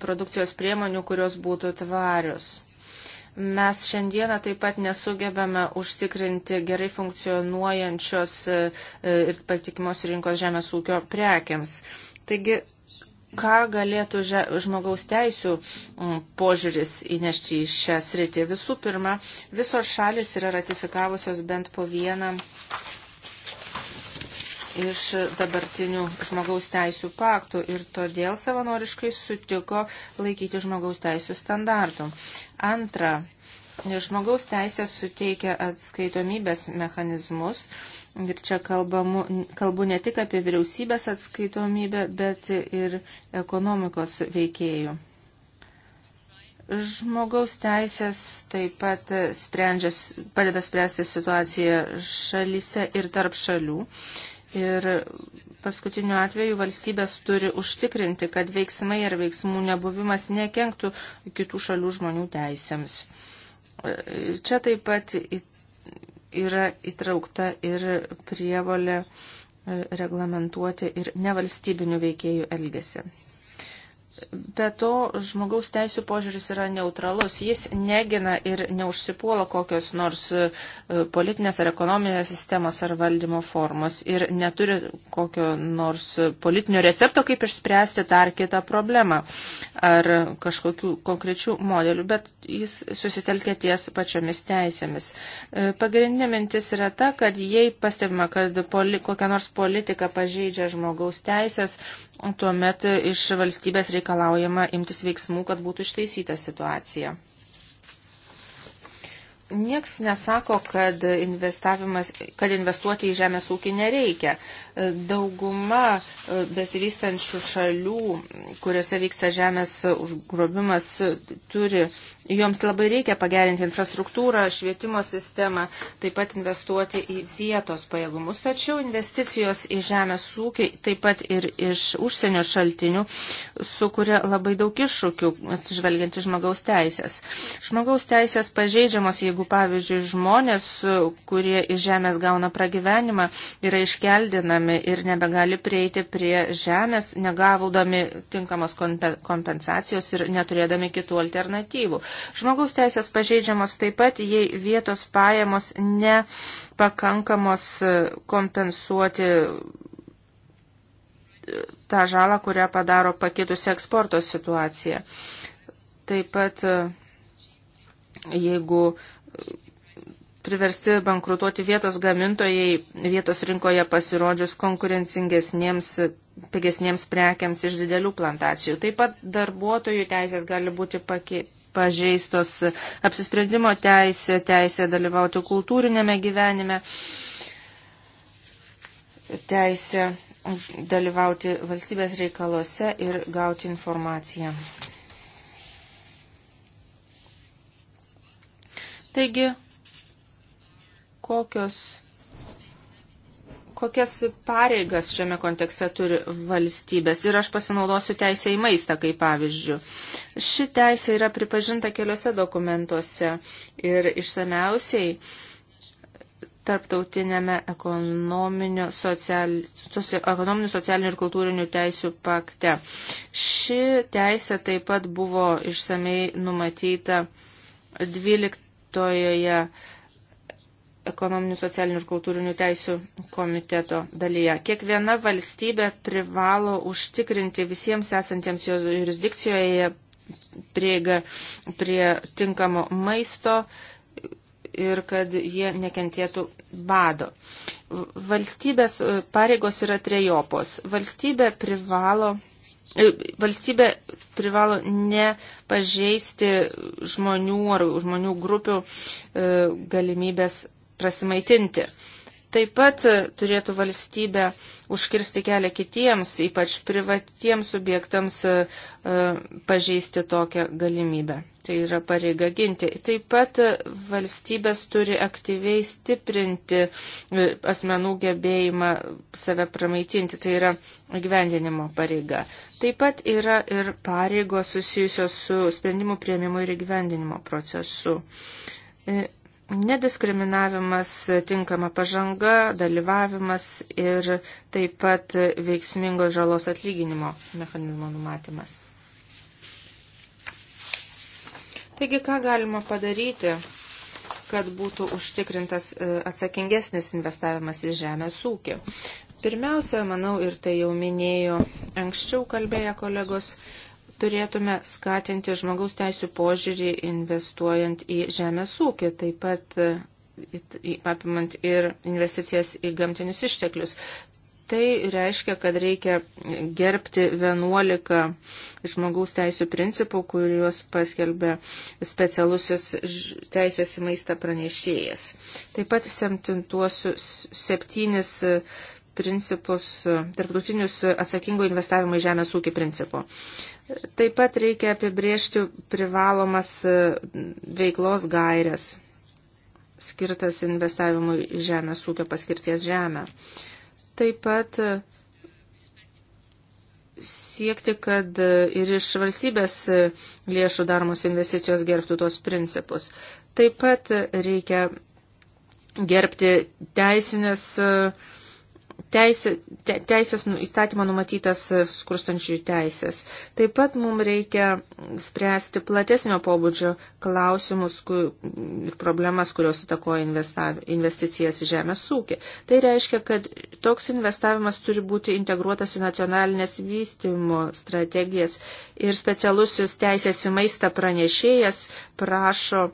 produkcijos priemonių, kurios būtų tvarius. Mes šiandieną taip pat nesugebame užtikrinti gerai funkcionuojančios e, e, ir patikimos rinkos žemės ūkio prekiams. Taigi, ką galėtų žmogaus teisų požiūris įnešti į šią sritį? Visų pirma, visos šalis yra ratifikavusios bent po vieną iš dabartinių žmogaus teisų paktų ir todėl savanoriškai sutiko laikyti žmogaus teisų standartų. Antra, žmogaus teisės suteikia atskaitomybės mechanizmus. Ir čia kalbamu, kalbu ne tik apie vyriausybės atskaitomybę, bet ir ekonomikos veikėjų. Žmogaus teisės taip pat sprendžia, padeda spręsti situaciją šalyse ir tarp šalių. Ir paskutiniu atveju valstybės turi užtikrinti, kad veiksmai ar veiksmų nebuvimas nekenktų kitų šalių žmonių teisėms. Čia taip pat yra įtraukta ir prievolė e, reglamentuoti ir nevalstybinių veikėjų elgesį. Be to, žmogaus teisų požiūris yra neutralus. Jis negina ir neužsipuola kokios nors e, politinės ar ekonominės sistemos ar valdymo formos ir neturi kokio nors politinio recepto, kaip išspręsti tą ar kitą problemą ar kažkokių konkrečių modelių, bet jis susitelkia ties pačiomis teisėmis. E, pagrindinė mintis yra ta, kad jei pastebima, kad poli, kokia nors politika pažeidžia žmogaus teisės, Tuomet iš valstybės reikalaujama imtis veiksmų, kad būtų ištaisyta situacija. Niekas nesako, kad, kad investuoti į žemės ūkį nereikia. Dauguma e, besivystančių šalių, kuriuose vyksta žemės užgrobimas, turi, joms labai reikia pagerinti infrastruktūrą, švietimo sistemą, taip pat investuoti į vietos pajėgumus. Tačiau investicijos į žemės ūkį, taip pat ir iš užsienio šaltinių, sukuria labai daug iššūkių, atsižvelgiant į žmogaus teisės. Žmogaus teisės pažeidžiamos, jeigu jeigu, pavyzdžiui, žmonės, kurie iš žemės gauna pragyvenimą, yra iškeldinami ir nebegali prieiti prie žemės, negaudami tinkamos kompensacijos ir neturėdami kitų alternatyvų. Žmogaus teisės pažeidžiamos taip pat, jei vietos pajamos nepakankamos e, kompensuoti e, tą žalą, kurią padaro pakitusi eksporto situacija. Taip pat, e, jeigu priversti bankrutuoti vietos gamintojai vietos rinkoje pasirodžius konkurencingesniems, pigesniems prekiams iš didelių plantacijų. Taip pat darbuotojų teisės gali būti pake, pažeistos apsisprendimo teisė, teisė dalyvauti kultūrinėme gyvenime, teisė dalyvauti valstybės reikalose ir gauti informaciją. Taigi, kokios, kokias pareigas šiame kontekste turi valstybės. Ir aš pasinaudosiu teisę į maistą kaip pavyzdžių. Ši teisė yra pripažinta keliose dokumentuose ir išsameusiai tarptautinėme ekonominių, social, ekonominių, socialinių ir kultūrinių teisių pakte. Ši teisė taip pat buvo išsamei numatyta 12 12 ekonominių, socialinių ir kultūrinių teisių komiteto dalyje. Kiekviena valstybė privalo užtikrinti visiems esantiems jo jurisdikcijoje prieigą prie tinkamo maisto ir kad jie nekentėtų bado. Valstybės pareigos yra trejopos. Valstybė privalo E, valstybė privalo nepažeisti žmonių ar žmonių grupių e, galimybės prasimaitinti. Taip pat turėtų valstybė užkirsti kelią kitiems, ypač privatiems subjektams e, e, pažeisti tokią galimybę. Tai yra pareiga ginti. Taip pat valstybės turi aktyviai stiprinti e, asmenų gebėjimą save pramaitinti. Tai yra gyvendinimo pareiga. Taip pat yra ir pareigos susijusios su sprendimų prieimimu ir gyvendinimo procesu Nediskriminavimas, tinkama pažanga, dalyvavimas ir taip pat veiksmingo žalos atlyginimo mechanizmo numatymas. Taigi, ką galima padaryti, kad būtų užtikrintas e, atsakingesnis investavimas į žemės ūkį? Pirmiausia, manau, ir tai jau minėjo anksčiau kalbėję kolegos, turėtume skatinti žmogaus teisų požiūrį investuojant į žemės ūkį, taip pat e, apimant ir investicijas į gamtinius išteklius. Tai reiškia, kad reikia gerbti 11 žmogaus teisų principų, kuriuos paskelbė specialusis teisės į maistą pranešėjas. Taip pat septintuosius septynis e, principus, e, tarptautinius atsakingo investavimo į žemės ūkį principo. Taip pat reikia apibriežti privalomas e, veiklos gairias skirtas investavimui į žemės ūkio paskirties žemę. Taip pat e, siekti, kad e, ir iš valstybės lėšų daromos investicijos gerbtų tos principus. Taip pat reikia gerbti teisinės uh, teisė, te, teisės nu, įstatymą numatytas e, skurstančiųjų teisės. Taip pat mums reikia spręsti platesnio pobūdžio klausimus kur, ir problemas, kurios įtakoja investicijas į žemės ūkį. Tai reiškia, kad toks investavimas turi būti integruotas į nacionalinės vystimo strategijas ir specialusis teisės į maistą pranešėjas prašo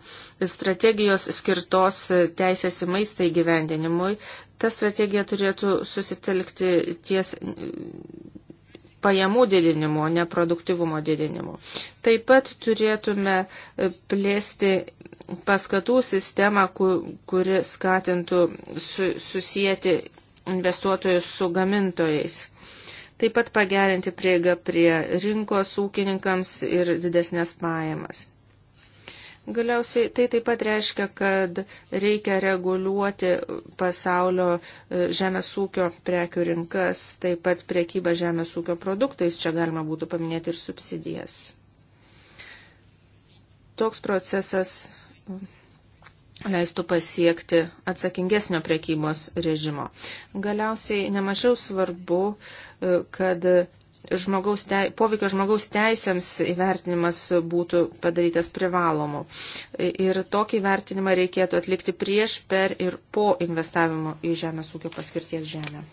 strategijos skirtos e, teisės į maistą įgyvendinimui Ta strategija turėtų susitelkti ties pajamų didinimo, ne produktivumo didinimo. Taip pat turėtume e, plėsti paskatų sistemą, kuri skatintų susijęti investuotojus su gamintojais. Taip pat pagerinti prieigą prie rinkos ūkininkams ir didesnės pajamas. Galiausiai tai taip pat reiškia, kad reikia reguliuoti pasaulio e, žemės ūkio prekių rinkas, taip pat priekybą žemės ūkio produktais, čia galima būtų paminėti ir subsidijas. Toks procesas leistų pasiekti atsakingesnio priekybos režimo. Galiausiai nemažiau svarbu, e, kad žmogaus te, poveikio žmogaus teisėms įvertinimas būtų padarytas privalomu. Ir tokį vertinimą reikėtų atlikti prieš, per ir po investavimo į žemės ūkio paskirties žemę.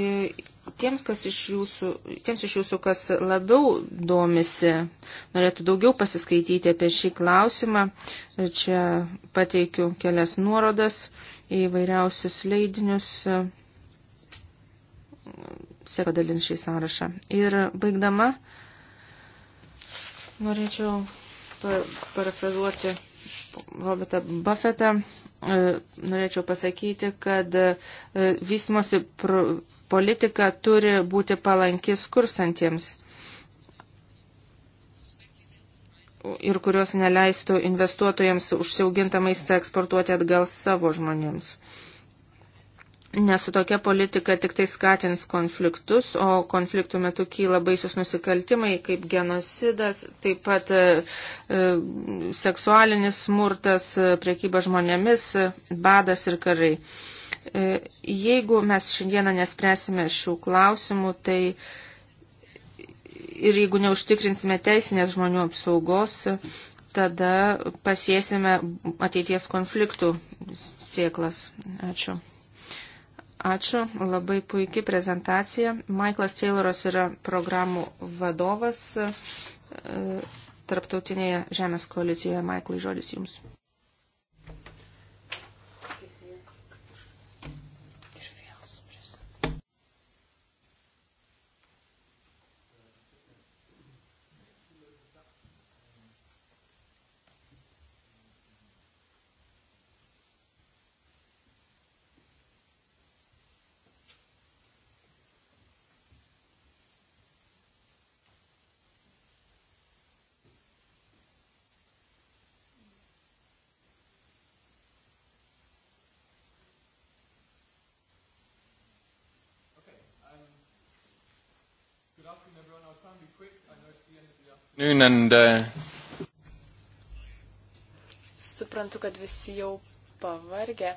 Ir tiems, iš jūsų, tiems iš jūsų, kas labiau domisi, norėtų daugiau pasiskaityti apie šį klausimą, čia pateikiu kelias nuorodas į vairiausius leidinius padalins šį sąrašą. Ir baigdama, norėčiau parafrazuoti Robertą Buffetą, e, norėčiau pasakyti, kad e, vystimosi politika turi būti palankis kursantiems ir kurios neleistų investuotojams užsiaugintamais eksportuoti atgal savo žmonėms. Nes tokia politika tik tai skatins konfliktus, o konfliktų metu kyla baisus nusikaltimai kaip genocidas, taip pat e, e seksualinis smurtas, e, priekyba žmonėmis, badas ir karai. E, jeigu mes šiandieną nespręsime šių klausimų, tai ir jeigu neužtikrinsime teisinės žmonių apsaugos, tada pasiesime ateities konfliktų sėklas. Ačiū. Ačiū, labai puikiai prezentacija. Michaelas Tayloras yra programų vadovas e, Tarptautinėje Žemės koalicijoje. Michaelai, žodis jums. afternoon and uh... Suprantu, kad visi jau pavargę.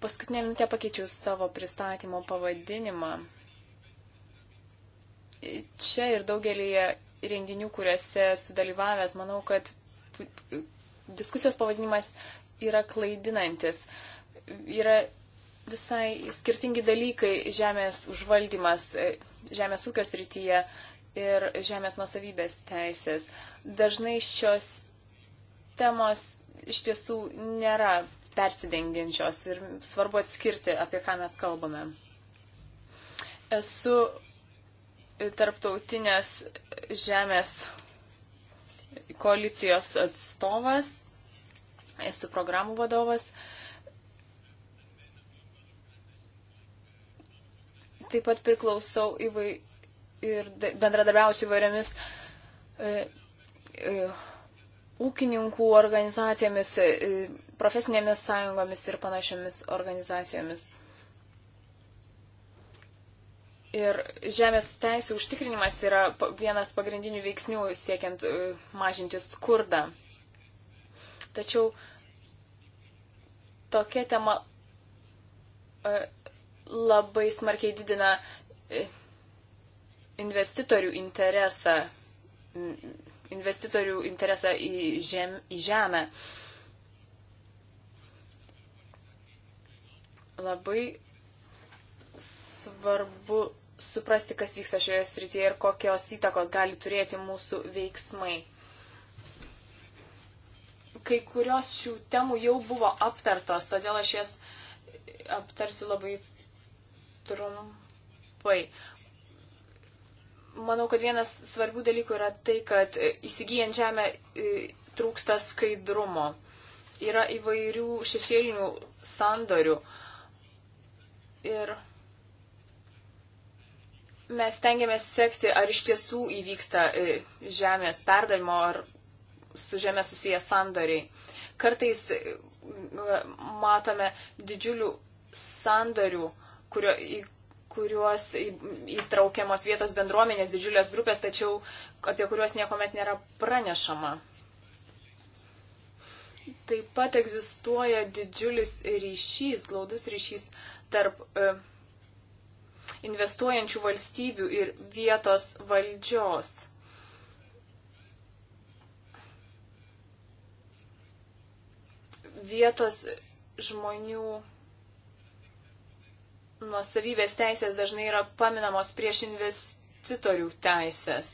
Paskutinė minutė pakeičiau savo pristatymo pavadinimą. Čia ir daugelį renginių, kuriuose sudalyvavęs, manau, kad diskusijos pavadinimas yra klaidinantis. Yra visai skirtingi dalykai žemės užvaldymas, e, žemės ūkio srityje ir žemės nusavybės teisės. Dažnai šios temos iš tiesų nėra persidengiančios ir svarbu atskirti, apie ką mes kalbame. Esu tarptautinės žemės koalicijos atstovas, esu programų vadovas. Taip pat priklausau įvai, ir bendradarbiausiu įvairiomis e, e, ūkininkų organizacijomis, e, profesinėmis sąjungomis ir panašiomis organizacijomis. Ir žemės teisų užtikrinimas yra vienas pagrindinių veiksnių siekiant e, mažinti skurdą. Tačiau tokia tema e, labai smarkiai didina e, investitorių interesą, investitorių interesą į, žem, į žemę. Labai svarbu suprasti, kas vyksta šioje srityje ir kokios įtakos gali turėti mūsų veiksmai. Kai kurios šių temų jau buvo aptartos, todėl aš jas aptarsiu labai trumpai manau, kad vienas svarbių dalykų yra tai, kad e, įsigijant žemę e, trūksta skaidrumo. Yra įvairių šešėlinių sandorių. Ir mes tengiamės sekti, ar iš tiesų įvyksta e, žemės perdavimo ar su žemė susiję sandoriai. Kartais matome didžiulių sandorių, kurio, kuriuos įtraukiamos vietos bendruomenės, didžiulės grupės, tačiau apie kuriuos niekuomet nėra pranešama. Taip pat egzistuoja didžiulis ryšys, glaudus ryšys tarp e, investuojančių valstybių ir vietos valdžios. Vietos žmonių nuosavybės teisės dažnai yra paminamos prieš investitorių teisės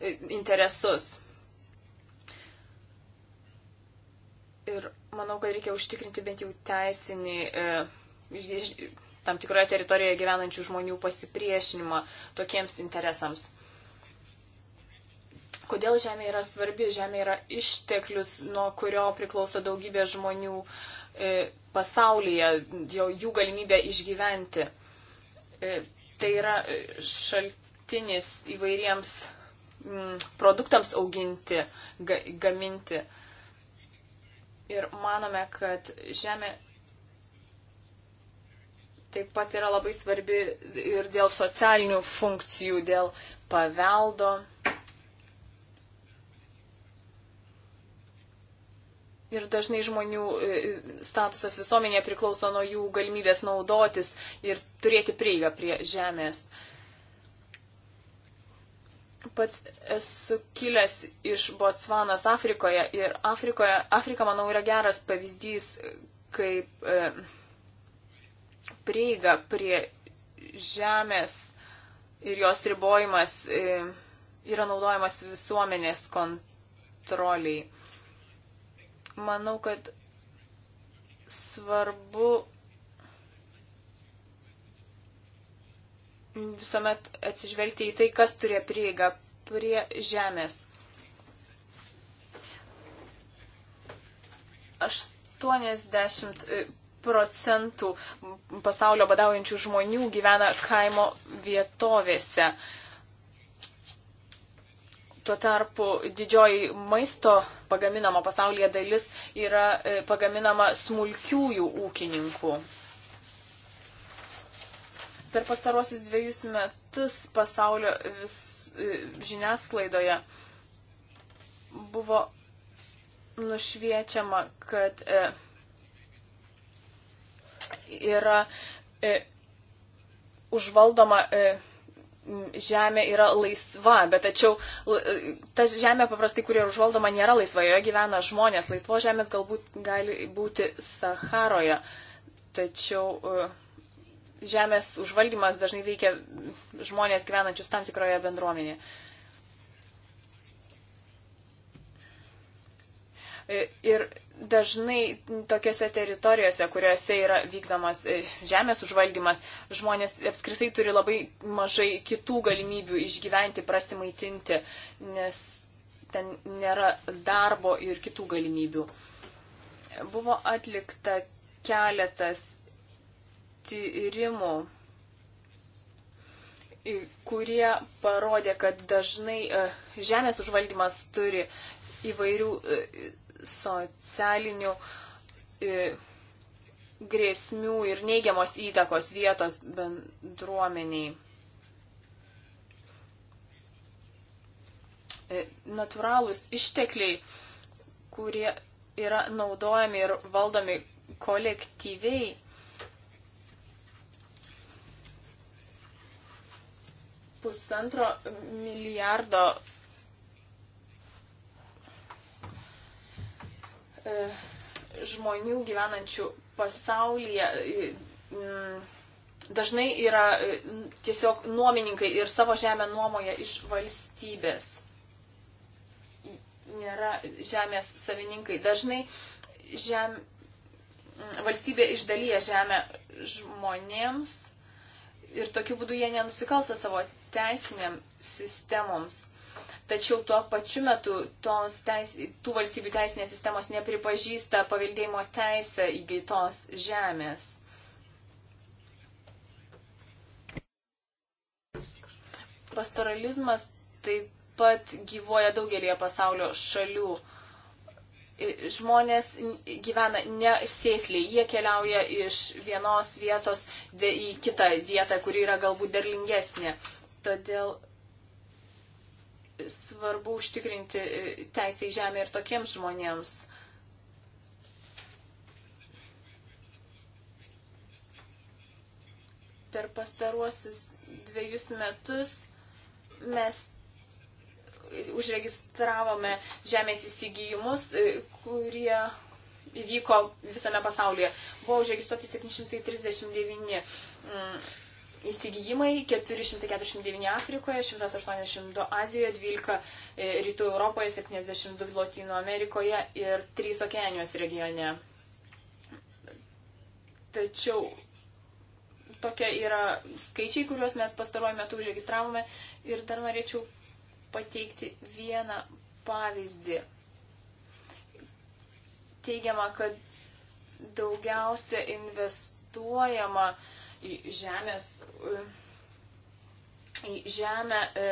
e, interesus. Ir manau, kad reikia užtikrinti bent jau teisinį e, tam tikroje teritorijoje gyvenančių žmonių pasipriešinimą tokiems interesams. Kodėl žemė yra svarbi? Žemė yra išteklius, nuo kurio priklauso daugybė žmonių E, pasaulyje, jų galimybę išgyventi. E, tai yra e, šaltinis įvairiems mm, produktams auginti, gaminti. Ir manome, kad žemė taip pat yra labai svarbi ir dėl socialinių funkcijų, dėl paveldo. Ir dažnai žmonių e, e, statusas visuomenėje priklauso nuo jų galimybės naudotis ir turėti prieigą prie žemės. Pats esu kilęs iš Botsvanas Afrikoje ir Afrikoje, Afrika, manau, yra geras pavyzdys, e, kaip e, prieiga prie žemės ir jos ribojimas e, yra naudojamas visuomenės kontroliai. Manau, kad svarbu visuomet atsižvelgti į tai, kas turėjo prieigą prie žemės. 80 e, procentų pasaulio badaujančių žmonių gyvena kaimo vietovėse. Uh, Tuo tarpu didžioji maisto pagaminama pasaulyje dalis yra e, pagaminama smulkiųjų ūkininkų. Per pastaruosius dviejus metus pasaulio vis, e, žiniasklaidoje buvo nušviečiama, kad e, yra e, užvaldoma e, žemė yra laisva, bet tačiau ta žemė paprastai, kur yra užvaldoma, nėra laisva, joje gyvena žmonės. Laisvo žemės galbūt gali būti Saharoje, tačiau e, žemės užvaldymas dažnai veikia žmonės gyvenančius tam tikroje bendruomenėje. E, ir dažnai tokiose teritorijose, kuriuose yra vykdomas e, žemės užvaldymas, žmonės apskritai turi labai mažai kitų galimybių išgyventi, prasimaitinti, nes ten nėra darbo ir kitų galimybių. Buvo atlikta keletas tyrimų, kurie parodė, kad dažnai e, žemės užvaldymas turi įvairių socialinių e, grėsmių ir neigiamos įtakos vietos bendruomeniai. E, Naturalūs ištekliai, kurie yra naudojami ir valdomi kolektyviai, pusantro milijardo E, žmonių gyvenančių pasaulyje e, dažnai yra e, tiesiog nuomininkai ir savo žemę nuomoja iš valstybės. Nėra žemės savininkai. Dažnai žem... valstybė išdalyja žemę žmonėms ir tokiu būdu jie nenusikalsta savo teisiniam sistemoms tačiau tuo pačiu metu tos teis, tų valstybių teisinės sistemos nepripažįsta paveldėjimo teisę įgytos žemės. Pastoralizmas taip pat gyvoja daugelėje pasaulio šalių žmonės gyvena nesėsliai, jie keliauja iš vienos vietos į kitą vietą, kuri yra galbūt derlingesnė. Todėl svarbu užtikrinti e, teisę į žemę ir tokiems žmonėms. Per pastaruosius dviejus metus mes užregistravome žemės įsigijimus, e, kurie įvyko visame pasaulyje. Buvo užregistruoti 739 įsigijimai, 449 Afrikoje, 182 Azijoje, 12 e, Rytų Europoje, 72 Latino Amerikoje ir 3 Okeanijos regione. Tačiau tokie yra skaičiai, kuriuos mes pastaruoju metu užregistravome ir dar norėčiau pateikti vieną pavyzdį. Teigiama, kad daugiausia investuojama uh, į žemės, į žemę e,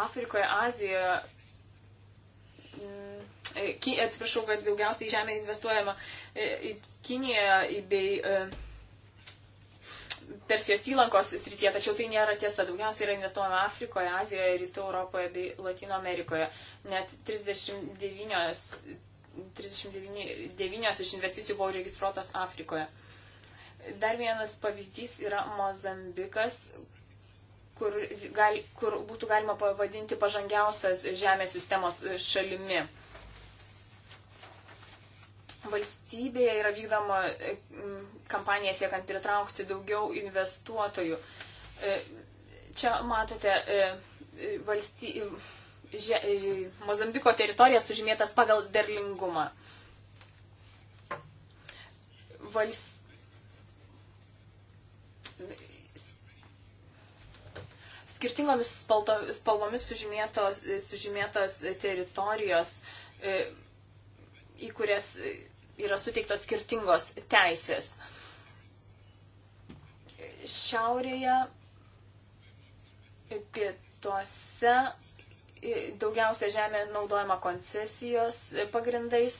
Afrikoje, Azijoje. Mm, e, Ki, atsiprašau, kad daugiausiai į žemę investuojama e, į Kinijoje bei e, Persijos įlankos srityje, tačiau tai nėra tiesa. Daugiausiai yra investuojama Afrikoje, Azijoje, Rytų Europoje bei Latino Amerikoje. Net 39, 39 iš investicijų buvo registruotos Afrikoje. Dar vienas pavyzdys yra Mozambikas, kur, gal, kur būtų galima pavadinti pažangiausias žemės sistemos šalimi. Valstybėje yra vykdoma kampanija siekant pritraukti daugiau investuotojų. E, čia matote e, valsty... Že... E, Mozambiko teritorija sužymėtas pagal derlingumą. Valstybė skirtingomis spalto, spalvomis sužymėtos, sužymėtos teritorijos, e, į kurias yra suteiktos skirtingos teisės. Šiaurėje, pietuose e, daugiausia žemė naudojama koncesijos e, pagrindais.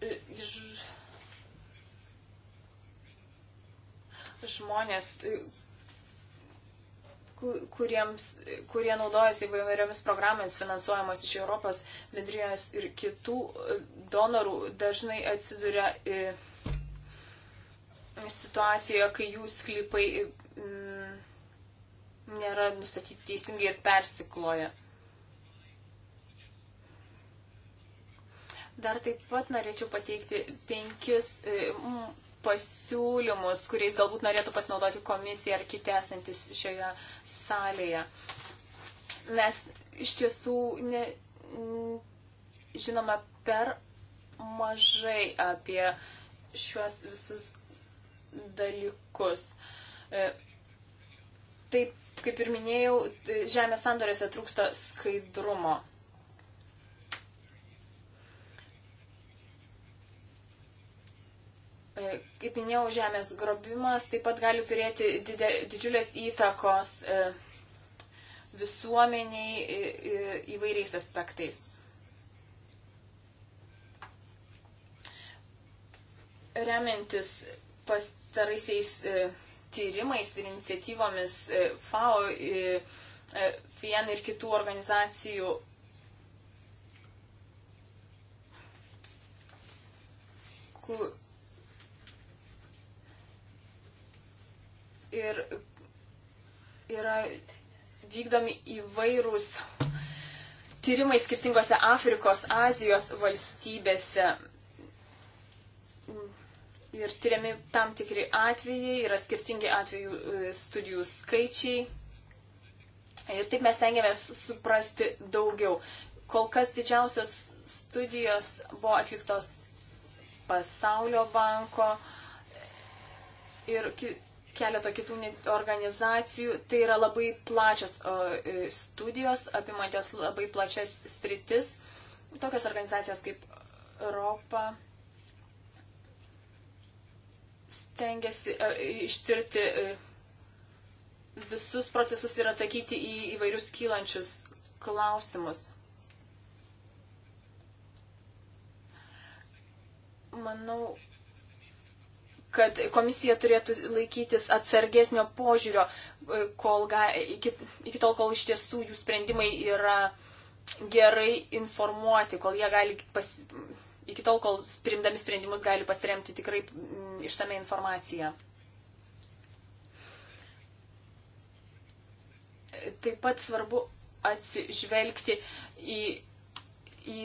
Ž žmonės, e, kuriems, kurie naudojasi įvairiomis programomis finansuojamos iš Europos bendrijos ir kitų e, donorų, dažnai atsiduria e, situacijoje, kai jų sklypai mm, nėra nustatyti teisingai ir persikloja. Dar taip pat norėčiau pateikti penkis pasiūlymus, kuriais galbūt norėtų pasinaudoti komisija ar kiti esantis šioje salėje. Mes iš tiesų ne, žinome per mažai apie šiuos visus dalykus. E, taip, kaip ir minėjau, žemės sandoriuose trūksta skaidrumo. E, kaip minėjau, žemės grobimas taip pat gali turėti didė, didžiulės įtakos e, visuomeniai e, įvairiais aspektais. Remiantis pastaraisiais tyrimais ir iniciatyvomis FAO, FIEN ir kitų organizacijų ir yra vykdomi įvairūs tyrimai skirtingose Afrikos, Azijos valstybėse. Ir tyriami tam tikri atvejai, yra skirtingi atvejų e, studijų skaičiai. Ir taip mes tengiamės suprasti daugiau. Kol kas didžiausios studijos buvo atliktos Pasaulio banko ir keleto kitų organizacijų. Tai yra labai plačios e, studijos, apimantės labai plačias stritis. Tokios organizacijos kaip Europa stengiasi e, ištirti e, visus procesus ir atsakyti į įvairius kylančius klausimus. Manau, kad komisija turėtų laikytis atsargesnio požiūrio e, kol ga, iki, iki tol, kol iš tiesų jų sprendimai yra gerai informuoti, kol jie gali, pas, iki tol, kol primdami sprendimus gali pasiremti tikrai m, mm, išsame informaciją. Taip pat svarbu atsižvelgti į, į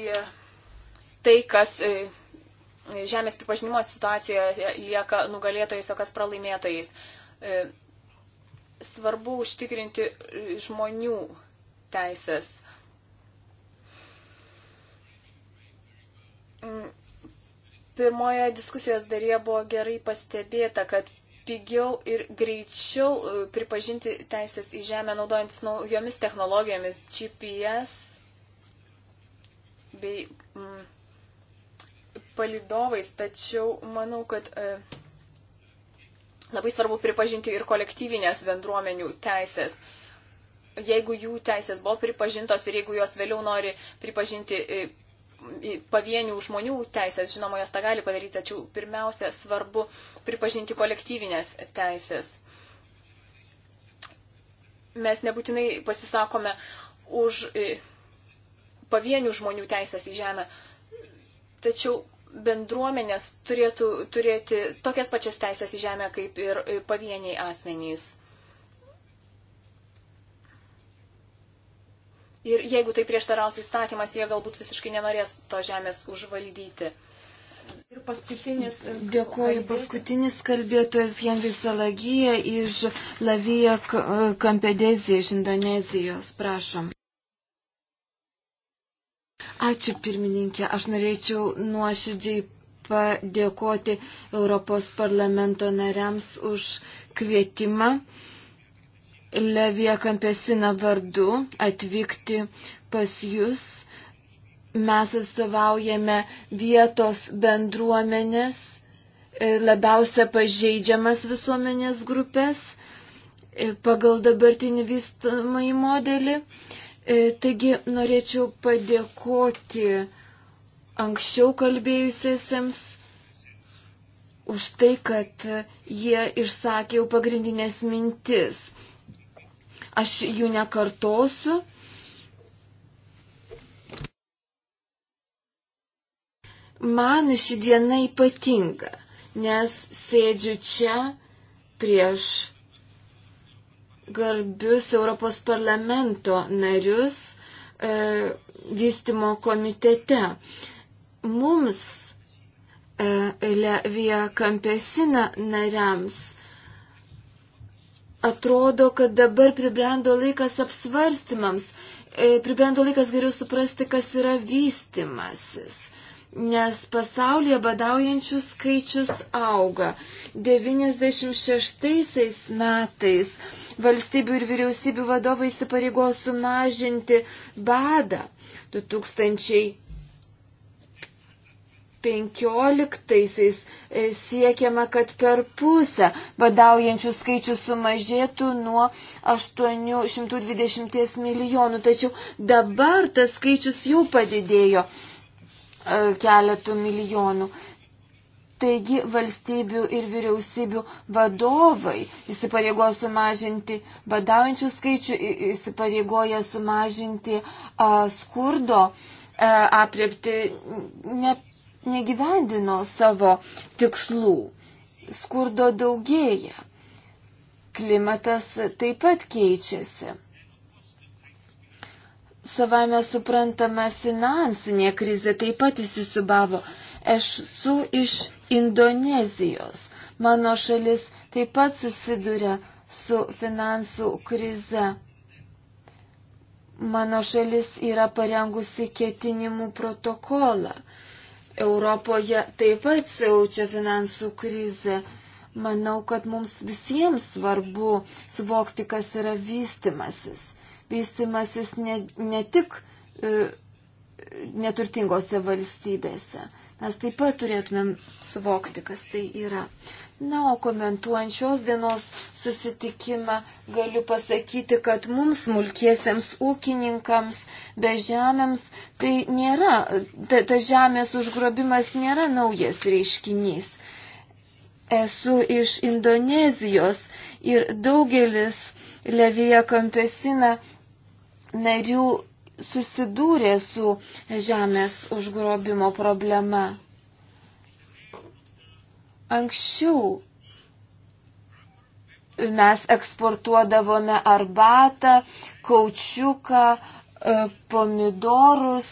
tai, kas e, žemės pripažinimo situacijoje lieka nugalėtojais, o kas pralaimėtojais. E, svarbu užtikrinti žmonių teisės. Pirmoje diskusijos dalyje buvo gerai pastebėta, kad pigiau ir greičiau e, pripažinti teisės į žemę naudojantis naujomis technologijomis, GPS bei mm, palidovais, tačiau manau, kad e, labai svarbu pripažinti ir kolektyvinės bendruomenių teisės. Jeigu jų teisės buvo pripažintos ir jeigu jos vėliau nori pripažinti e, pavienių žmonių teisės, žinoma, jos tą gali padaryti, tačiau pirmiausia svarbu pripažinti kolektyvinės teisės. Mes nebūtinai pasisakome už e, pavienių žmonių teisės į žemę, tačiau bendruomenės turėtų turėti tokias pačias teisės į žemę kaip ir e, pavieniai asmenys. Ir jeigu tai prieštaraus įstatymas, jie galbūt visiškai nenorės to žemės užvaldyti. Ir paskutinis. E, Dėkuoju, paskutinis kalbėtojas Henris Salagija iš Lavija Kampedezija iš Indonezijos. Prašom. Ačiū pirmininkė. Aš norėčiau nuoširdžiai padėkoti Europos parlamento nariams už kvietimą Levija Kampesina vardu atvykti pas jūs. Mes atstovaujame vietos bendruomenės, e, labiausia pažeidžiamas visuomenės grupės e, pagal dabartinį vystamąjį modelį. E, taigi norėčiau padėkoti anksčiau kalbėjusiesiems už tai, kad jie išsakė jau pagrindinės mintis. Aš jų nekartosiu. Man ši diena ypatinga, nes sėdžiu čia prieš garbius Europos parlamento narius e, vystimo komitete. Mums, e, Levija Kampesina nariams, atrodo, kad dabar pribrendo laikas apsvarstymams, e, pribrendo laikas geriau suprasti, kas yra vystimasis nes pasaulyje badaujančių skaičius auga. 96 metais valstybių ir vyriausybių vadovai įsipareigo sumažinti badą. 2015 e, siekiama, kad per pusę badaujančių skaičių sumažėtų nuo 820 milijonų, tačiau dabar tas skaičius jau padidėjo E, keletų milijonų. Taigi valstybių ir vyriausybių vadovai įsipareigoja sumažinti badaujančių skaičių, įsipareigoja sumažinti a, e, skurdo a, e, apriepti, ne, negyvendino savo tikslų. Skurdo daugėja. Klimatas taip pat keičiasi savame suprantama finansinė krizė taip pat įsisubavo. Aš su iš Indonezijos. Mano šalis taip pat susiduria su finansų krize. Mano šalis yra parengusi ketinimų protokolą. Europoje taip pat siaučia finansų krizė. Manau, kad mums visiems svarbu suvokti, kas yra vystimasis vystimasis ne, ne tik e, neturtingose valstybėse. Mes taip pat turėtumėm suvokti, kas tai yra. Na, o komentuojant šios dienos susitikimą, galiu pasakyti, kad mums, smulkiesiems ūkininkams, bežemėms, tai nėra, ta, ta žemės užgrobimas nėra naujas reiškinys. Esu iš Indonezijos ir daugelis Levija Kampesina narių susidūrė su žemės užgrobimo problema. Anksčiau mes eksportuodavome arbatą, kaučiuką, e, pomidorus,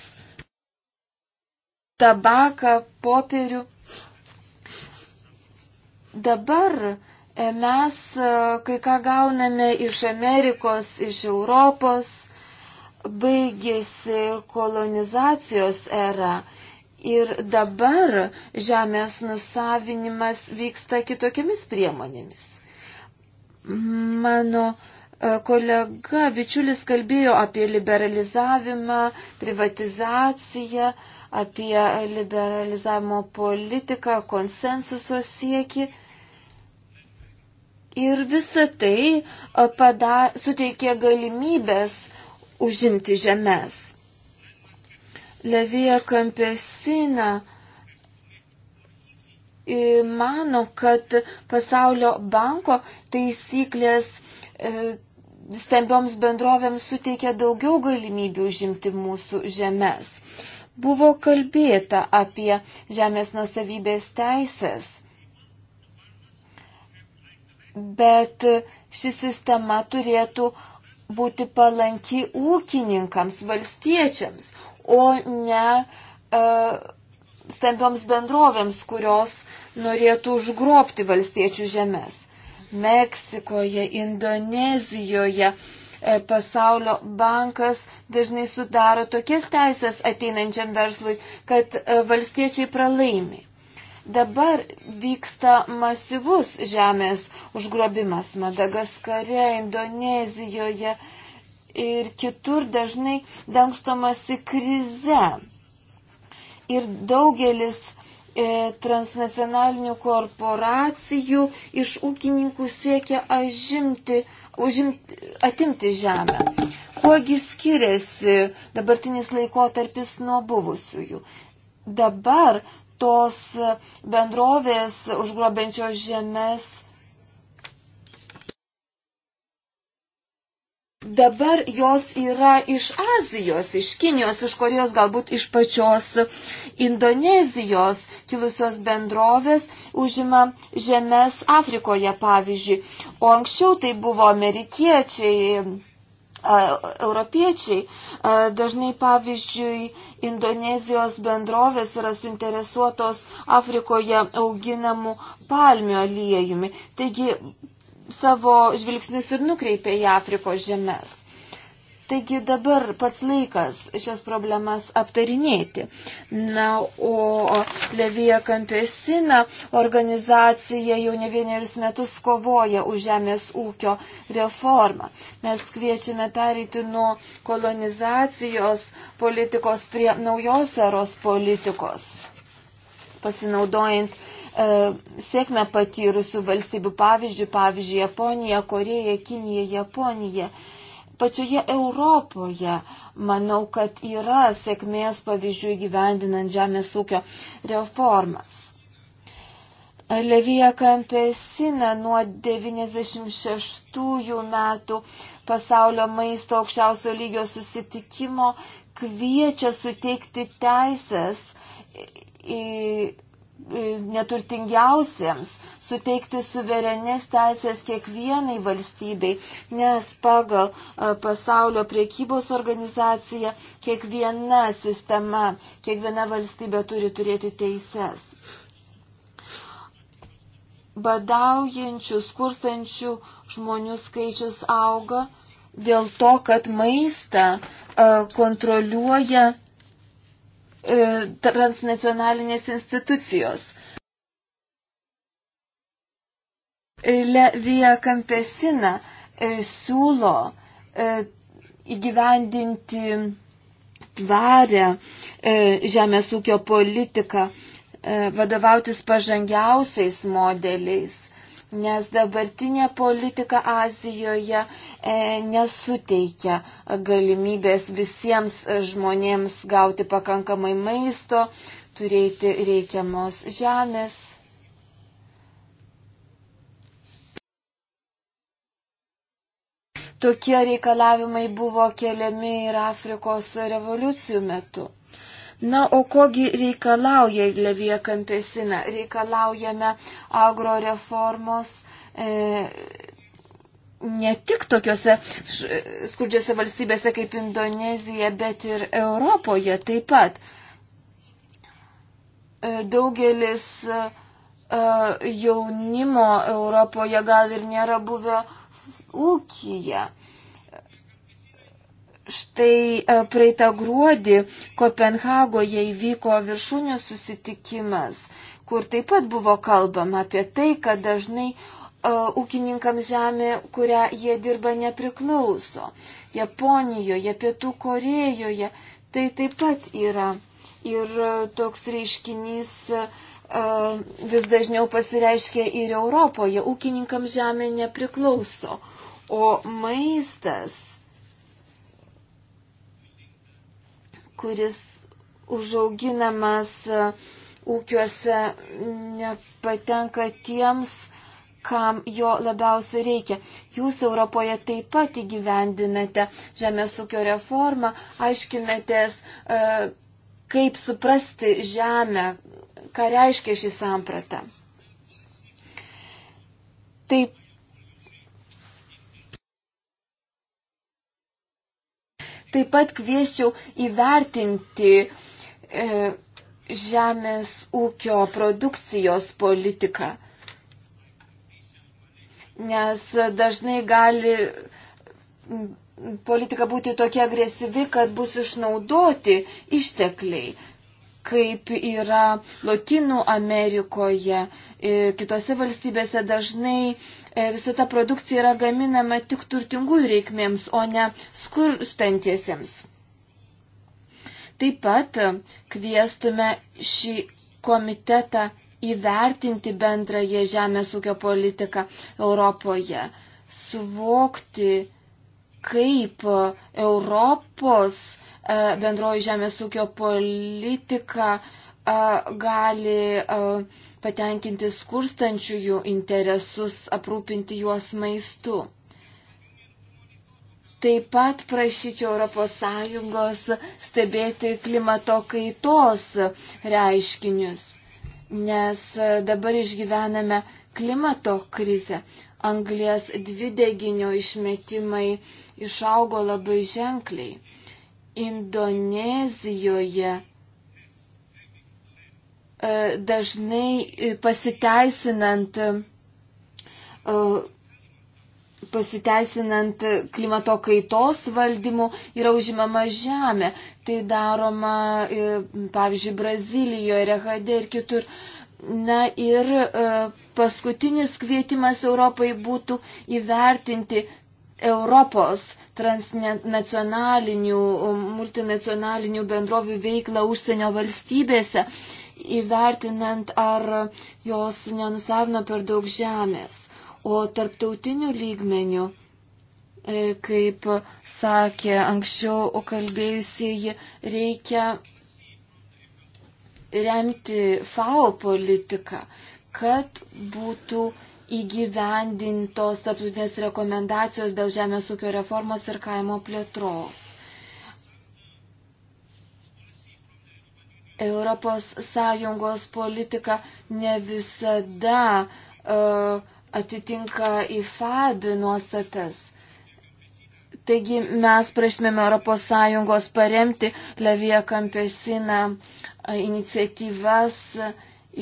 tabaką, popierių. Dabar e, mes e, kai ką gauname iš Amerikos, iš Europos, baigėsi kolonizacijos era. Ir dabar žemės nusavinimas vyksta kitokiamis priemonėmis. Mano e, kolega, bičiulis kalbėjo apie liberalizavimą, privatizaciją, apie liberalizavimo politiką, konsensuso sieki. Ir visa tai e, pada, suteikė galimybės užimti žemės. Levija Kampesina mano, kad pasaulio banko taisyklės e, stambioms bendrovėms suteikia daugiau galimybių užimti mūsų žemės. Buvo kalbėta apie žemės nusavybės teisės, bet ši sistema turėtų būti palanki ūkininkams, valstiečiams, o ne uh, stambioms bendrovėms, kurios norėtų užgrobti valstiečių žemės. Meksikoje, Indonezijoje e, pasaulio bankas dažnai sudaro tokias teisės ateinančiam verslui, kad e, valstiečiai pralaimi. Dabar vyksta masyvus žemės užgrobimas Madagaskare, Indonezijoje ir kitur dažnai dangstomasi krize. Ir daugelis e, transnacionalinių korporacijų iš ūkininkų siekia ažimti, užimti, atimti žemę. Kuogi skiriasi dabartinis laikotarpis nuo buvusiųjų? Dabar tos bendrovės užgrobenčios žemės dabar jos yra iš Azijos, iš Kinijos, iš Korejos, galbūt iš pačios Indonezijos kilusios bendrovės užima žemės Afrikoje, pavyzdžiui. O anksčiau tai buvo amerikiečiai Europiečiai dažnai, pavyzdžiui, Indonezijos bendrovės yra suinteresuotos Afrikoje auginamų palmių aliejumi. Taigi savo žvilgsnius ir nukreipia į Afrikos žemės. Taigi dabar pats laikas šias problemas aptarinėti. Na, o Levija Kampesina organizacija jau ne vienerius metus kovoja už žemės ūkio reformą. Mes kviečiame pereiti nuo kolonizacijos politikos prie naujos eros politikos, pasinaudojant e, sėkmę patyrusių valstybių pavyzdžių, pavyzdžiui, Japonija, Koreja, Kinija, Japonija pačioje Europoje manau, kad yra sėkmės pavyzdžių įgyvendinant žemės ūkio reformas. Levija Kampesina nuo 96 metų pasaulio maisto aukščiausio lygio susitikimo kviečia suteikti teisės neturtingiausiems suteikti suverenis teisės kiekvienai valstybei, nes pagal e, pasaulio priekybos organizaciją kiekviena sistema, kiekviena valstybė turi turėti teises. Badaujančių, skurstančių žmonių skaičius auga dėl to, kad maistą e, kontroliuoja e, transnacionalinės institucijos. Le Via Campesina e, siūlo e, įgyvendinti tvarę e, žemės ūkio politiką, vadovautis pažangiausiais modeliais, nes dabartinė politika Azijoje nesuteikia galimybės visiems žmonėms gauti pakankamai maisto, turėti reikiamos žemės Tokie reikalavimai buvo keliami ir Afrikos revoliucijų metu. Na, o kogi reikalauja Levija Kampesina? Reikalaujame agroreformos e, ne tik tokiuose skurdžiose valstybėse kaip Indonezija, bet ir Europoje taip pat. E, daugelis e, jaunimo Europoje gal ir nėra buvę e, ūkija. Štai e, praeitą gruodį Kopenhagoje įvyko viršūnių susitikimas, kur taip pat buvo kalbama apie tai, kad dažnai uh, ūkininkams žemė, kurią jie dirba, nepriklauso. Japonijoje, Pietų Korejoje tai taip pat yra. Ir e, toks reiškinys uh, vis dažniau pasireiškia ir Europoje. Ūkininkams žemė nepriklauso. Uh, O maistas, kuris užauginamas e, ūkiuose, nepatenka tiems, kam jo labiausiai reikia. Jūs Europoje taip pat įgyvendinate žemės ūkio reformą, aiškinatės, e, kaip suprasti žemę, ką reiškia šį sampratą. Taip Taip pat kvieščiau įvertinti e, žemės ūkio produkcijos politiką, nes dažnai gali politika būti tokia agresyvi, kad bus išnaudoti ištekliai, kaip yra Latinų Amerikoje, e, kitose valstybėse dažnai E, visa ta produkcija yra gaminama tik turtingųjų reikmėms, o ne skurstantiesiems. Taip pat kviestume šį komitetą įvertinti bendrąją žemės ūkio politiką Europoje, suvokti, kaip Europos e, bendroji žemės ūkio politika uh, gali patenkinti skurstančiųjų interesus, aprūpinti juos maistu. Taip pat prašyčiau ES stebėti klimato kaitos reiškinius, nes dabar išgyvename klimato krizę. Anglės dvideginio išmetimai išaugo labai ženkliai. Indonezijoje E, dažnai e, pasiteisinant, e, pasiteisinant klimato kaitos valdymu yra užimama žemė. Tai daroma, pavyzdžiui, Brazilijoje, Rehade ir kitur. Na ir paskutinis kvietimas Europai būtų įvertinti Europos transnacionalinių, multinacionalinių bendrovių veiklą užsienio valstybėse įvertinant, ar jos nenusavino per daug žemės. O tarptautinių lygmenių, e, kaip sakė anksčiau kalbėjusieji, reikia remti FAO politiką, kad būtų įgyvendintos tarptautinės rekomendacijos dėl žemės ūkio reformos ir kaimo plėtros. ES politika ne visada uh, atitinka į FAD nuostatas. Taigi mes prašymėme ES paremti Levija Kampesina e, iniciatyvas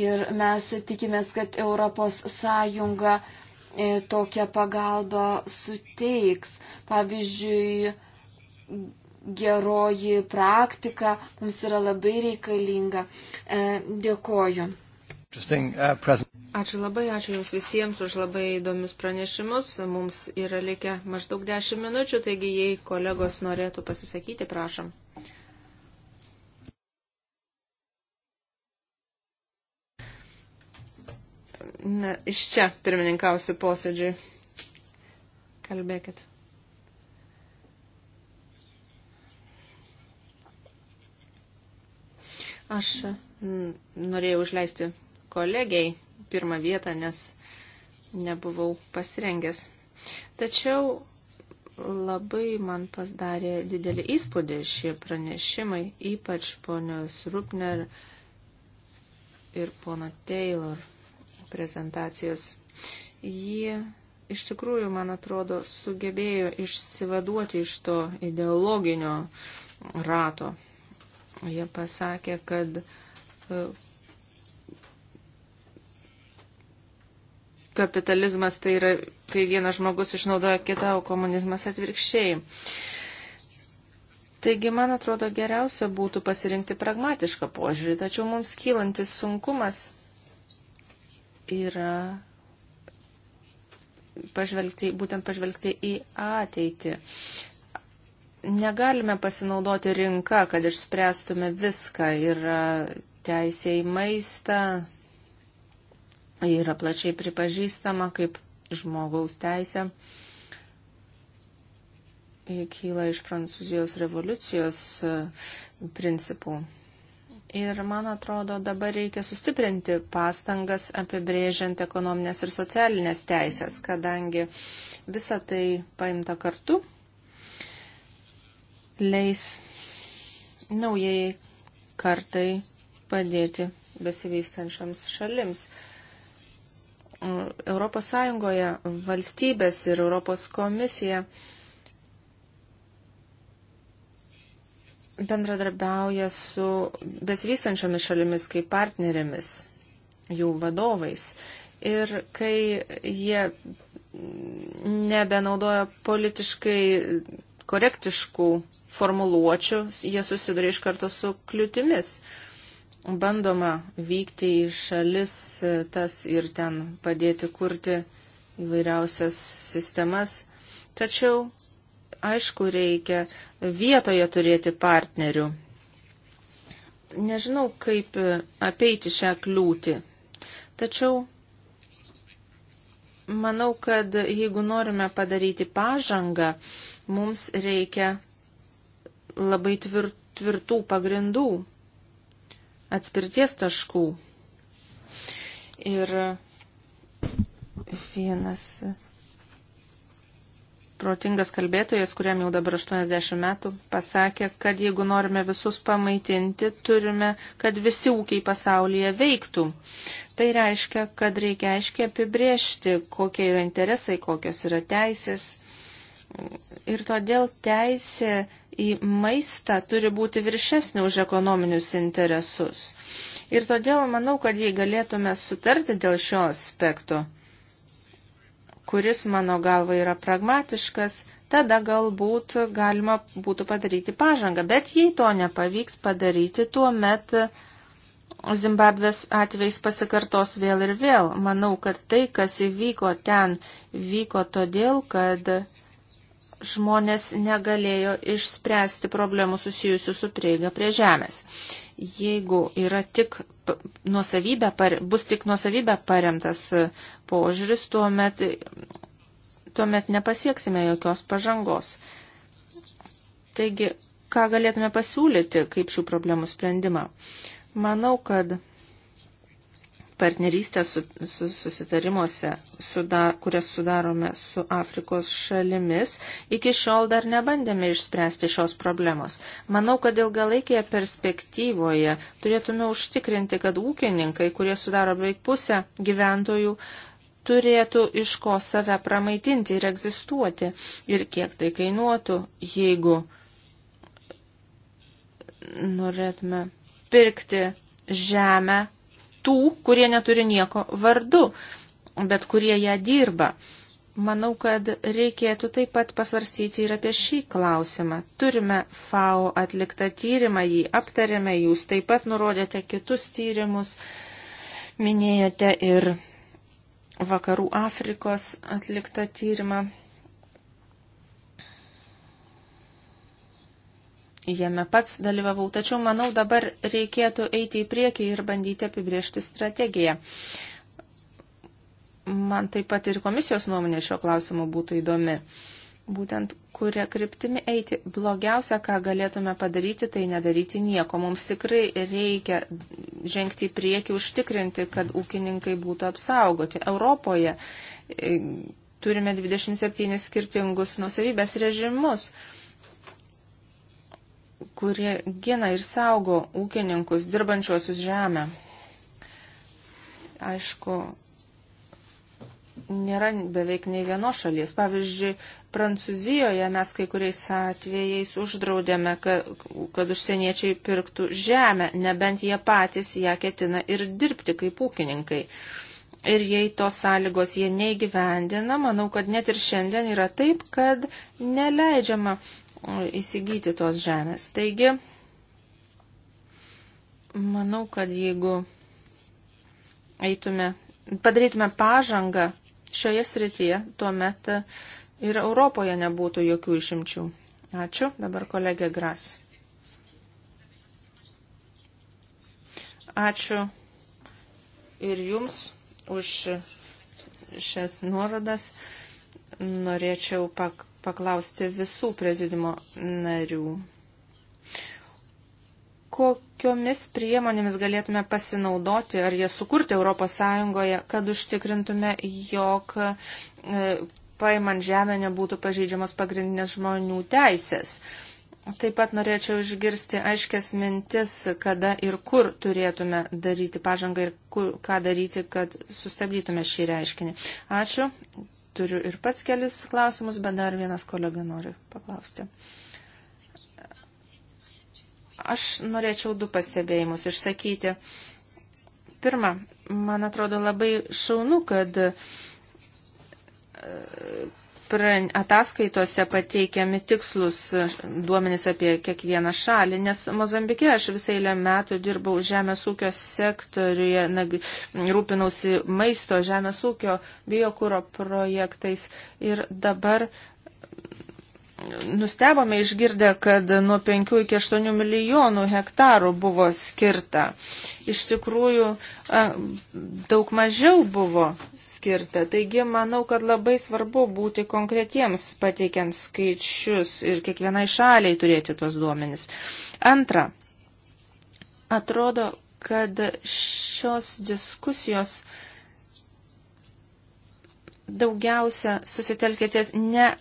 ir mes tikimės, kad ES e, tokią pagalbą suteiks. Pavyzdžiui, geroji praktika mums yra labai reikalinga. E, dėkoju. Uh, ačiū labai, ačiū Jums visiems už labai įdomius pranešimus. Mums yra likę maždaug 10 minučių, taigi jei kolegos norėtų pasisakyti, prašom. Na, iš čia pirmininkausiu posėdžiui. Kalbėkit. Aš norėjau užleisti kolegiai pirmą vietą, nes nebuvau pasirengęs. Tačiau labai man pasidarė didelį įspūdį šie pranešimai, ypač ponios Rupner ir pono Taylor prezentacijos. Jie iš tikrųjų, man atrodo, sugebėjo išsivaduoti iš to ideologinio rato Jie pasakė, kad e, kapitalizmas tai yra, kai vienas žmogus išnaudoja kitą, o komunizmas atvirkščiai. Taigi, man atrodo, geriausia būtų pasirinkti pragmatišką požiūrį, tačiau mums kylantis sunkumas yra pažvelgti, būtent pažvelgti į ateitį negalime pasinaudoti rinka, kad išspręstume viską. Yra teisė į maistą, yra plačiai pripažįstama kaip žmogaus teisė. Ji kyla iš Prancūzijos revoliucijos e, principų. Ir man atrodo, dabar reikia sustiprinti pastangas apibrėžiant ekonominės ir socialinės teisės, kadangi visa tai paimta kartu leis naujai kartai padėti besivystančiams šalims. Europos Sąjungoje valstybės ir Europos komisija bendradarbiauja su besivystančiomis šalimis kaip partnerėmis, jų vadovais. Ir kai jie nebenaudoja politiškai korektiškų formuluočių, jie susiduria iš karto su kliūtimis. Bandoma vykti į šalis tas ir ten padėti kurti įvairiausias sistemas. Tačiau, aišku, reikia vietoje turėti partnerių. Nežinau, kaip apeiti šią kliūtį. Tačiau Manau, kad jeigu norime padaryti pažangą, mums reikia labai tvir, tvirtų pagrindų, atspirties taškų. Ir vienas protingas kalbėtojas, kuriam jau dabar 80 metų, pasakė, kad jeigu norime visus pamaitinti, turime, kad visi ūkiai pasaulyje veiktų. Tai reiškia, kad reikia aiškiai apibriežti, kokie yra interesai, kokios yra teisės. Ir todėl teisė į maistą turi būti viršesnė už ekonominius interesus. Ir todėl manau, kad jei galėtume sutarti dėl šio aspekto, kuris mano galva yra pragmatiškas, tada galbūt galima būtų padaryti pažangą. Bet jei to nepavyks padaryti, tuomet Zimbabvės atvejs pasikartos vėl ir vėl. Manau, kad tai, kas įvyko ten, vyko todėl, kad žmonės negalėjo išspręsti problemų susijusių su prieiga prie žemės. Jeigu yra tik nuosavybė, bus tik nuosavybė paremtas e, požiūris, tuomet, tuomet nepasieksime jokios pažangos. Taigi, ką galėtume pasiūlyti kaip šių problemų sprendimą? Manau, kad partnerystės susitarimuose, kurias sudarome su Afrikos šalimis, iki šiol dar nebandėme išspręsti šios problemos. Manau, kad ilgalaikėje perspektyvoje turėtume užtikrinti, kad ūkininkai, kurie sudaro beveik pusę gyventojų, turėtų iš ko save pramaitinti ir egzistuoti. Ir kiek tai kainuotų, jeigu norėtume pirkti žemę tų, kurie neturi nieko vardu, bet kurie ją dirba. Manau, kad reikėtų taip pat pasvarstyti ir apie šį klausimą. Turime FAO atliktą tyrimą, jį aptarėme, jūs taip pat nurodėte kitus tyrimus, minėjote ir Vakarų Afrikos atliktą tyrimą. Jame pats dalyvavau, tačiau manau dabar reikėtų eiti į priekį ir bandyti apibriežti strategiją. Man taip pat ir komisijos nuomonė šio klausimu būtų įdomi būtent kuria kryptimi eiti. Blogiausia, ką galėtume padaryti, tai nedaryti nieko. Mums tikrai reikia žengti į priekį, užtikrinti, kad ūkininkai būtų apsaugoti. Europoje e, turime 27 skirtingus nusavybės režimus kurie gina ir saugo ūkininkus dirbančiuosius žemę. Aišku, nėra beveik nei vienos šalies. Pavyzdžiui, Prancūzijoje mes kai kuriais atvejais uždraudėme, kad, kad užsieniečiai pirktų žemę, nebent jie patys ją ketina ir dirbti kaip ūkininkai. Ir jei tos sąlygos jie neįgyvendina, manau, kad net ir šiandien yra taip, kad neleidžiama įsigyti tos žemės. Taigi, manau, kad jeigu eitume, padarytume pažangą šioje srityje, tuomet ir Europoje nebūtų jokių išimčių. Ačiū. Dabar kolegė Gras. Ačiū ir jums už šias nuorodas. Norėčiau pak paklausti visų prezidimo narių. Kokiomis priemonėmis galėtume pasinaudoti ar jas sukurti ES, kad užtikrintume, jog e, paimant žemę nebūtų pažeidžiamos pagrindinės žmonių teisės? Uh, Taip pat norėčiau išgirsti aiškės mintis, kada ir kur turėtume daryti pažangą ir kur, ką daryti, kad sustabdytume šį reiškinį. Ačiū. Turiu ir pats kelis klausimus, bet dar vienas kolega noriu paklausti. Aš norėčiau du pastebėjimus išsakyti. Pirma, man atrodo labai šaunu, kad ataskaitose pateikiami tikslus e, duomenys apie kiekvieną šalį, nes Mozambike aš visai lę metų dirbau žemės ūkio sektoriuje, nag, rūpinausi maisto, žemės ūkio, biokūro projektais ir dabar nustebome išgirdę, kad nuo 5 iki 8 milijonų hektarų buvo skirta. Iš tikrųjų, daug mažiau buvo skirta. Taigi, manau, kad labai svarbu būti konkretiems, pateikiant skaičius ir kiekvienai šaliai turėti tos duomenys. Antra, atrodo, kad šios diskusijos daugiausia susitelkėties ne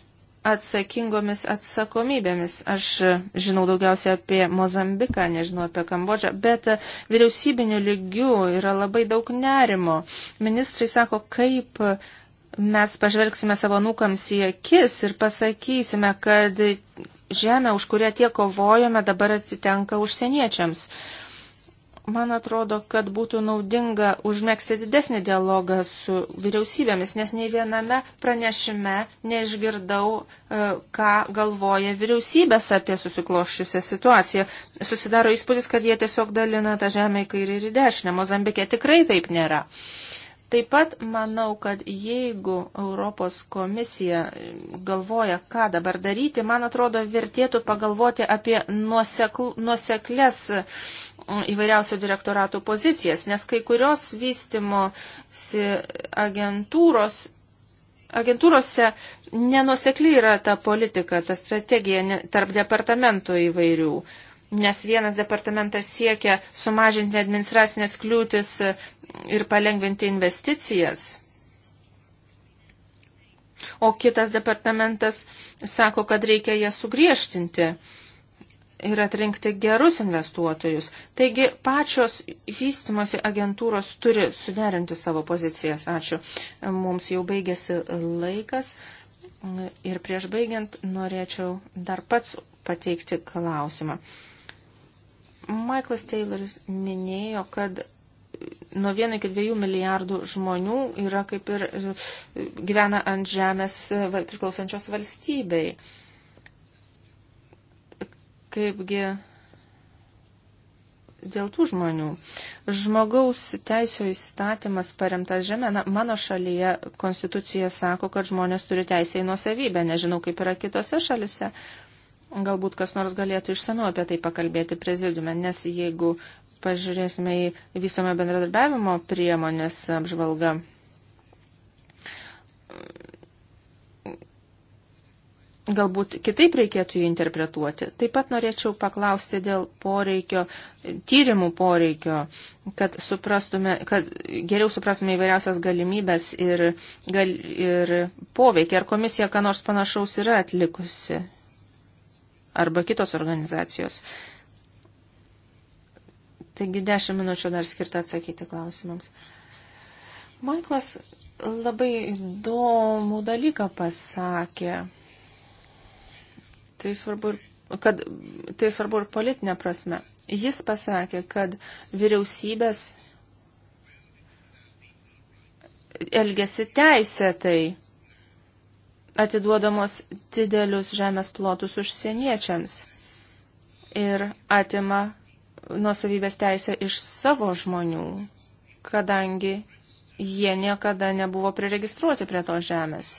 atsakingomis atsakomybėmis. Aš e, žinau daugiausia apie Mozambiką, nežinau apie Kambodžą, bet e, vyriausybinių lygių yra labai daug nerimo. Ministrai sako, kaip mes pažvelgsime savo nukams į akis ir pasakysime, kad žemė, už kurią tiek kovojame, dabar atitenka užsieniečiams. Uh, Man atrodo, kad būtų naudinga užmėgsti didesnį dialogą su vyriausybėmis, nes nei viename pranešime neišgirdau, e, ką galvoja vyriausybės apie susikloščiusią situaciją. Susidaro įspūdis, kad jie tiesiog dalina tą žemę į kairį ir į dešinę. Mozambike tikrai taip nėra. Taip pat manau, kad jeigu Europos komisija galvoja, ką dabar daryti, man atrodo, vertėtų pagalvoti apie nuosekl, nuoseklės Mm, įvairiausių direktoratų pozicijas, nes kai kurios vystimo agentūros agentūrose nenusekliai yra ta politika, ta strategija tarp departamentų įvairių, nes vienas departamentas siekia sumažinti administracinės kliūtis ir palengvinti investicijas. O kitas departamentas sako, kad reikia jas sugriežtinti ir atrinkti gerus investuotojus. Taigi pačios vystimosi agentūros turi suderinti savo pozicijas. Ačiū. Mums jau baigėsi laikas. Ir prieš baigiant norėčiau dar pats pateikti klausimą. Michaelas Tayloris minėjo, kad nuo 1 iki 2 milijardų žmonių yra kaip ir gyvena ant žemės priklausančios valstybei. Kaipgi dėl tų žmonių. Žmogaus teisų įstatymas paremtas žemė. Na, mano šalyje konstitucija sako, kad žmonės turi teisę į nuosavybę. Nežinau, kaip yra kitose šalise. Galbūt kas nors galėtų išsamiau apie tai pakalbėti prezidiume, nes jeigu pažiūrėsime į vystomio bendradarbiavimo priemonės apžvalgą, galbūt kitaip reikėtų jį interpretuoti. Taip pat norėčiau paklausti dėl poreikio, tyrimų poreikio, kad, suprastume, kad geriau suprastume įvairiausias galimybės ir, gal, ir poveikį. Ar komisija ką nors panašaus yra atlikusi? Arba kitos organizacijos? Taigi dešimt minučių dar skirta atsakyti klausimams. Maiklas labai įdomų dalyką pasakė Tai svarbu ir, kad, tai svarbu ir politinė prasme. Jis pasakė, kad vyriausybės elgesi teisėtai atiduodamos didelius žemės plotus užsieniečiams ir atima nuosavybės teisę iš savo žmonių, kadangi jie niekada nebuvo priregistruoti prie tos žemės.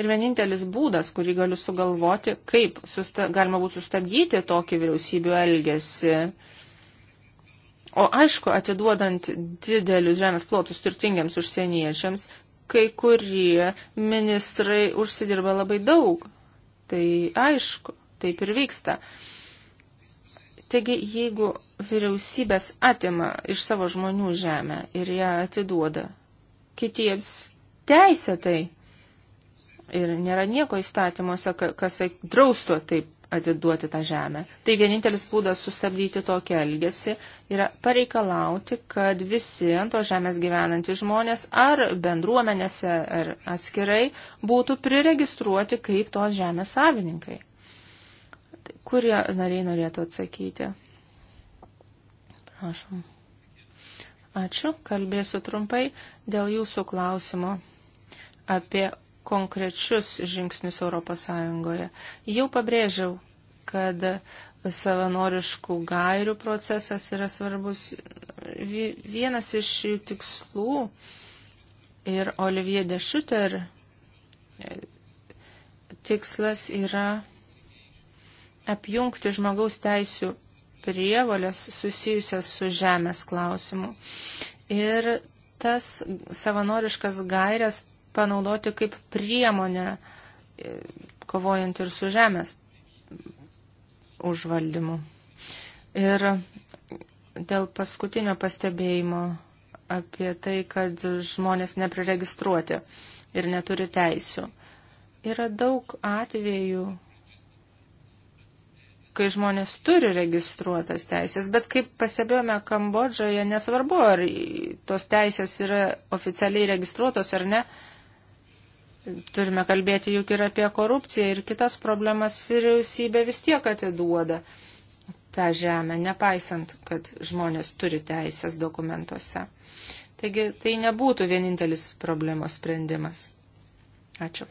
Ir vienintelis būdas, kurį galiu sugalvoti, kaip susta, galima būtų sustabdyti tokį vyriausybių elgesį. O aišku, atiduodant didelius žemės plotus turtingiams užsieniečiams, kai kurie ministrai užsidirba labai daug. Tai aišku, taip ir vyksta. Taigi, jeigu vyriausybės atima iš savo žmonių žemę ir ją atiduoda kitiems teisėtai. Ir nėra nieko įstatymuose, kas drausto taip atiduoti tą žemę. Tai vienintelis būdas sustabdyti tokį elgesį yra pareikalauti, kad visi ant to žemės gyvenantys žmonės ar bendruomenėse ar atskirai būtų priregistruoti kaip tos žemės savininkai. Tai kurie nariai norėtų atsakyti? Prašom. Ačiū, kalbėsiu trumpai dėl jūsų klausimo apie konkrečius žingsnius ES. Jau pabrėžiau, kad savanoriškų gairių procesas yra svarbus. Vienas iš jų tikslų ir Olivier de Schutter e, tikslas yra apjungti žmogaus teisų prievalės susijusias su žemės klausimu. Ir tas savanoriškas gairias panaudoti kaip priemonę e, kovojant ir su žemės užvaldymu. Ir dėl paskutinio pastebėjimo apie tai, kad žmonės nepriregistruoti ir neturi teisių. Yra daug atvejų, kai žmonės turi registruotas teisės, bet kaip pastebėjome Kambodžoje, nesvarbu, ar tos teisės yra oficialiai registruotos ar ne, turime kalbėti juk ir apie korupciją ir kitas problemas vyriausybė vis tiek atiduoda tą žemę, nepaisant, kad žmonės turi teisės dokumentuose. Taigi tai nebūtų vienintelis problemos sprendimas. Ačiū.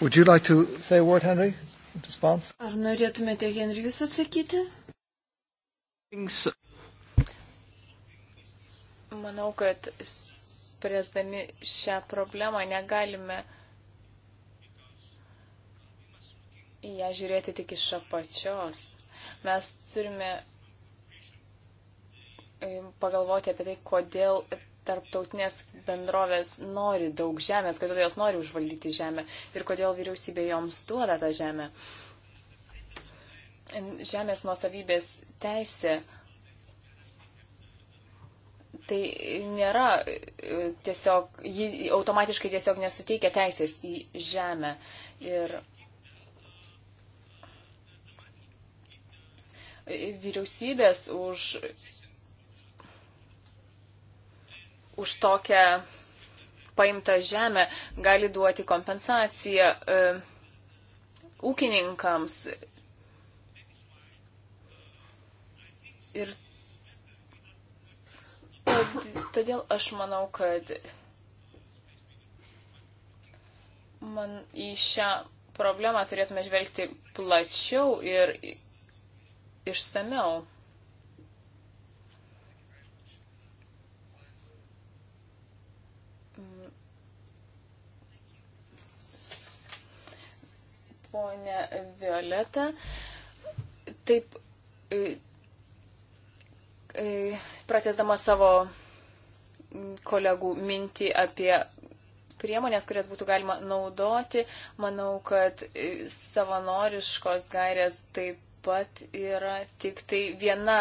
Would you like to say a word, Henry? response? Ar norėtumėte, Henry, jūs atsakyti? Manau, kad spręsdami šią problemą negalime į ją žiūrėti tik iš apačios. Mes turime pagalvoti apie tai, kodėl tarptautinės bendrovės nori daug žemės, kodėl jos nori užvaldyti žemę ir kodėl vyriausybė joms duoda tą žemę. Žemės nuosavybės teisė. Tai nėra e, tiesiog, ji automatiškai tiesiog nesuteikia teisės į žemę. Ir vyriausybės už už tokią paimtą žemę gali duoti kompensaciją e, ūkininkams. Ir todėl aš manau, kad man į šią problemą turėtume žvelgti plačiau ir išsameu. ponė Violeta. Taip, e, e, pratesdama savo kolegų mintį apie priemonės, kurias būtų galima naudoti, manau, kad e, savanoriškos gairės taip pat yra tik tai viena,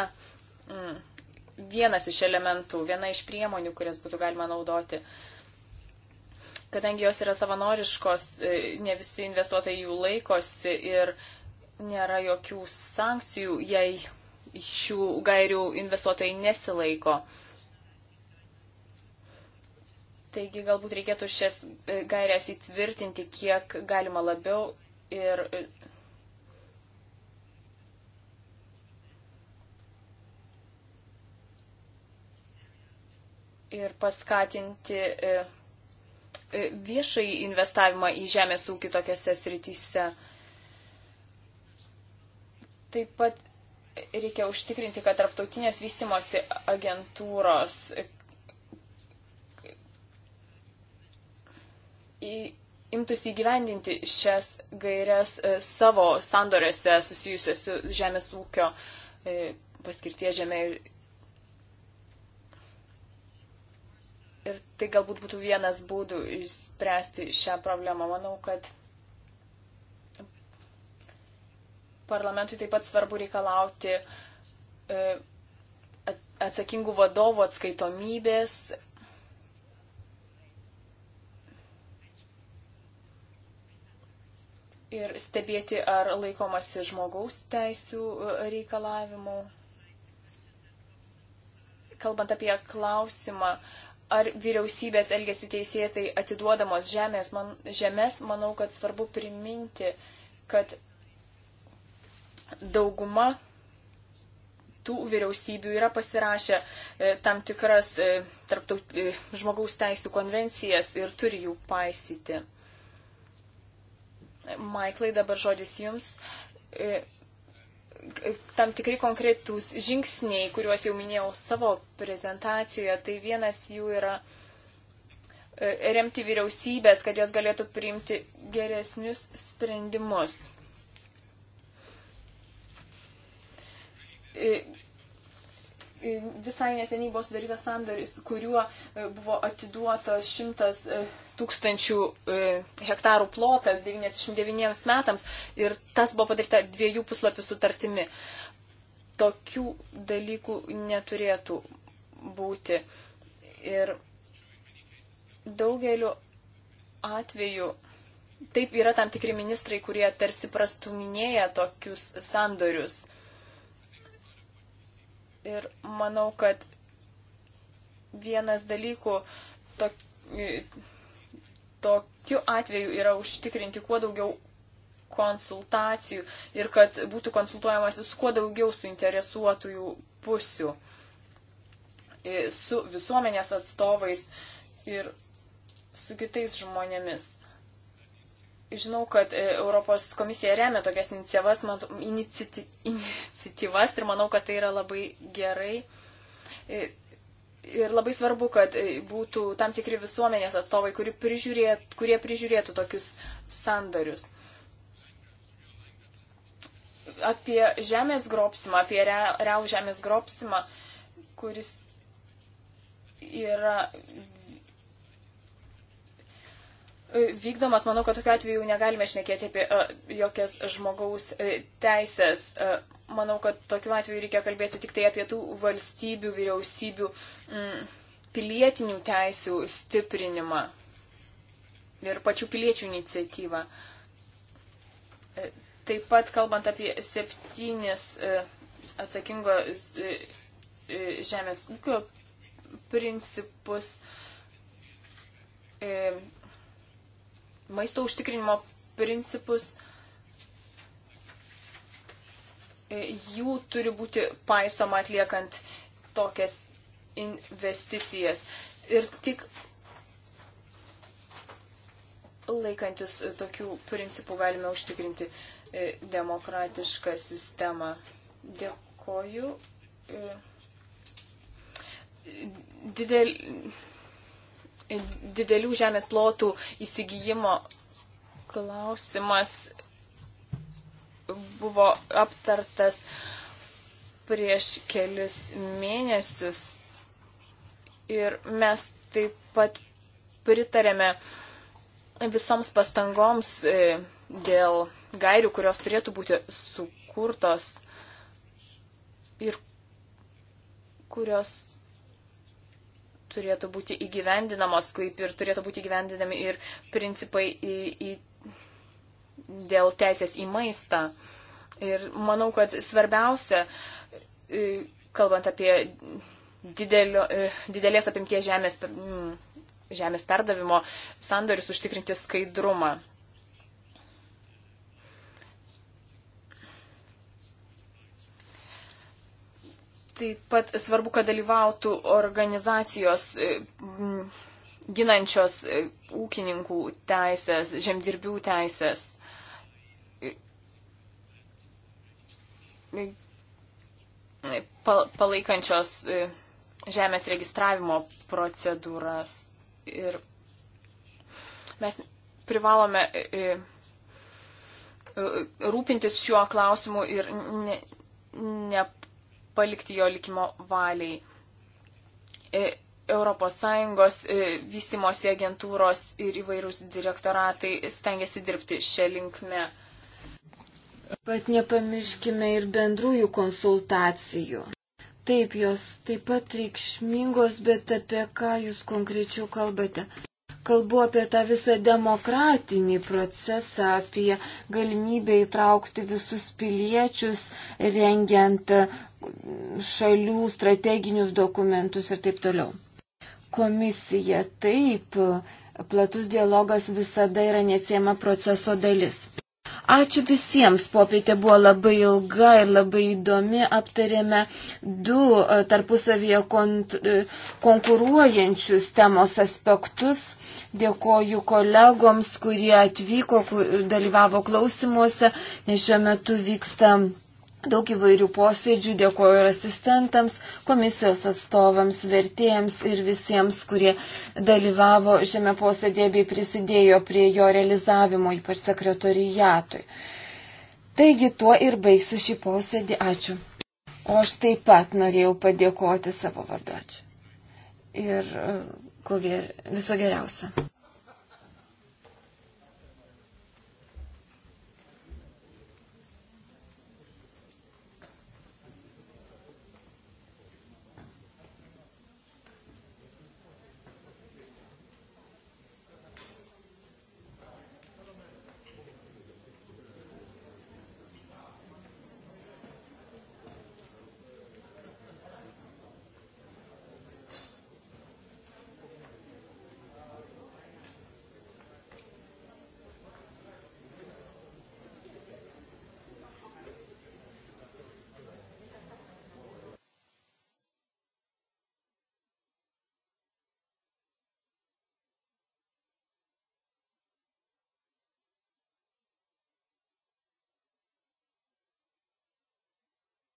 mm, vienas iš elementų, viena iš priemonių, kurias būtų galima naudoti. Uh, Kadangi jos yra savanoriškos, e, ne visi investuotojai jų laikosi ir nėra jokių sankcijų, jei šių gairių investuotojai nesilaiko. Taigi galbūt reikėtų šias e, gairias įtvirtinti kiek galima labiau ir e, ir paskatinti E, viešai investavimą į žemės ūkį tokiuose srityse. Taip pat reikia užtikrinti, kad tarptautinės vystimosi agentūros imtųsi įgyvendinti šias gairias e, savo sandoriuose susijusios su žemės ūkio e, paskirtie žemė ir Ir tai galbūt būtų vienas būdų išspręsti šią problemą. Manau, kad parlamentui taip pat svarbu reikalauti e, atsakingų vadovų atskaitomybės. Ir stebėti, ar laikomasi žmogaus teisų e, reikalavimų. Kalbant apie klausimą, uh, ar vyriausybės elgesi teisėtai atiduodamos žemės, man, žemės, manau, kad svarbu priminti, kad dauguma tų vyriausybių yra pasirašę e, tam tikras e, tarptaut, e, žmogaus teisų konvencijas ir turi jų paisyti. Maiklai, dabar žodis jums. E, tam tikri konkretūs žingsniai, kuriuos jau minėjau savo prezentacijoje. Tai vienas jų yra e, remti vyriausybės, kad jos galėtų priimti geresnius sprendimus. E, visai neseniai buvo sudarytas sandoris, kuriuo e, buvo atiduotas 100 e, tūkstančių e, hektarų plotas 99 metams ir tas buvo padaryta dviejų puslapių sutartimi. Tokių dalykų neturėtų būti. Ir daugeliu atveju taip yra tam tikri ministrai, kurie tarsi prastuminėja tokius sandorius. Ir manau, kad vienas dalykų tok, tokiu atveju yra užtikrinti kuo daugiau konsultacijų ir kad būtų konsultuojamasi su kuo daugiau suinteresuotųjų pusių, su visuomenės atstovais ir su kitais žmonėmis. Žinau, kad e, Europos komisija remia tokias iniciatyvas, man, iniciti, iniciatyvas ir manau, kad tai yra labai gerai. E, ir labai svarbu, kad e, būtų tam tikri visuomenės atstovai, kurie prižiūrėtų, kurie prižiūrėtų tokius sandarius apie žemės grobstimą, apie re, realų žemės grobstimą, kuris yra E, vykdomas, manau, kad tokiu atveju negalime šnekėti apie a, e, jokias žmogaus a, e, teisės. A, manau, kad tokiu atveju reikia kalbėti tik tai apie tų valstybių, vyriausybių m, mm, pilietinių teisių stiprinimą ir pačių piliečių iniciatyvą. Taip pat kalbant apie septynis atsakingo žemės ūkio principus, maisto užtikrinimo principus, e, jų turi būti paistoma atliekant tokias investicijas. Ir tik laikantis tokių principų galime užtikrinti e, demokratišką sistemą. Dėkoju. E, didel, didelių žemės plotų įsigijimo klausimas buvo aptartas prieš kelis mėnesius ir mes taip pat pritarėme visoms pastangoms e, dėl gairių, kurios turėtų būti sukurtos ir kurios turėtų būti įgyvendinamos, kaip ir turėtų būti įgyvendinami ir principai į, į, dėl teisės į maistą. Ir manau, kad svarbiausia, e, kalbant apie didelio, e, didelės apimties žemės, žemės perdavimo sandorius, užtikrinti skaidrumą. Taip pat svarbu, kad dalyvautų organizacijos e, ginančios e, ūkininkų teisės, žemdirbių teisės. E, palaikančios žemės registravimo procedūras. Ir mes privalome rūpintis šiuo klausimu ir ne, ne, palikti jo likimo valiai. ES e, vystimosi agentūros ir įvairūs direktoratai stengiasi dirbti šią linkmę. Pat nepamirškime ir bendrųjų konsultacijų. Taip, jos taip pat reikšmingos, bet apie ką jūs konkrečiau kalbate? kalbu apie tą visą demokratinį procesą, apie galimybę įtraukti visus piliečius, rengiant e, šalių strateginius dokumentus ir taip toliau. Komisija taip, platus dialogas visada yra neatsiema proceso dalis. Ačiū visiems, popietė buvo labai ilga ir labai įdomi, aptarėme du e, tarpusavyje e, konkuruojančius temos aspektus. Dėkoju kolegoms, kurie atvyko, dalyvavo klausimuose, nes šiuo metu vyksta daug įvairių posėdžių, dėkoju ir asistentams, komisijos atstovams, vertėjams ir visiems, kurie dalyvavo šiame posėdėje bei prisidėjo prie jo realizavimo, ypač sekretorijatui. Taigi tuo ir baigsiu šį posėdį. Ačiū. O aš taip pat norėjau padėkoti savo vardu. Ačiū. Ir e, ko ger... viso geriausio.